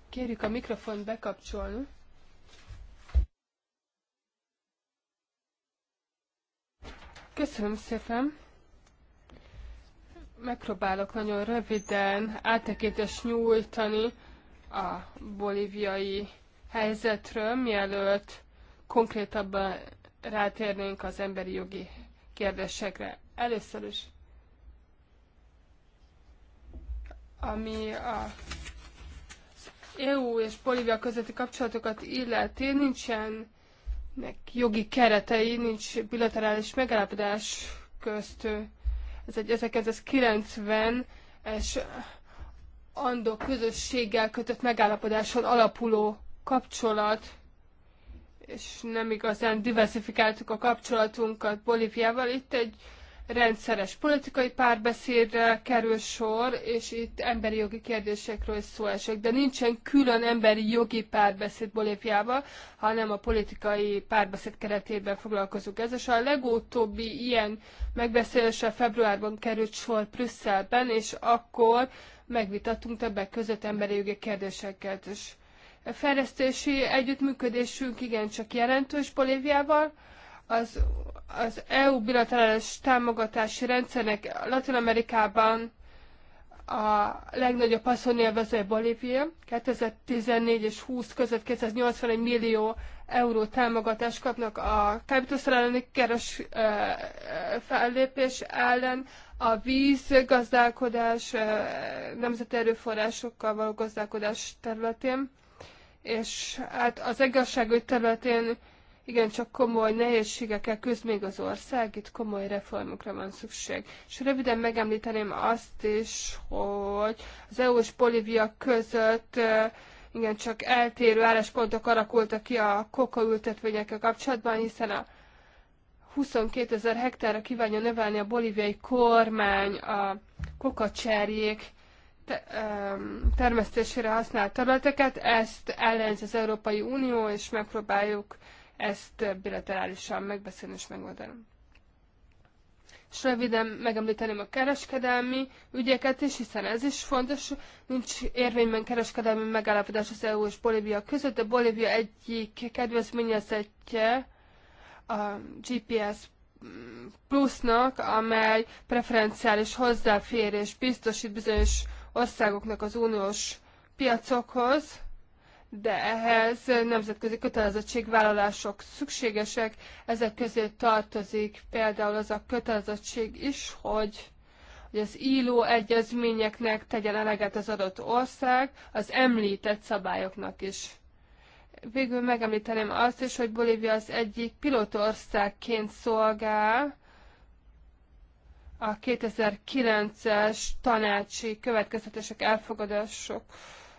Kérjük a mikrofont bekapcsolni. Köszönöm szépen! Megpróbálok nagyon röviden áttekintés nyújtani a bolíviai helyzetről, mielőtt konkrétabban rátérnénk az emberi jogi kérdésekre. Először is, ami a EU és Bolívia közötti kapcsolatokat illeti, nincsen jogi keretei, nincs bilaterális megállapodás köztük ez egy 1990 es andó közösséggel kötött megállapodáson alapuló kapcsolat, és nem igazán diversifikáltuk a kapcsolatunkat Bolíviával. Itt egy rendszeres politikai párbeszédre kerül sor, és itt emberi jogi kérdésekről szó esik. De nincsen külön emberi jogi párbeszéd Bolíviával, hanem a politikai párbeszéd keretében foglalkozunk ez. És a legutóbbi ilyen megbeszélése februárban került sor Brüsszelben, és akkor megvitattunk többek között emberi jogi kérdéseket is. A fejlesztési együttműködésünk igencsak jelentős Bolíviával, az, az EU bilaterális támogatási rendszernek Latin Amerikában a legnagyobb haszonélvezője Bolívia, 2014 és 20 között 281 millió euró támogatást kapnak a kábítószer elleni keres e, fellépés ellen, a vízgazdálkodás, e, nemzeti erőforrásokkal való gazdálkodás területén, és hát az igazságügy területén igen, csak komoly nehézségekkel küzd még az ország, itt komoly reformokra van szükség. És röviden megemlíteném azt is, hogy az EU és Bolívia között igen, csak eltérő álláspontok alakultak ki a kokaültetvényekkel kapcsolatban, hiszen a 22 ezer hektárra kívánja növelni a bolíviai kormány a kokacserjék termesztésére használt területeket, ezt ellenz az Európai Unió, és megpróbáljuk ezt bilaterálisan megbeszélni és megoldani. És röviden megemlíteném a kereskedelmi ügyeket is, hiszen ez is fontos. Nincs érvényben kereskedelmi megállapodás az EU és Bolívia között, de Bolívia egyik kedvezményezetje a GPS plusznak, amely preferenciális hozzáférés biztosít bizonyos országoknak az uniós piacokhoz, de ehhez nemzetközi kötelezettségvállalások szükségesek, ezek közé tartozik például az a kötelezettség is, hogy hogy az ILO egyezményeknek tegyen eleget az adott ország, az említett szabályoknak is. Végül megemlíteném azt is, hogy Bolívia az egyik pilotországként szolgál a 2009-es tanácsi következtetések elfogadások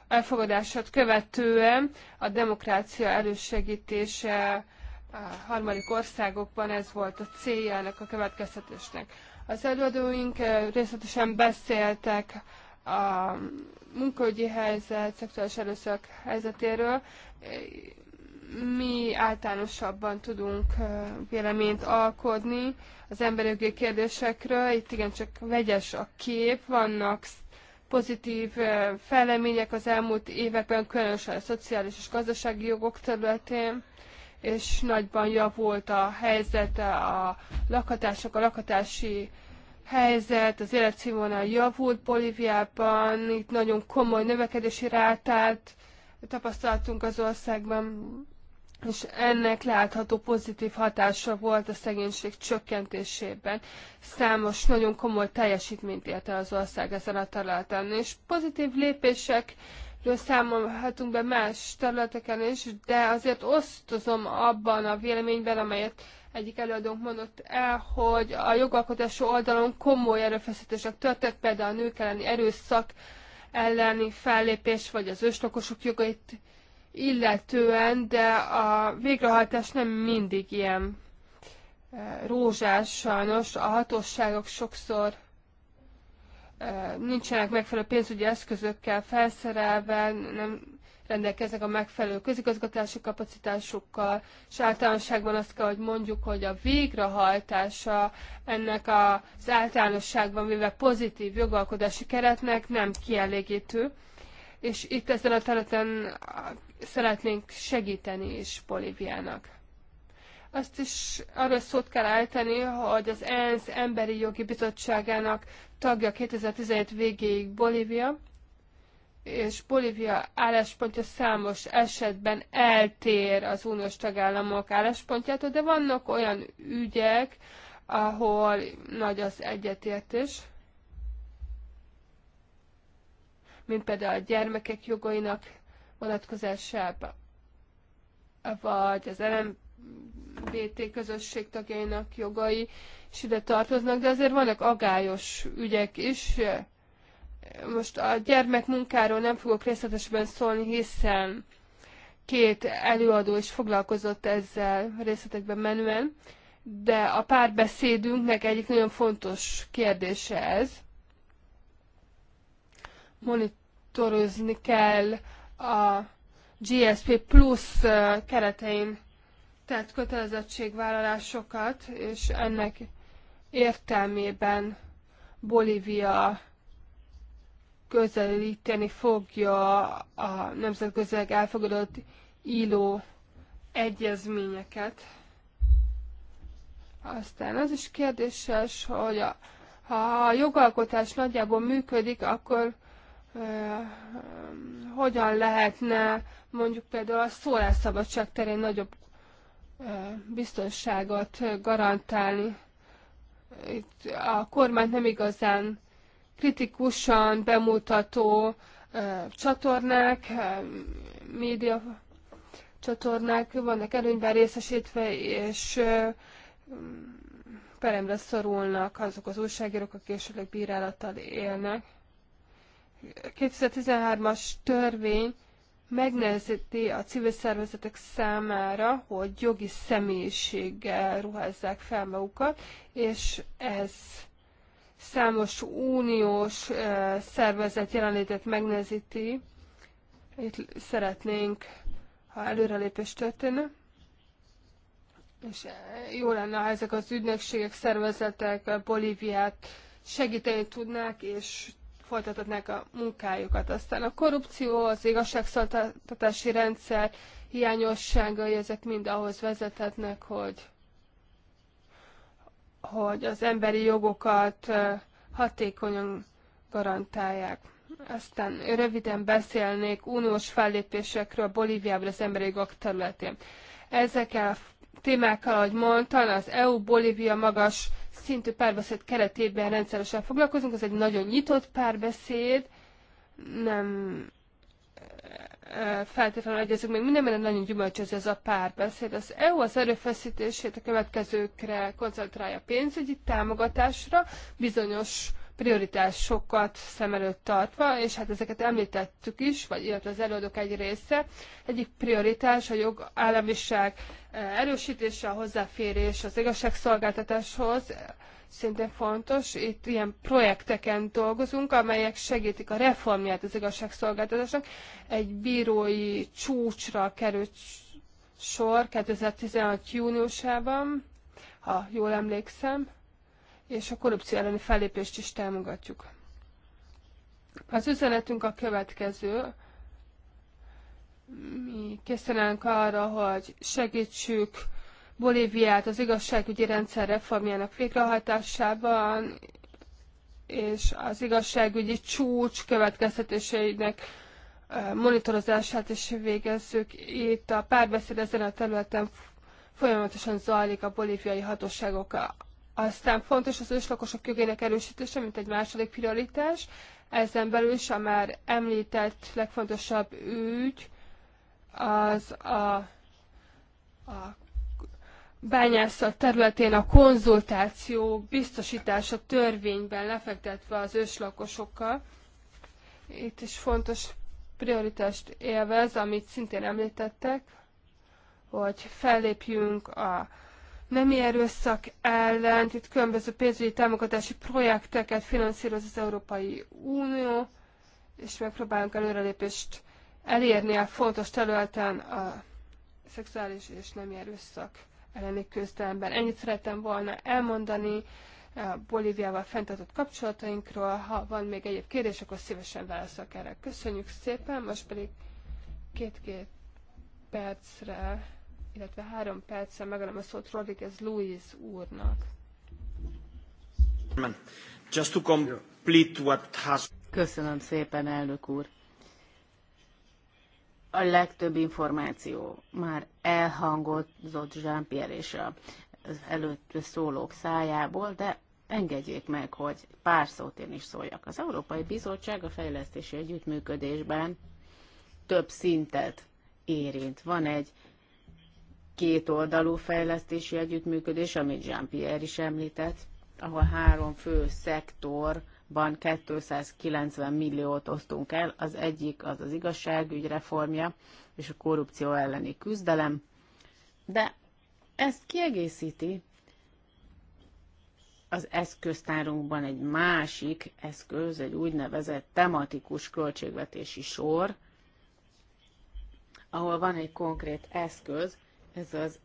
elfogadását követően a demokrácia elősegítése a harmadik országokban ez volt a célja ennek a következtetésnek. Az előadóink eh, részletesen beszéltek a munkaügyi helyzet, szexuális erőszak helyzetéről. Mi általánosabban tudunk eh, véleményt alkodni az emberi kérdésekről. Itt igencsak vegyes a kép, vannak pozitív fejlemények az elmúlt években, különösen a szociális és gazdasági jogok területén, és nagyban javult a helyzet, a lakhatások, a lakhatási helyzet, az életszínvonal javult Bolíviában, itt nagyon komoly növekedési rátát tapasztaltunk az országban és ennek látható pozitív hatása volt a szegénység csökkentésében. Számos nagyon komoly teljesítményt ért el az ország ezen a területen, és pozitív lépések számolhatunk be más területeken is, de azért osztozom abban a véleményben, amelyet egyik előadónk mondott el, hogy a jogalkotási oldalon komoly erőfeszítések történtek, például a nők elleni erőszak elleni fellépés, vagy az őslakosok jogait illetően, de a végrehajtás nem mindig ilyen e, rózsás sajnos. A hatóságok sokszor e, nincsenek megfelelő pénzügyi eszközökkel felszerelve, nem rendelkeznek a megfelelő közigazgatási kapacitásukkal, és általánosságban azt kell, hogy mondjuk, hogy a végrehajtása ennek az általánosságban véve pozitív jogalkodási keretnek nem kielégítő. És itt ezen a területen szeretnénk segíteni is Bolíviának. Azt is arról szót kell állítani, hogy az ENSZ Emberi Jogi Bizottságának tagja 2017 végéig Bolívia, és Bolívia álláspontja számos esetben eltér az uniós tagállamok álláspontjától, de vannak olyan ügyek, ahol nagy az egyetértés, mint például a gyermekek jogainak vonatkozásában, vagy az LMBT közösség tagjainak jogai is ide tartoznak, de azért vannak agályos ügyek is. Most a gyermekmunkáról nem fogok részletesben szólni, hiszen két előadó is foglalkozott ezzel részletekben menően, de a párbeszédünknek egyik nagyon fontos kérdése ez. Monitorozni kell a GSP plusz keretein tett kötelezettségvállalásokat, és ennek értelmében Bolívia közelíteni fogja a nemzetközileg elfogadott ILO egyezményeket. Aztán az is kérdéses, hogy a, ha a jogalkotás nagyjából működik, akkor hogyan lehetne mondjuk például a szólásszabadság terén nagyobb biztonságot garantálni. Itt a kormány nem igazán kritikusan bemutató csatornák, média csatornák vannak előnyben részesítve, és peremre szorulnak azok az újságírók, akik későleg bírálattal élnek. 2013-as törvény megnehezíti a civil szervezetek számára, hogy jogi személyiséggel ruházzák fel magukat, és ez számos uniós szervezet jelenlétet megnehezíti. Itt szeretnénk, ha előrelépés történne. És jó lenne, ha ezek az ügynökségek, szervezetek Bolíviát segíteni tudnák, és folytathatnák a munkájukat. Aztán a korrupció, az igazságszolgáltatási rendszer hiányosságai, ezek mind ahhoz vezethetnek, hogy, hogy az emberi jogokat hatékonyan garantálják. Aztán röviden beszélnék uniós fellépésekről Bolíviából az emberi jogok területén. Ezekkel a témákkal, ahogy mondtam, az EU-Bolívia magas szintű párbeszéd keretében rendszeresen foglalkozunk, ez egy nagyon nyitott párbeszéd, nem eh, feltétlenül egyezünk még mert nagyon gyümölcsöző ez a párbeszéd. Az EU az erőfeszítését a következőkre koncentrálja pénzügyi támogatásra, bizonyos prioritásokat szem előtt tartva, és hát ezeket említettük is, vagy illetve az előadók egy része. Egyik prioritás a jogállamiság eh, erősítése, a hozzáférés az igazságszolgáltatáshoz, szintén fontos. Itt ilyen projekteken dolgozunk, amelyek segítik a reformját az igazságszolgáltatásnak. Egy bírói csúcsra került sor 2016 júniusában, ha jól emlékszem és a korrupció elleni fellépést is támogatjuk. Az üzenetünk a következő. Mi készülünk arra, hogy segítsük Bolíviát az igazságügyi rendszer reformjának végrehajtásában, és az igazságügyi csúcs következtetéseinek monitorozását is végezzük. Itt a párbeszéd ezen a területen folyamatosan zajlik a bolíviai hatóságokkal. Aztán fontos az őslakosok jogének erősítése, mint egy második prioritás. Ezen belül is a már említett legfontosabb ügy az a, a bányászat területén a konzultáció biztosítása törvényben lefektetve az őslakosokkal. Itt is fontos prioritást élvez, amit szintén említettek, hogy fellépjünk a nem erőszak ellen, itt különböző pénzügyi támogatási projekteket finanszíroz az Európai Unió, és megpróbálunk előrelépést elérni a fontos területen a szexuális és nem erőszak elleni küzdelemben. Ennyit szerettem volna elmondani a Bolíviával fenntartott kapcsolatainkról. Ha van még egyéb kérdés, akkor szívesen válaszolok erre. Köszönjük szépen, most pedig két-két percre illetve három perccel megadom a szót Rodriguez Luis úrnak. Just to complete what has... Köszönöm szépen, elnök úr. A legtöbb információ már elhangozott Jean-Pierre és az előtt szólók szájából, de engedjék meg, hogy pár szót én is szóljak. Az Európai Bizottság a fejlesztési együttműködésben több szintet érint. Van egy kétoldalú fejlesztési együttműködés, amit Jean-Pierre is említett, ahol három fő szektorban 290 milliót osztunk el. Az egyik az az igazságügy reformja és a korrupció elleni küzdelem, de ezt kiegészíti az eszköztárunkban egy másik eszköz, egy úgynevezett tematikus költségvetési sor, ahol van egy konkrét eszköz, ez az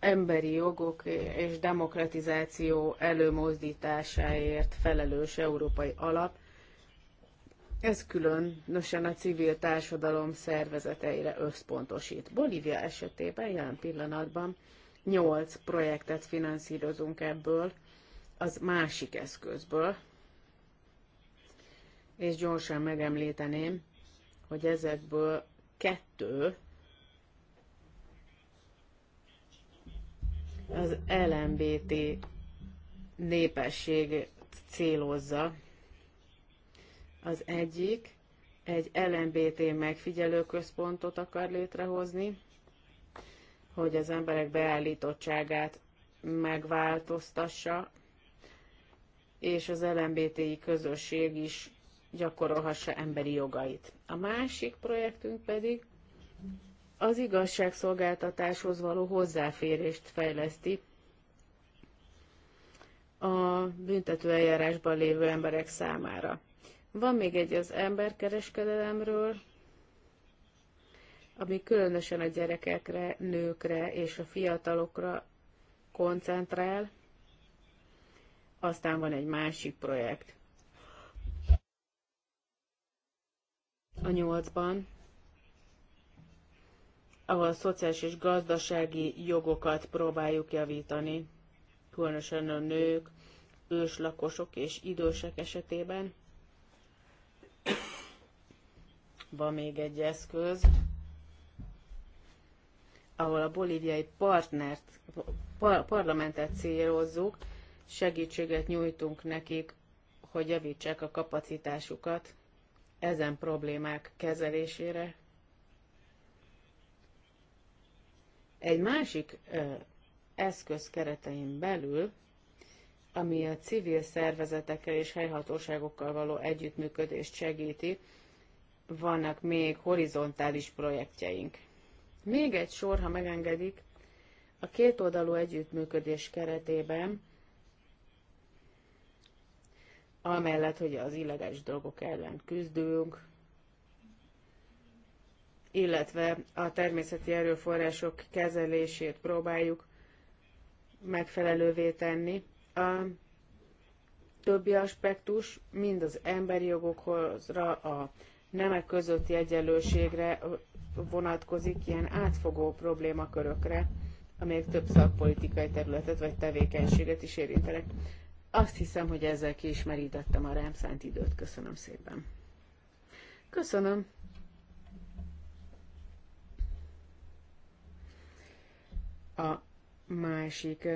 emberi jogok és demokratizáció előmozdításáért felelős európai alap. Ez különösen a civil társadalom szervezeteire összpontosít. Bolívia esetében jelen pillanatban 8 projektet finanszírozunk ebből, az másik eszközből, és gyorsan megemlíteném, hogy ezekből kettő az LMBT népesség célozza. Az egyik egy LMBT megfigyelőközpontot akar létrehozni, hogy az emberek beállítottságát megváltoztassa, és az LMBT közösség is gyakorolhassa emberi jogait. A másik projektünk pedig az igazságszolgáltatáshoz való hozzáférést fejleszti a büntetőeljárásban lévő emberek számára. Van még egy az emberkereskedelemről, ami különösen a gyerekekre, nőkre és a fiatalokra koncentrál. Aztán van egy másik projekt. A nyolcban ahol a szociális és gazdasági jogokat próbáljuk javítani, különösen a nők, őslakosok és idősek esetében. Van még egy eszköz, ahol a bolíviai partnert, par, parlamentet célozzuk, segítséget nyújtunk nekik, hogy javítsák a kapacitásukat ezen problémák kezelésére, Egy másik eszköz keretein belül, ami a civil szervezetekkel és helyhatóságokkal való együttműködést segíti, vannak még horizontális projektjeink. Még egy sor, ha megengedik, a kétoldalú együttműködés keretében, amellett, hogy az illegális dolgok ellen küzdünk, illetve a természeti erőforrások kezelését próbáljuk megfelelővé tenni. A többi aspektus mind az emberi jogokra, a nemek közötti egyenlőségre vonatkozik, ilyen átfogó problémakörökre, amelyek több szakpolitikai területet vagy tevékenységet is érintenek. Azt hiszem, hogy ezzel kiismerítettem a rám szánt időt. Köszönöm szépen. Köszönöm. a másik,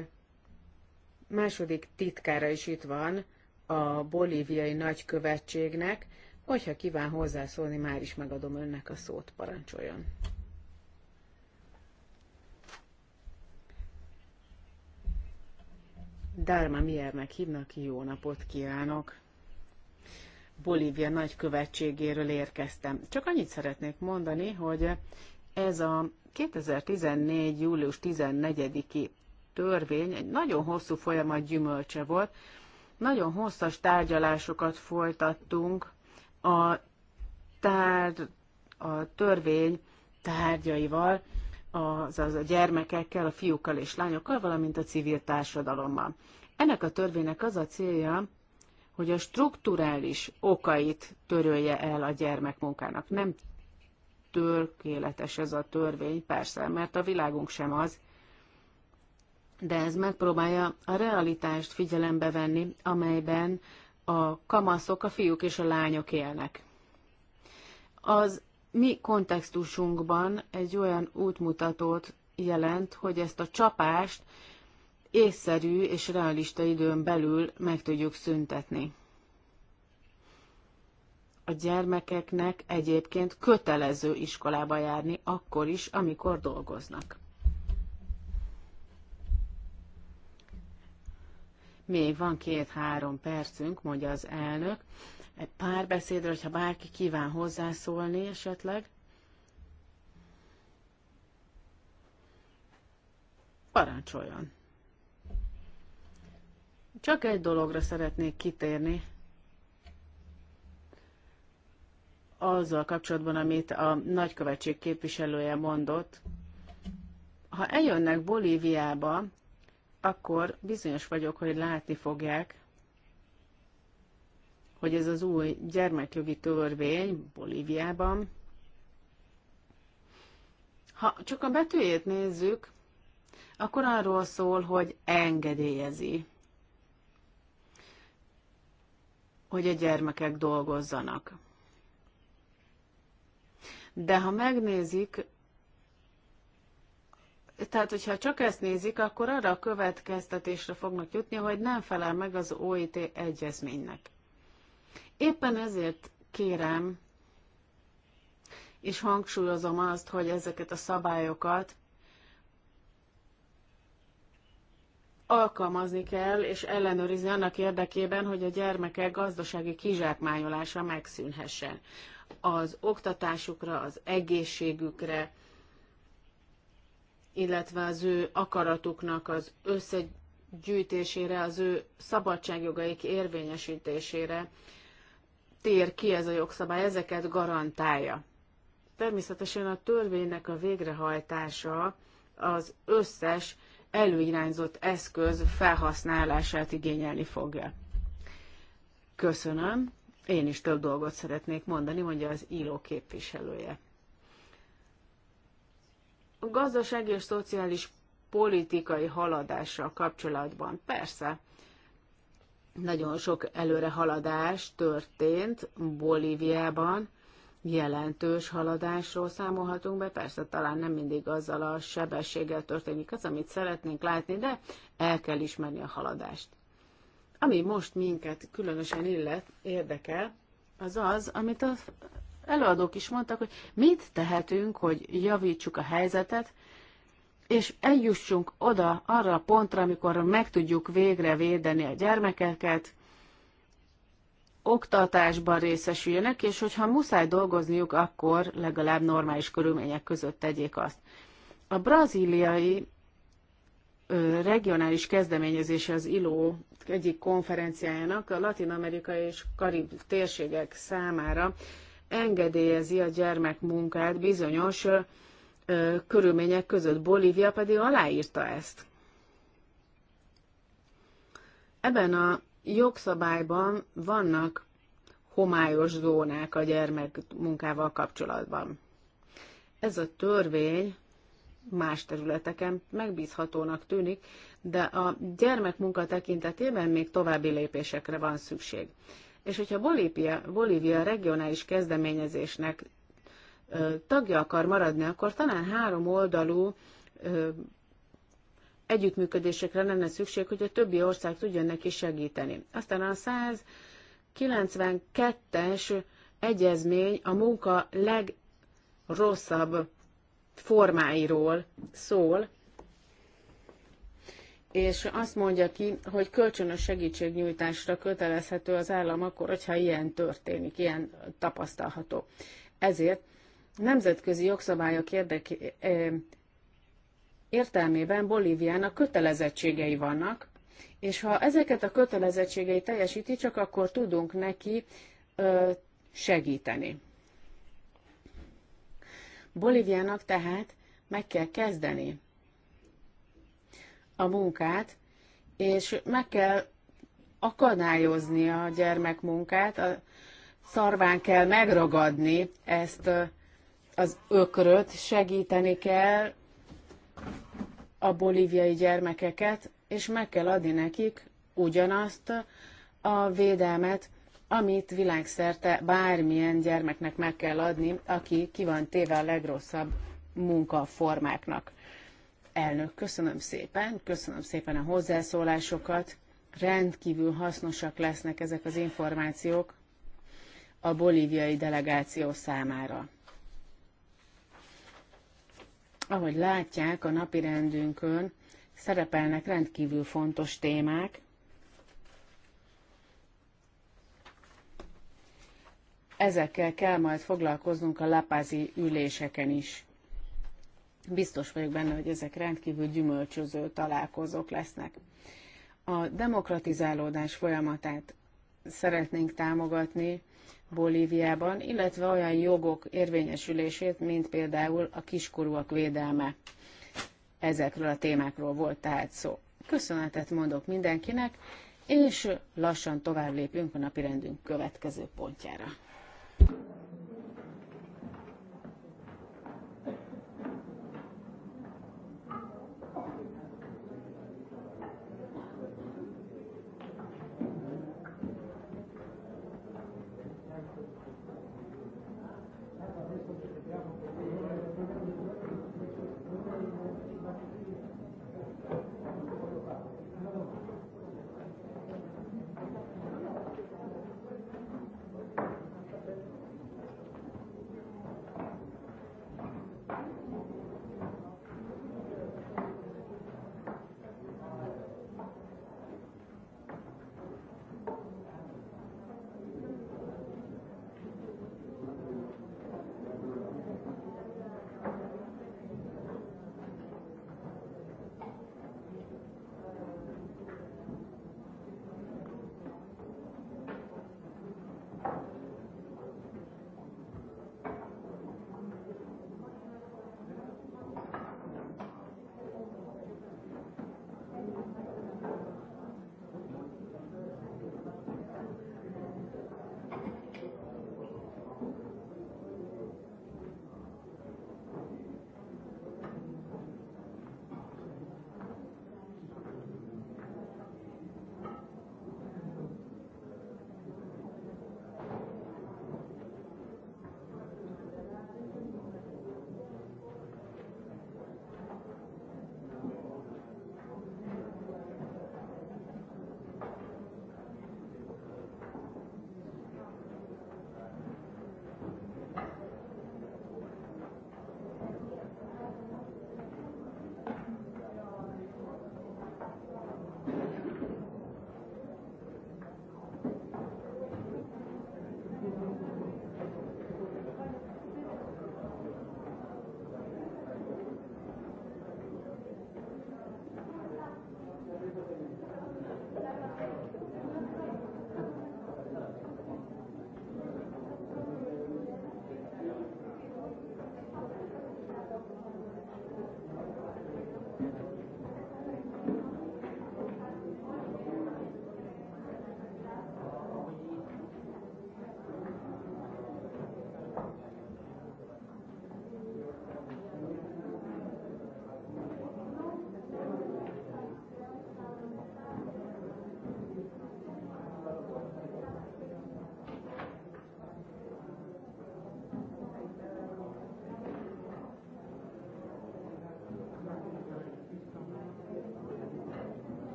második titkára is itt van a bolíviai nagykövetségnek, hogyha kíván hozzászólni, már is megadom önnek a szót, parancsoljon. Dálma Miernek hívnak, jó napot kívánok! Bolívia nagykövetségéről érkeztem. Csak annyit szeretnék mondani, hogy ez a 2014. július 14-i törvény egy nagyon hosszú folyamat gyümölcse volt. Nagyon hosszas tárgyalásokat folytattunk a, tár, a törvény tárgyaival, az a gyermekekkel, a fiúkkal és lányokkal, valamint a civil társadalommal. Ennek a törvénynek az a célja, hogy a strukturális okait törölje el a gyermekmunkának. Nem tökéletes ez a törvény, persze, mert a világunk sem az, de ez megpróbálja a realitást figyelembe venni, amelyben a kamaszok, a fiúk és a lányok élnek. Az mi kontextusunkban egy olyan útmutatót jelent, hogy ezt a csapást észszerű és realista időn belül meg tudjuk szüntetni a gyermekeknek egyébként kötelező iskolába járni akkor is, amikor dolgoznak. Még van két-három percünk, mondja az elnök. Egy pár beszédre, hogyha bárki kíván hozzászólni esetleg. Parancsoljon! Csak egy dologra szeretnék kitérni, azzal kapcsolatban, amit a nagykövetség képviselője mondott. Ha eljönnek Bolíviába, akkor bizonyos vagyok, hogy látni fogják, hogy ez az új gyermekjogi törvény Bolíviában, ha csak a betűjét nézzük, akkor arról szól, hogy engedélyezi, hogy a gyermekek dolgozzanak. De ha megnézik, tehát hogyha csak ezt nézik, akkor arra a következtetésre fognak jutni, hogy nem felel meg az OIT egyezménynek. Éppen ezért kérem, és hangsúlyozom azt, hogy ezeket a szabályokat alkalmazni kell és ellenőrizni annak érdekében, hogy a gyermekek gazdasági kizsákmányolása megszűnhessen az oktatásukra, az egészségükre, illetve az ő akaratuknak az összegyűjtésére, az ő szabadságjogaik érvényesítésére tér ki ez a jogszabály, ezeket garantálja. Természetesen a törvénynek a végrehajtása az összes előirányzott eszköz felhasználását igényelni fogja. Köszönöm. Én is több dolgot szeretnék mondani, mondja az író képviselője. A gazdasági és szociális politikai haladással kapcsolatban persze nagyon sok előrehaladás történt Bolíviában, jelentős haladásról számolhatunk be, persze talán nem mindig azzal a sebességgel történik az, amit szeretnénk látni, de el kell ismerni a haladást. Ami most minket különösen illet, érdekel, az az, amit az előadók is mondtak, hogy mit tehetünk, hogy javítsuk a helyzetet, és eljussunk oda, arra a pontra, amikor meg tudjuk végre védeni a gyermekeket, oktatásban részesüljenek, és hogyha muszáj dolgozniuk, akkor legalább normális körülmények között tegyék azt. A braziliai regionális kezdeményezése az ILO egyik konferenciájának a latin-amerikai és karib térségek számára engedélyezi a gyermekmunkát bizonyos körülmények között. Bolívia pedig aláírta ezt. Ebben a jogszabályban vannak homályos zónák a gyermekmunkával kapcsolatban. Ez a törvény más területeken megbízhatónak tűnik, de a gyermekmunka tekintetében még további lépésekre van szükség. És hogyha Bolívia, Bolívia regionális kezdeményezésnek ö, tagja akar maradni, akkor talán három oldalú ö, együttműködésekre lenne szükség, hogy a többi ország tudjon neki segíteni. Aztán a 192-es egyezmény a munka legrosszabb formáiról szól, és azt mondja ki, hogy kölcsönös segítségnyújtásra kötelezhető az állam akkor, hogyha ilyen történik, ilyen tapasztalható. Ezért nemzetközi jogszabályok érdek, eh, értelmében Bolíviának kötelezettségei vannak, és ha ezeket a kötelezettségei teljesíti, csak akkor tudunk neki segíteni. Bolíviának tehát meg kell kezdeni a munkát, és meg kell akadályozni a gyermekmunkát, a szarván kell megragadni ezt az ökröt, segíteni kell a bolíviai gyermekeket, és meg kell adni nekik ugyanazt a védelmet, amit világszerte bármilyen gyermeknek meg kell adni, aki ki van téve a legrosszabb munkaformáknak. Elnök, köszönöm szépen, köszönöm szépen a hozzászólásokat, rendkívül hasznosak lesznek ezek az információk a bolíviai delegáció számára. Ahogy látják, a napirendünkön szerepelnek rendkívül fontos témák, Ezekkel kell majd foglalkoznunk a lapázi üléseken is. Biztos vagyok benne, hogy ezek rendkívül gyümölcsöző találkozók lesznek. A demokratizálódás folyamatát szeretnénk támogatni Bolíviában, illetve olyan jogok érvényesülését, mint például a kiskorúak védelme. Ezekről a témákról volt tehát szó. Köszönetet mondok mindenkinek, és lassan tovább lépünk a napirendünk következő pontjára.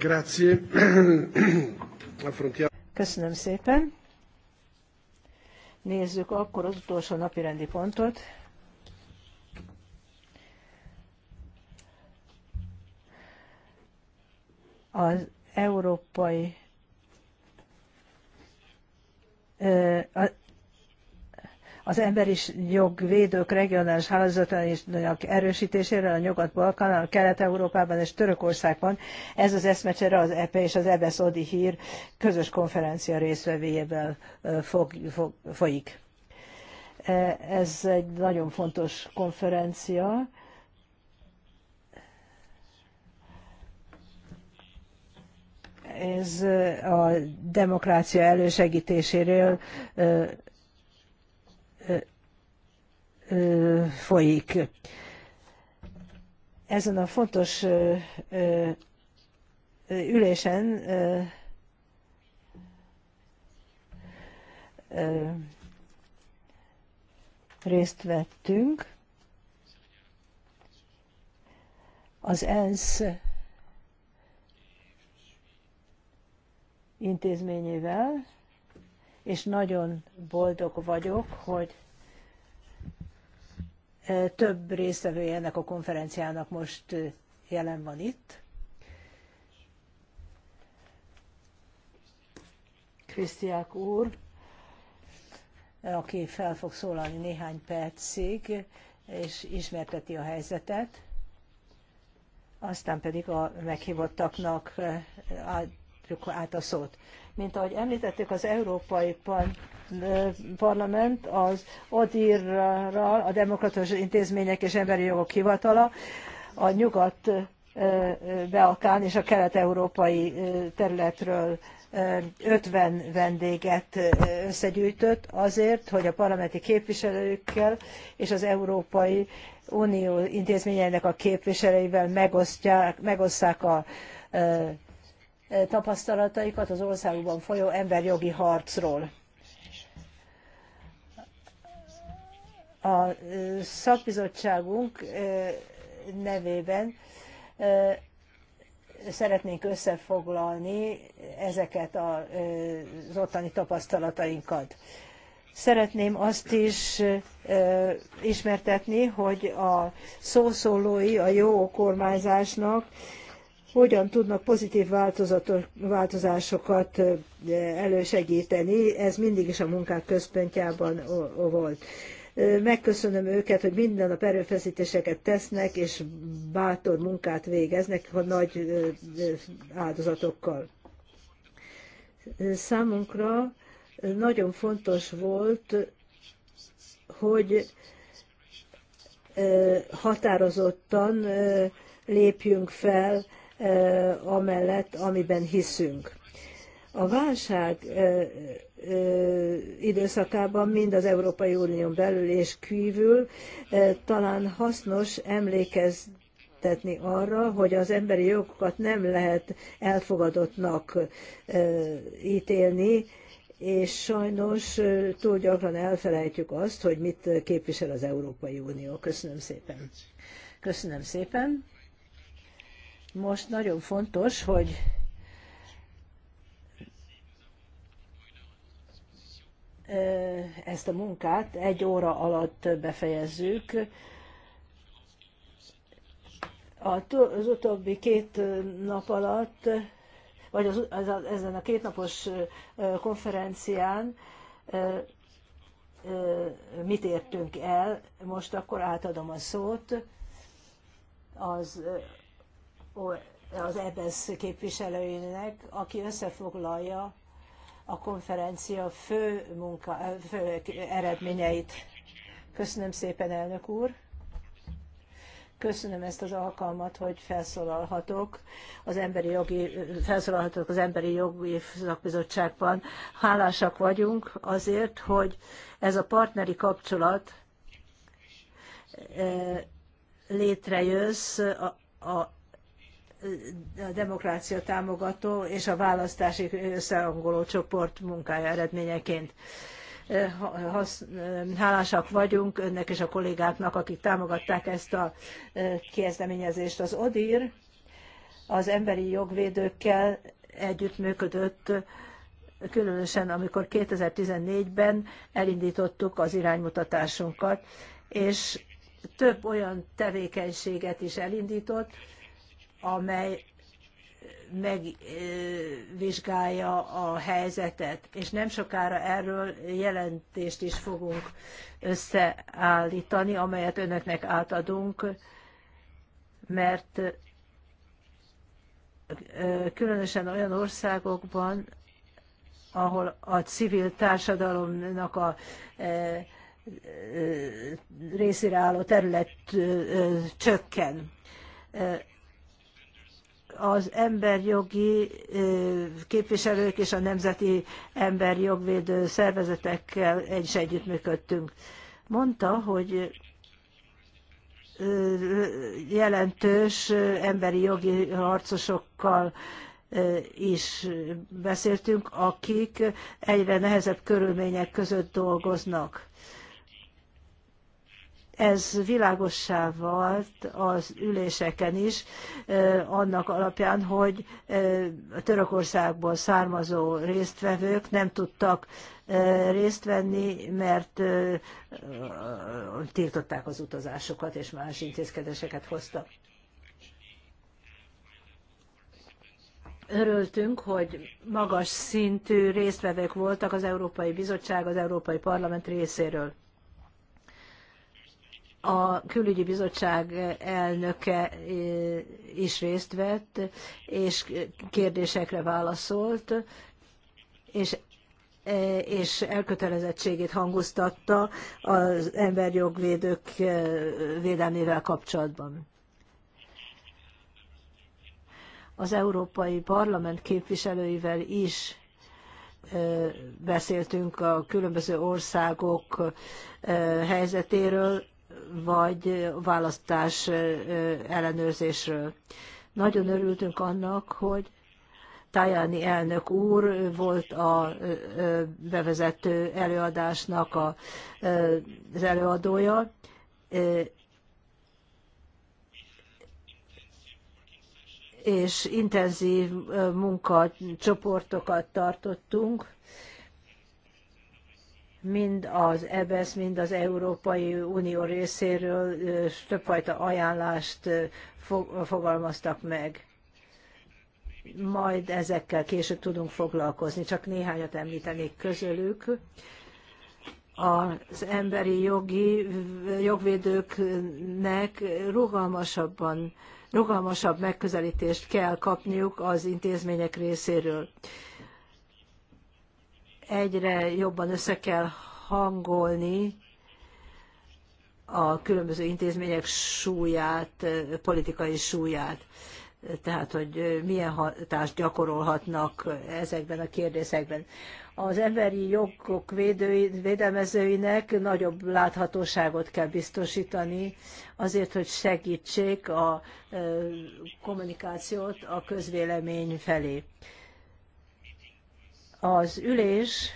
Köszönöm szépen. Nézzük akkor az utolsó napi rendi pontot. Az Európai az emberi jogvédők regionális hálózatának erősítésére a Nyugat-Balkánon, Kelet-Európában és Törökországban. Ez az eszmecsere az EP és az EBSZ e hír közös konferencia részvevéjével fog, fog, folyik. E, ez egy nagyon fontos konferencia. Ez a demokrácia elősegítéséről folyik. Ezen a fontos ülésen részt vettünk. Az ENSZ intézményével, és nagyon boldog vagyok, hogy több résztvevője ennek a konferenciának most jelen van itt. Krisztiák úr, aki fel fog szólalni néhány percig, és ismerteti a helyzetet. Aztán pedig a meghívottaknak adjuk át a szót. Mint ahogy említették az Európai Parlament az ODIR-ral, a Demokratikus Intézmények és Emberi Jogok Hivatala, a nyugat Balkán és a kelet-európai területről 50 vendéget összegyűjtött azért, hogy a parlamenti képviselőkkel és az Európai Unió intézményeinek a képviselőivel megosztják, megosszák a tapasztalataikat az országban folyó emberjogi harcról. A szakbizottságunk nevében szeretnénk összefoglalni ezeket az ottani tapasztalatainkat. Szeretném azt is ismertetni, hogy a szószólói a jó kormányzásnak hogyan tudnak pozitív változásokat elősegíteni. Ez mindig is a munkák központjában volt. Megköszönöm őket, hogy minden nap erőfeszítéseket tesznek, és bátor munkát végeznek a nagy áldozatokkal. Számunkra nagyon fontos volt, hogy határozottan lépjünk fel Eh, amellett, amiben hiszünk. A válság eh, eh, időszakában mind az Európai Unión belül és kívül talán hasznos emlékezni emlékeztetni arra, hogy az emberi jogokat nem lehet elfogadottnak ítélni, és sajnos túl gyakran elfelejtjük azt, hogy mit képvisel az Európai Unió. Köszönöm szépen. Köszönöm szépen. Most nagyon fontos, hogy ezt a munkát egy óra alatt befejezzük. Az utóbbi két nap alatt, vagy az, ezen a kétnapos konferencián mit értünk el, most akkor átadom a szót az az EBSZ e képviselőinek, aki összefoglalja a konferencia fő, munka, fő eredményeit. Köszönöm szépen, elnök úr! Köszönöm ezt az alkalmat, hogy felszólalhatok az emberi jogi, felszólalhatok az emberi jogi szakbizottságban. Hálásak vagyunk azért, hogy ez a partneri kapcsolat eh, létrejössz a, a a demokrácia támogató és a választási összehangoló csoport munkája eredményeként. Hálásak vagyunk önnek és a kollégáknak, akik támogatták ezt a kezdeményezést. Az ODIR az emberi jogvédőkkel együttműködött, különösen amikor 2014-ben elindítottuk az iránymutatásunkat, és több olyan tevékenységet is elindított, amely megvizsgálja a helyzetet, és nem sokára erről jelentést is fogunk összeállítani, amelyet önöknek átadunk, mert különösen olyan országokban, ahol a civil társadalomnak a részére álló terület csökken az emberjogi képviselők és a nemzeti emberjogvédő szervezetekkel is együttműködtünk. Mondta, hogy jelentős emberi jogi harcosokkal is beszéltünk, akik egyre nehezebb körülmények között dolgoznak ez világossá vált az üléseken is, annak alapján, hogy a Törökországból származó résztvevők nem tudtak részt venni, mert tiltották az utazásokat, és más intézkedéseket hoztak. örültünk, hogy magas szintű résztvevők voltak az Európai Bizottság, az Európai Parlament részéről a külügyi bizottság elnöke eh, is részt vett, és kérdésekre válaszolt, és eh, és elkötelezettségét hangoztatta az emberjogvédők eh, védelmével kapcsolatban. Az Európai Parlament képviselőivel is beszéltünk a különböző országok helyzetéről, vagy választás ellenőrzésről. Nagyon örültünk annak, hogy Tajani elnök úr volt a bevezető előadásnak a, az előadója, és intenzív munkacsoportokat tartottunk mind az EBSZ, e mind az Európai Unió részéről többfajta ajánlást fogalmaztak meg. Majd ezekkel később tudunk foglalkozni, csak néhányat említenék közülük. Az emberi jogi jogvédőknek rugalmasabban, rugalmasabb megközelítést kell kapniuk az intézmények részéről egyre jobban össze kell hangolni a különböző intézmények súlyát, politikai súlyát, tehát hogy milyen hatást gyakorolhatnak ezekben a kérdésekben. Az emberi jogok védői, védelmezőinek nagyobb láthatóságot kell biztosítani azért, hogy segítsék a kommunikációt a közvélemény felé. Az ülés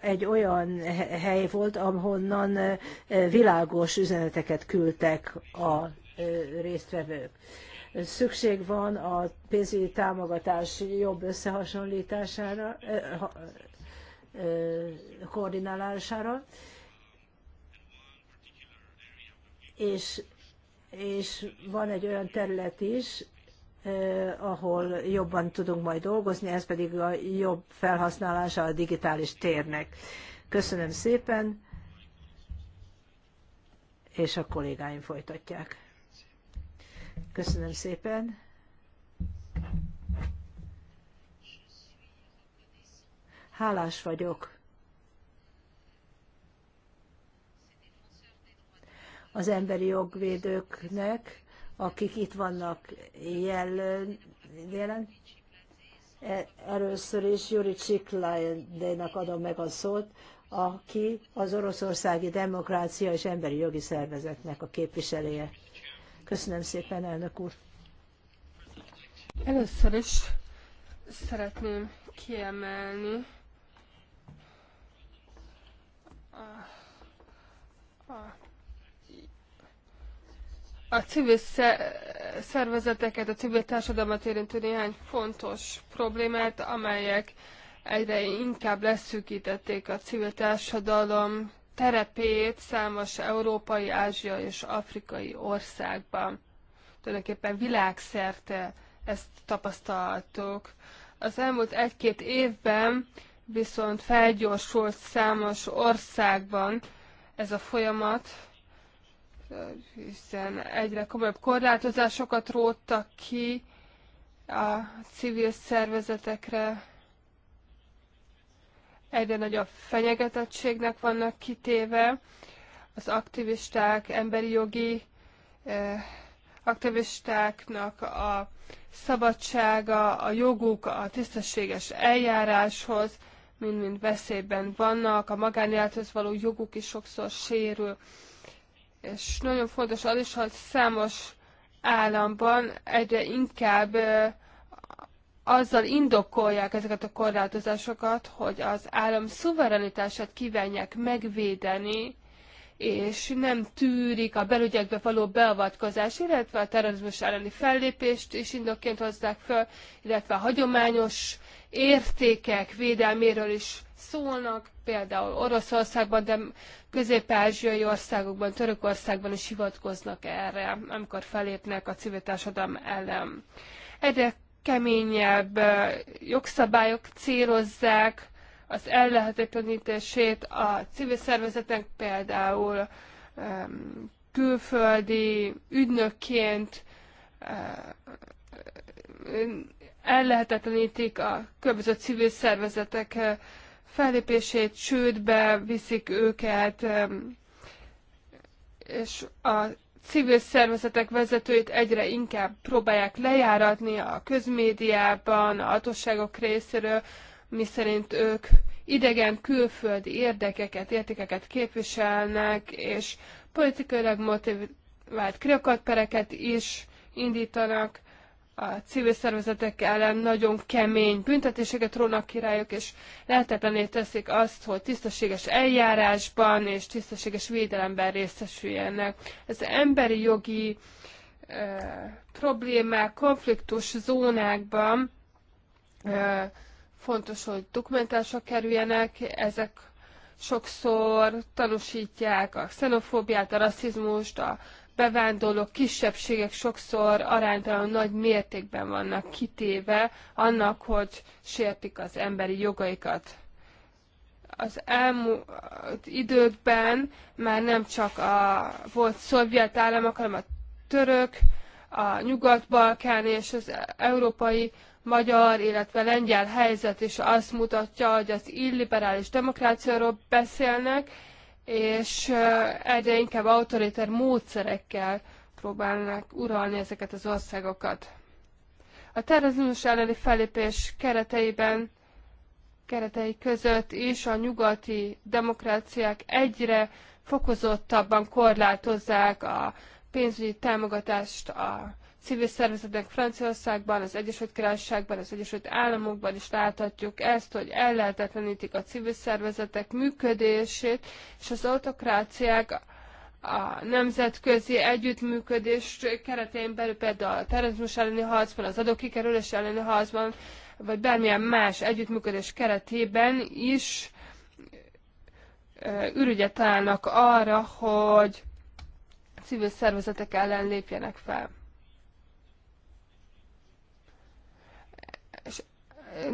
egy olyan hely volt, ahonnan világos üzeneteket küldtek a résztvevők. Szükség van a pénzügyi támogatás jobb összehasonlítására, koordinálására, és és van egy olyan terület is, eh, ahol jobban tudunk majd dolgozni, ez pedig a jobb felhasználása a digitális térnek. Köszönöm szépen, és a kollégáim folytatják. Köszönöm szépen. Hálás vagyok az emberi jogvédőknek, akik itt vannak jelen. jelen. Először is Juri Csikládénak adom meg a szót, aki az Oroszországi Demokrácia és Emberi Jogi Szervezetnek a képviselője. Köszönöm szépen, elnök úr! Először is szeretném kiemelni a a civil szervezeteket, a civil társadalmat érintő néhány fontos problémát, amelyek egyre inkább leszűkítették a civil társadalom terepét számos európai, ázsia és afrikai országban. Tulajdonképpen világszerte ezt tapasztaltuk. Az elmúlt egy-két évben viszont felgyorsult számos országban ez a folyamat, hiszen egyre komolyabb korlátozásokat róttak ki a civil szervezetekre, egyre nagyobb fenyegetettségnek vannak kitéve az aktivisták, emberi jogi eh, aktivistáknak a szabadsága, a joguk a tisztességes eljáráshoz, mind-mind veszélyben vannak, a magánélethez való joguk is sokszor sérül és nagyon fontos az is, hogy számos államban egyre inkább azzal indokolják ezeket a korlátozásokat, hogy az állam szuverenitását kívánják megvédeni, és nem tűrik a belügyekbe való beavatkozás, illetve a terrorizmus elleni fellépést is indokként hozzák föl, illetve a hagyományos értékek védelméről is szólnak, például Oroszországban, de közép-ázsiai országokban, Törökországban is hivatkoznak erre, amikor felépnek a civil társadalom ellen. Egyre keményebb jogszabályok célozzák az ellehetetlenítését a civil szervezetek például külföldi ügynökként ellehetetlenítik a különböző civil szervezetek fellépését csődbe viszik őket, és a civil szervezetek vezetőit egyre inkább próbálják lejáratni a közmédiában, a hatóságok részéről, miszerint ők idegen külföldi érdekeket, értékeket képviselnek, és politikailag motivált kriokatpereket is indítanak, a civil szervezetek ellen nagyon kemény büntetéseket rónak királyok, és lehetetlené teszik azt, hogy tisztességes eljárásban és tisztességes védelemben részesüljenek. Az emberi jogi e, problémák, konfliktus zónákban e, fontos, hogy dokumentásra kerüljenek, ezek sokszor tanúsítják a xenofóbiát, a rasszizmust, a bevándorló kisebbségek sokszor aránytalan nagy mértékben vannak kitéve annak, hogy sértik az emberi jogaikat. Az elmúlt időkben már nem csak a volt szovjet államok, hanem a török, a nyugat-balkán és az európai magyar, illetve lengyel helyzet is azt mutatja, hogy az illiberális demokráciáról beszélnek, és egyre inkább autoriter módszerekkel próbálnak uralni ezeket az országokat. A terrorizmus elleni fellépés kereteiben keretei között is a nyugati demokráciák egyre fokozottabban korlátozzák a pénzügyi támogatást a civil szervezetek Franciaországban, az Egyesült Királyságban, az Egyesült Államokban is láthatjuk ezt, hogy ellehetetlenítik a civil szervezetek működését, és az autokráciák a nemzetközi együttműködés keretein belül például a terrorizmus elleni harcban, az adókikerülés elleni harcban, vagy bármilyen más együttműködés keretében is ürügyet állnak arra, hogy civil szervezetek ellen lépjenek fel.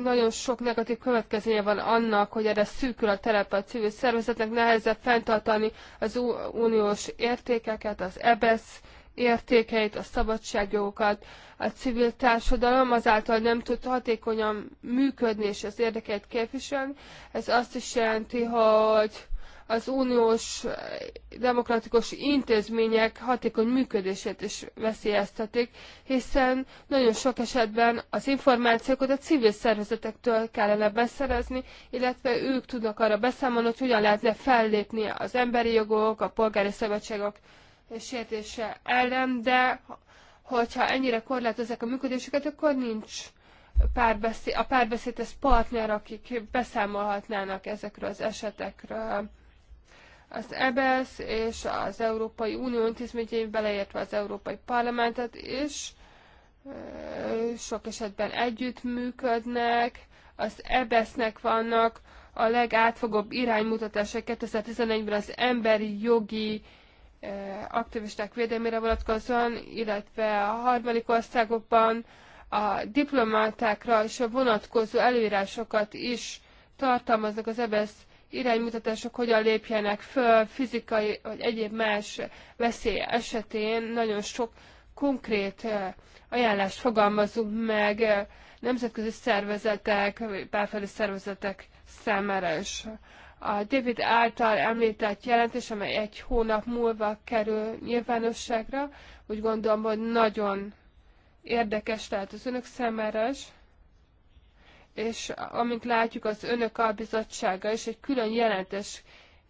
nagyon sok negatív következménye van annak, hogy erre szűkül a telepe a civil szervezetnek, nehezebb fenntartani az uniós értékeket, az EBSZ e értékeit, a szabadságjogokat. A civil társadalom azáltal nem tud hatékonyan működni és az érdekeit képviselni. Ez azt is jelenti, hogy az uniós eh, demokratikus intézmények hatékony működését is veszélyeztetik, hiszen nagyon sok esetben az információkat a civil szervezetektől kellene beszerezni, illetve ők tudnak arra beszámolni, hogy hogyan lehetne fellépni az emberi jogok, a polgári szabadságok sértése ellen, de hogyha ennyire korlátozzák a működésüket, akkor nincs párbeszéd, a párbeszéd ez partner, akik beszámolhatnának ezekről az esetekről az EBSZ e és az Európai Unió intézményei beleértve az Európai Parlamentet is sok esetben együttműködnek, az EBSZ-nek e vannak a legátfogóbb iránymutatásai 2011-ben az emberi jogi aktivisták védelmére vonatkozóan, illetve a harmadik országokban a diplomatákra és a vonatkozó előírásokat is tartalmaznak az EBSZ e iránymutatások hogyan lépjenek föl fizikai vagy egyéb más veszély esetén. Nagyon sok konkrét ajánlást fogalmazunk meg nemzetközi szervezetek, párfelé szervezetek számára is. A David által említett jelentés, amely egy hónap múlva kerül nyilvánosságra, úgy gondolom, hogy nagyon érdekes lehet az önök számára is és amint látjuk, az önök albizottsága is egy külön jelentés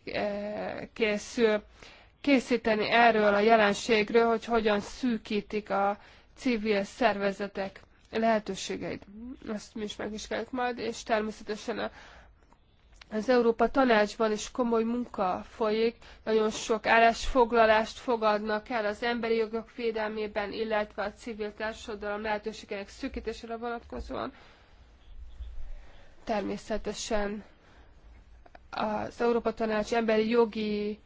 eh, készül készíteni erről a jelenségről, hogy hogyan szűkítik a civil szervezetek lehetőségeit. Ezt mi is megvizsgáljuk majd, és természetesen a, az Európa Tanácsban is komoly munka folyik, nagyon sok állásfoglalást fogadnak el az emberi jogok védelmében, illetve a civil társadalom lehetőségeinek szűkítésére vonatkozóan természetesen az Európa Tanács emberi jogi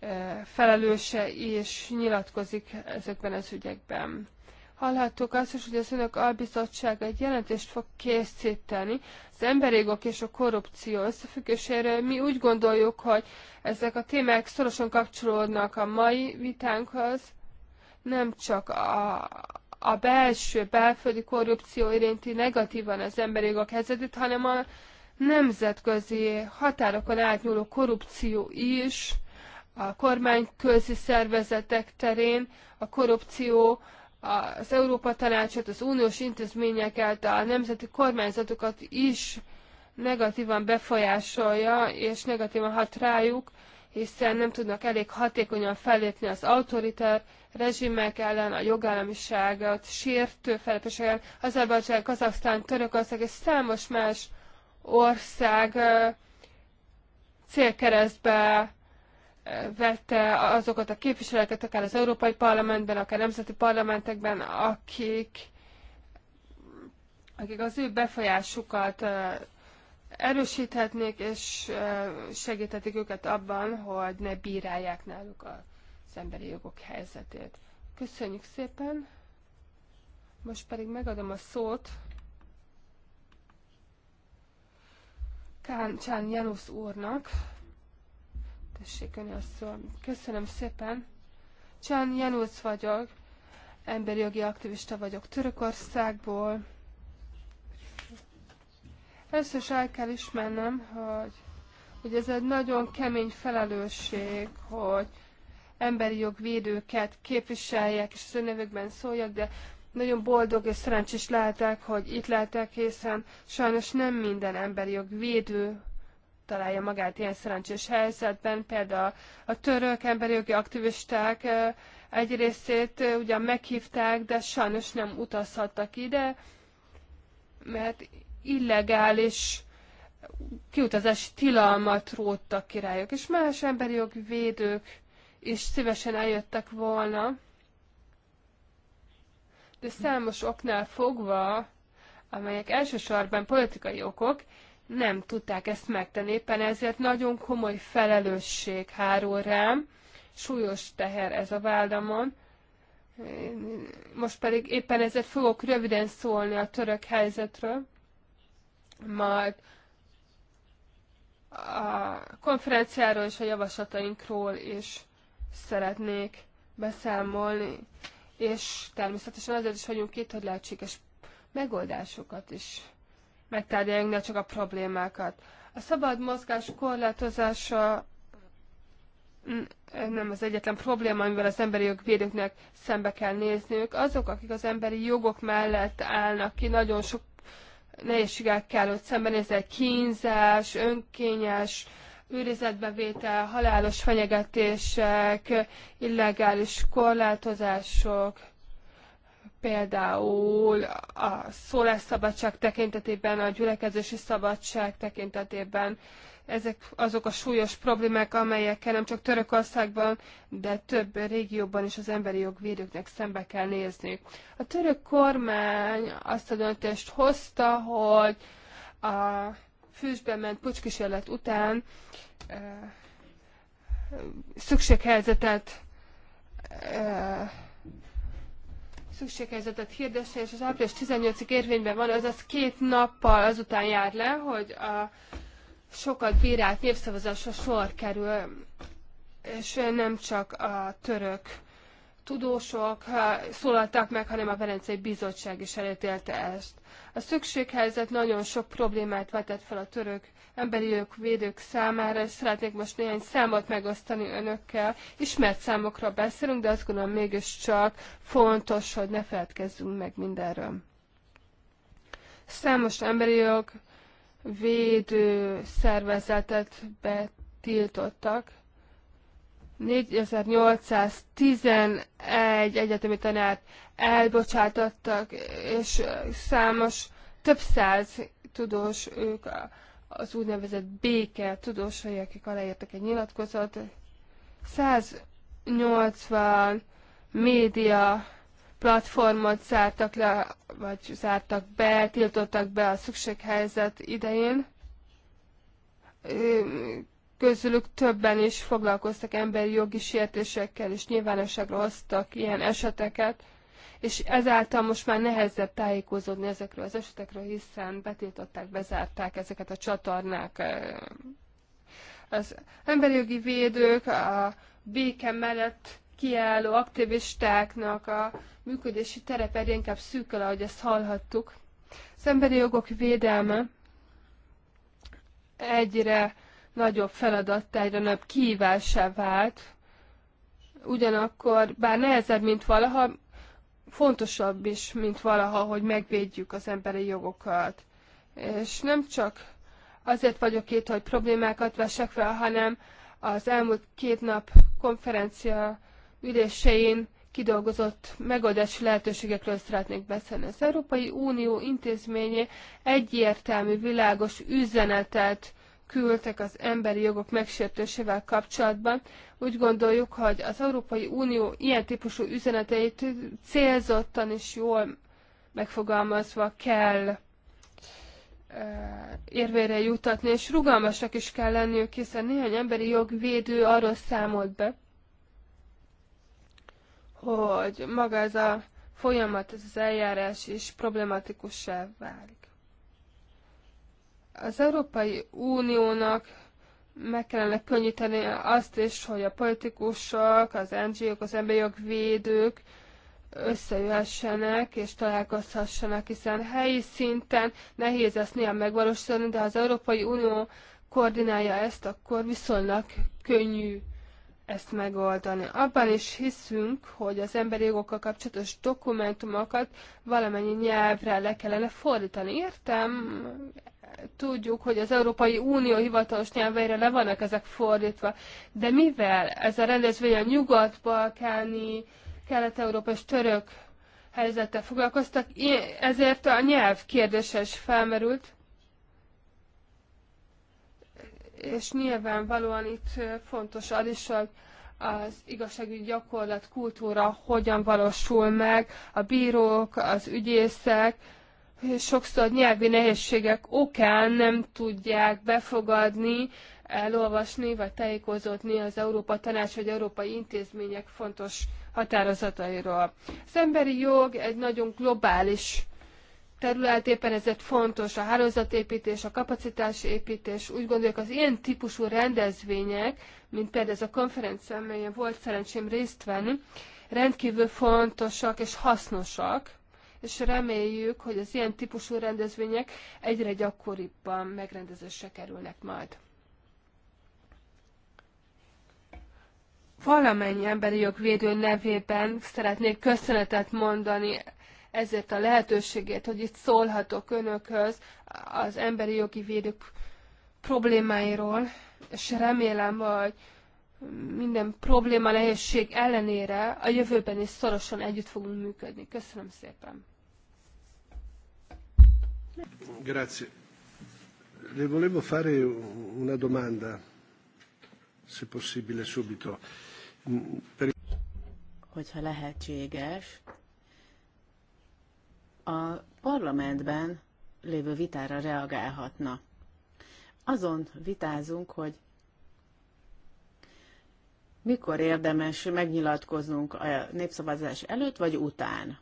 eh, felelőse is nyilatkozik ezekben az ügyekben. Hallhattuk azt is, hogy az Önök Albizottsága egy jelentést fog készíteni az jogok és a korrupció összefüggéséről. Mi úgy gondoljuk, hogy ezek a témák szorosan kapcsolódnak a mai vitánkhoz, nem csak a, a belső, belföldi korrupció érinti negatívan az emberi jogok helyzetét, hanem a nemzetközi határokon átnyúló korrupció is, a kormányközi szervezetek terén a korrupció az Európa Tanácsot, az uniós intézményeket, a nemzeti kormányzatokat is negatívan befolyásolja, és negatívan hat rájuk, hiszen nem tudnak elég hatékonyan fellépni az autoritár rezsimek ellen, a jogállamiságot sértő felelősség ellen, Azerbajdzsán, Kazaksztán, Törökország és számos más ország célkeresztbe vette azokat a képviselőket, akár az Európai Parlamentben, akár nemzeti parlamentekben, akik, akik az ő befolyásukat erősíthetnék, és segíthetik őket abban, hogy ne bírálják náluk a az emberi jogok helyzetét. Köszönjük szépen! Most pedig megadom a szót Káncsán Janusz úrnak. Tessék önni a szó. Köszönöm szépen! Csán Janusz vagyok, emberi jogi aktivista vagyok Törökországból. Először is el kell ismernem, hogy, hogy ez egy nagyon kemény felelősség, hogy emberi jogvédőket képviseljek, és az önövökben szóljak, de nagyon boldog és szerencsés lehetek, hogy itt lehetek, hiszen sajnos nem minden emberi jogvédő találja magát ilyen szerencsés helyzetben. Például a török emberi jogi aktivisták egy részét ugyan meghívták, de sajnos nem utazhattak ide, mert illegális kiutazási tilalmat róttak királyok, és más emberi jogvédők és szívesen eljöttek volna, de számos oknál fogva, amelyek elsősorban politikai okok, nem tudták ezt megtenni, éppen ezért nagyon komoly felelősség hárul rám, súlyos teher ez a váldamon. Most pedig éppen ezért fogok röviden szólni a török helyzetről, majd a konferenciáról és a javaslatainkról is szeretnék beszámolni, és természetesen azért is vagyunk itt, hogy lehetséges megoldásokat is megtárgyaljunk, ne csak a problémákat. A szabad mozgás korlátozása nem az egyetlen probléma, amivel az emberi jogvédőknek szembe kell nézniük. Azok, akik az emberi jogok mellett állnak ki, nagyon sok nehézségekkel kell, hogy szembenézzenek kínzás, önkényes, őrizetbevétel, halálos fenyegetések, illegális korlátozások, például a szólásszabadság tekintetében, a gyülekezési szabadság tekintetében. Ezek azok a súlyos problémák, amelyekkel nem csak Törökországban, de több régióban is az emberi jogvédőknek szembe kell nézni. A török kormány azt a döntést hozta, hogy a fősbe ment pucskísérlet után szükséghelyzetet szükséghelyzetet hirdesse, és az április 18-ig érvényben van, azaz két nappal azután jár le, hogy a sokat bírált népszavazásra sor kerül, és nem csak a török tudósok szólaltak meg, hanem a Verencei Bizottság is elítélte ezt. A szükséghelyzet nagyon sok problémát vetett fel a török emberi jogok védők számára, és szeretnék most néhány számot megosztani önökkel. Ismert számokra beszélünk, de azt gondolom mégiscsak fontos, hogy ne feledkezzünk meg mindenről. Számos emberi jog védő szervezetet betiltottak, 4811 egyetemi tanárt elbocsátottak, és számos, több száz tudós, ők az úgynevezett béke tudósai, akik aláírtak egy nyilatkozat 180 média platformot zártak le, vagy zártak be, tiltottak be a szükséghelyzet idején közülük többen is foglalkoztak emberi jogi sértésekkel, és nyilvánosságra hoztak ilyen eseteket, és ezáltal most már nehezebb tájékozódni ezekről az esetekről, hiszen betiltották, bezárták ezeket a csatornák. Az emberi jogi védők a béke mellett kiálló aktivistáknak a működési terep egyre inkább szűköl, ahogy ezt hallhattuk. Az emberi jogok védelme egyre nagyobb feladattá egyre nagyobb kihívássá vált. Ugyanakkor, bár nehezebb, mint valaha, fontosabb is, mint valaha, hogy megvédjük az emberi jogokat. És nem csak azért vagyok itt, hogy problémákat vesek fel, hanem az elmúlt két nap konferencia ülésein kidolgozott megoldási lehetőségekről szeretnék beszélni. Az Európai Unió intézménye egyértelmű, világos üzenetet küldtek az emberi jogok megsértésével kapcsolatban. Úgy gondoljuk, hogy az Európai Unió ilyen típusú üzeneteit célzottan és jól megfogalmazva kell érvére jutatni, és rugalmasnak is kell lenniük, hiszen néhány emberi jogvédő arról számolt be, hogy maga ez a folyamat, ez az eljárás is problematikussá válik. Az Európai Uniónak meg kellene könnyíteni azt is, hogy a politikusok, az NGO-k, az emberi jogvédők összejöhessenek és találkozhassanak, hiszen helyi szinten nehéz ezt néha megvalósítani, de ha az Európai Unió koordinálja ezt, akkor viszonylag könnyű ezt megoldani. Abban is hiszünk, hogy az emberi jogokkal kapcsolatos dokumentumokat valamennyi nyelvre le kellene fordítani. Értem, tudjuk, hogy az Európai Unió hivatalos nyelveire le vannak ezek fordítva, de mivel ez a rendezvény a nyugat-balkáni, kelet-európai és török helyzettel foglalkoztak, ezért a nyelv kérdése is felmerült, és nyilvánvalóan itt fontos az is, hogy az igazságügyi gyakorlat kultúra hogyan valósul meg, a bírók, az ügyészek, sokszor nyelvi nehézségek okán nem tudják befogadni, elolvasni vagy tájékozódni az Európa Tanács vagy Európai Intézmények fontos határozatairól. Az emberi jog egy nagyon globális terület, éppen ezért fontos a hálózatépítés, a kapacitásépítés. Úgy gondoljuk, az ilyen típusú rendezvények, mint például ez a konferencia, amelyen volt szerencsém részt venni, rendkívül fontosak és hasznosak és reméljük, hogy az ilyen típusú rendezvények egyre gyakoribban megrendezésre kerülnek majd. Valamennyi emberi jogvédő nevében szeretnék köszönetet mondani ezért a lehetőségét, hogy itt szólhatok önökhöz az emberi jogi védők problémáiról, és remélem, hogy minden probléma, nehézség ellenére a jövőben is szorosan együtt fogunk működni. Köszönöm szépen! Grazie. Le volevo fare una domanda, se possibile subito. Mm, per... Hogyha lehetséges, a parlamentben lévő vitára reagálhatna. Azon vitázunk, hogy mikor érdemes megnyilatkoznunk a népszavazás előtt vagy után.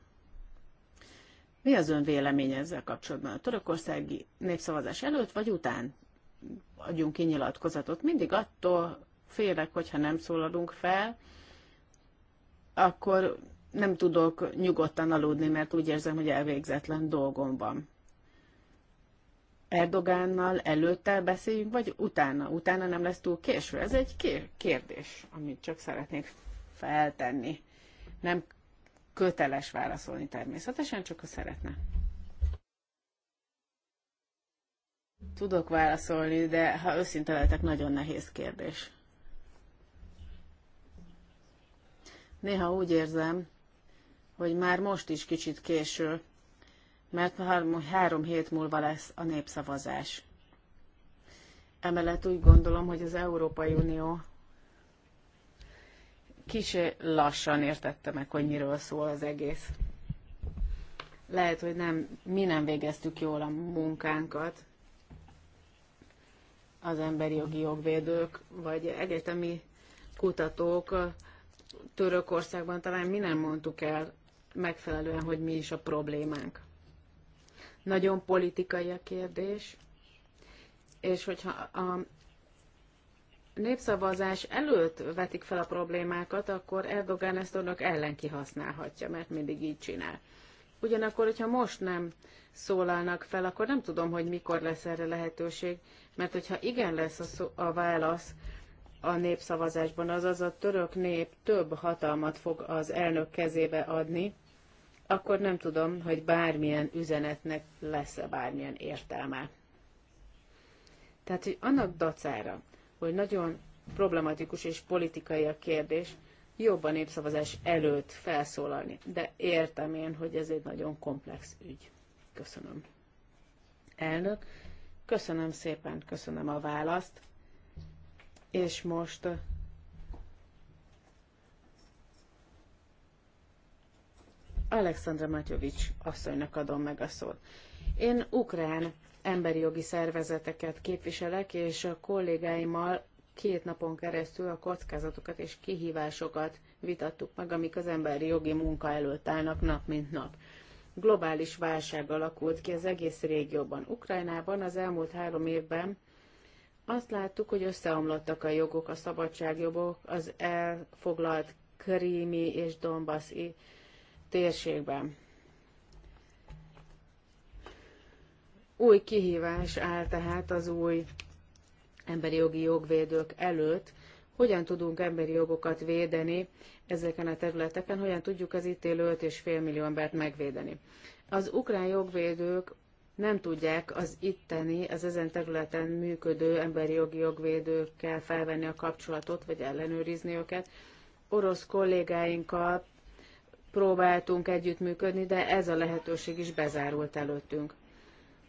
Mi az ön véleménye ezzel kapcsolatban? A törökországi népszavazás előtt vagy után adjunk ki nyilatkozatot? Mindig attól félek, hogyha nem szólalunk fel, akkor nem tudok nyugodtan aludni, mert úgy érzem, hogy elvégzetlen dolgom van. Erdogánnal előtte beszéljünk, vagy utána? Utána nem lesz túl késő? Ez egy kérdés, amit csak szeretnék feltenni. Nem köteles válaszolni természetesen, csak ha szeretne. Tudok válaszolni, de ha őszinte lehetek, nagyon nehéz kérdés. Néha úgy érzem, hogy már most is kicsit késő, mert három, három hét múlva lesz a népszavazás. Emellett úgy gondolom, hogy az Európai Unió kicsi eh, lassan értette meg, hogy miről szól az egész. Lehet, hogy nem, mi nem végeztük jól a munkánkat, az emberi jogi jogvédők, vagy egyetemi kutatók Törökországban talán mi nem mondtuk el megfelelően, hogy mi is a problémánk. Nagyon politikai a kérdés, és hogyha a népszavazás előtt vetik fel a problémákat, akkor Erdogan ezt önök ellen kihasználhatja, mert mindig így csinál. Ugyanakkor, hogyha most nem szólalnak fel, akkor nem tudom, hogy mikor lesz erre lehetőség, mert hogyha igen lesz a, szó, a válasz a népszavazásban, azaz a török nép több hatalmat fog az elnök kezébe adni, akkor nem tudom, hogy bármilyen üzenetnek lesz-e bármilyen értelme. Tehát, hogy annak dacára, hogy nagyon problematikus és politikai a kérdés, jobb a népszavazás előtt felszólalni. De értem én, hogy ez egy nagyon komplex ügy. Köszönöm. Elnök, köszönöm szépen, köszönöm a választ. És most Alexandra Matyovics asszonynak adom meg a szót. Én ukrán emberi jogi szervezeteket képviselek, és a kollégáimmal két napon keresztül a kockázatokat és kihívásokat vitattuk meg, amik az emberi jogi munka előtt állnak nap mint nap. Globális válság alakult ki az egész régióban. Ukrajnában az elmúlt három évben azt láttuk, hogy összeomlottak a jogok, a szabadságjogok az elfoglalt krími és dombaszi térségben. Új kihívás áll tehát az új emberi jogi jogvédők előtt, hogyan tudunk emberi jogokat védeni ezeken a területeken, hogyan tudjuk az itt élő fél millió embert megvédeni. Az ukrán jogvédők nem tudják az itteni, az ezen területen működő emberi jogi jogvédőkkel felvenni a kapcsolatot, vagy ellenőrizni őket. Orosz kollégáinkkal próbáltunk együttműködni, de ez a lehetőség is bezárult előttünk.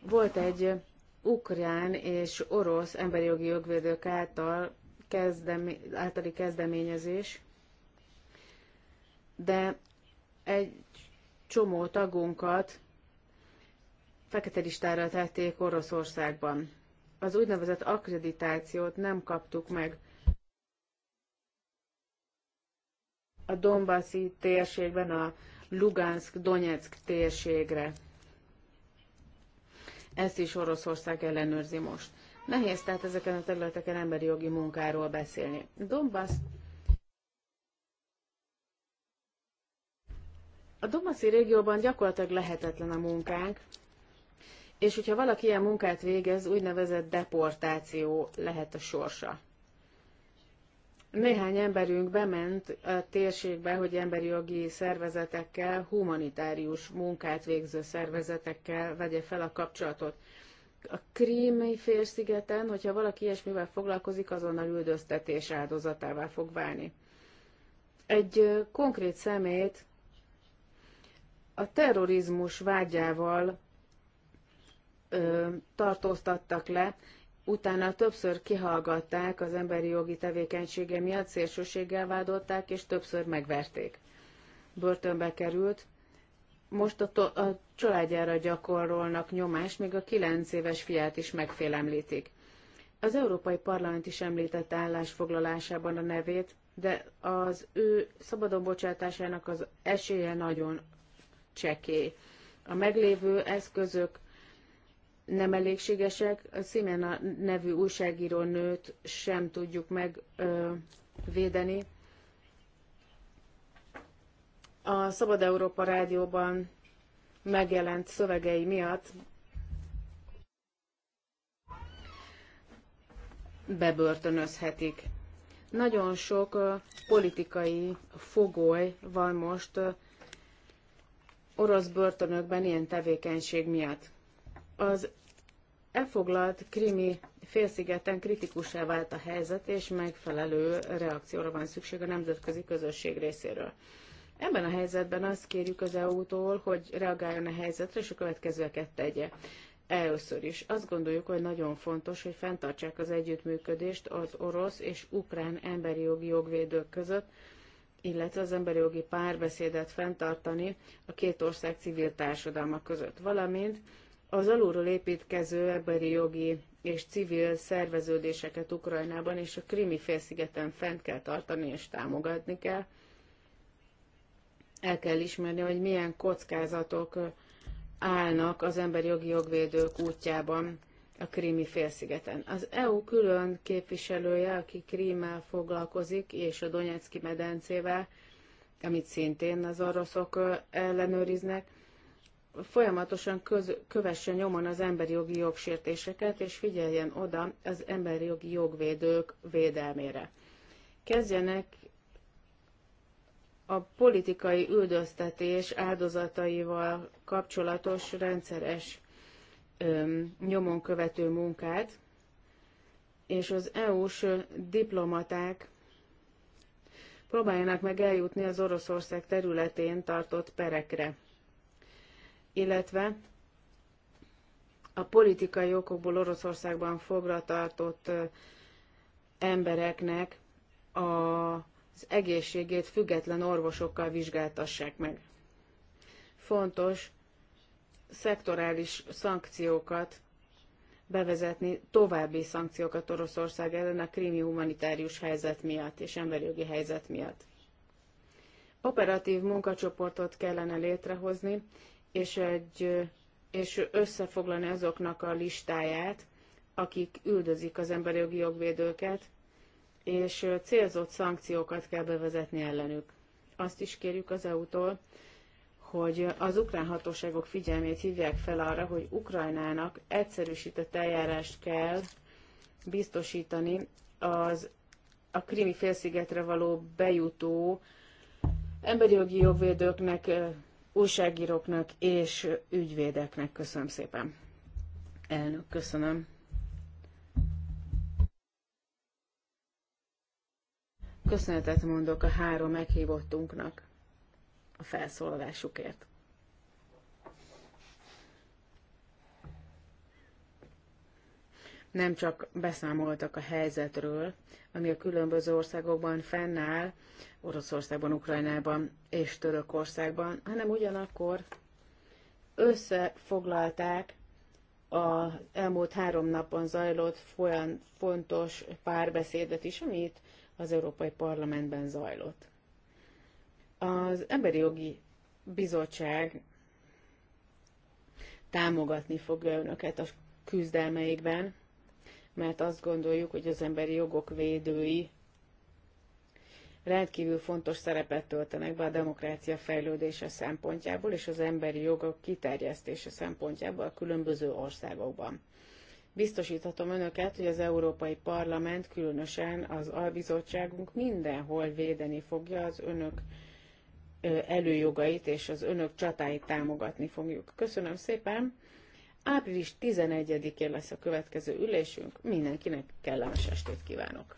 Volt egy ukrán és orosz emberi jogi jogvédők által kezdemé, általi kezdeményezés, de egy csomó tagunkat fekete listára tették Oroszországban. Az úgynevezett akkreditációt nem kaptuk meg. A Donbassi térségben a Lugansk-Donetsk térségre. Ezt is Oroszország ellenőrzi most. Nehéz tehát ezeken a területeken emberi jogi munkáról beszélni. Donbass A Domaszi régióban gyakorlatilag lehetetlen a munkánk, és hogyha valaki ilyen munkát végez, úgynevezett deportáció lehet a sorsa. Néhány emberünk bement a térségbe, hogy emberi jogi szervezetekkel, humanitárius munkát végző szervezetekkel vegye fel a kapcsolatot. A krími félszigeten, hogyha valaki ilyesmivel foglalkozik, azonnal üldöztetés áldozatává fog válni. Egy konkrét szemét a terrorizmus vágyával ö, tartóztattak le, utána többször kihallgatták az emberi jogi tevékenysége miatt, szélsőséggel vádolták, és többször megverték. Börtönbe került. Most a, to- a családjára gyakorolnak nyomást, még a kilenc éves fiát is megfélemlítik. Az Európai Parlament is említett állásfoglalásában a nevét, de az ő szabadon bocsátásának az esélye nagyon csekély. A meglévő eszközök nem elégségesek. A nevű újságíró nőt sem tudjuk megvédeni. A Szabad Európa Rádióban megjelent szövegei miatt bebörtönözhetik. Nagyon sok politikai fogoly van most orosz börtönökben ilyen tevékenység miatt. Az elfoglalt krimi félszigeten kritikussá vált a helyzet, és megfelelő reakcióra van szükség a nemzetközi közösség részéről. Ebben a helyzetben azt kérjük az EU-tól, hogy reagáljon a helyzetre, és a következőeket tegye. Először is azt gondoljuk, hogy nagyon fontos, hogy fenntartsák az együttműködést az orosz és ukrán emberi jogi jogvédők között, illetve az emberi jogi párbeszédet fenntartani a két ország civil társadalma között, valamint az alulról építkező emberi jogi és civil szerveződéseket Ukrajnában és a Krimi félszigeten fent kell tartani és támogatni kell. El kell ismerni, hogy milyen kockázatok állnak az emberi jogi jogvédők útjában a Krími félszigeten. Az EU külön képviselője, aki Krímmel foglalkozik, és a Donetszki medencével, amit szintén az oroszok ellenőriznek, folyamatosan köz, kövesse nyomon az emberi jogi jogsértéseket, és figyeljen oda az emberi jogi jogvédők védelmére. Kezdjenek a politikai üldöztetés áldozataival kapcsolatos rendszeres öm, nyomon követő munkát, és az EU-s diplomaták próbáljanak meg eljutni az Oroszország területén tartott perekre illetve a politikai okokból Oroszországban foglatartott embereknek az egészségét független orvosokkal vizsgáltassák meg. Fontos szektorális szankciókat bevezetni, további szankciókat Oroszország ellen a krími humanitárius helyzet miatt és emberi jogi helyzet miatt. Operatív munkacsoportot kellene létrehozni, és, egy, és összefoglalni azoknak a listáját, akik üldözik az emberi jogi jogvédőket, és célzott szankciókat kell bevezetni ellenük. Azt is kérjük az EU-tól, hogy az ukrán hatóságok figyelmét hívják fel arra, hogy Ukrajnának egyszerűsített eljárást kell biztosítani az a krimi félszigetre való bejutó emberi jogi jogvédőknek újságíróknak és ügyvédeknek. Köszönöm szépen. Elnök, köszönöm. Köszönetet mondok a három meghívottunknak a felszólalásukért. nem csak beszámoltak a helyzetről, ami a különböző országokban fennáll, Oroszországban, Ukrajnában és Törökországban, hanem ugyanakkor összefoglalták az elmúlt három napon zajlott olyan fontos párbeszédet is, amit az Európai Parlamentben zajlott. Az Emberi Jogi Bizottság támogatni fogja önöket a küzdelmeikben, mert azt gondoljuk, hogy az emberi jogok védői rendkívül fontos szerepet töltenek be a demokrácia fejlődése szempontjából és az emberi jogok kiterjesztése szempontjából a különböző országokban. Biztosíthatom önöket, hogy az Európai Parlament, különösen az albizottságunk mindenhol védeni fogja az önök előjogait és az önök csatáit támogatni fogjuk. Köszönöm szépen! Április 11-én lesz a következő ülésünk. Mindenkinek kellemes estét kívánok!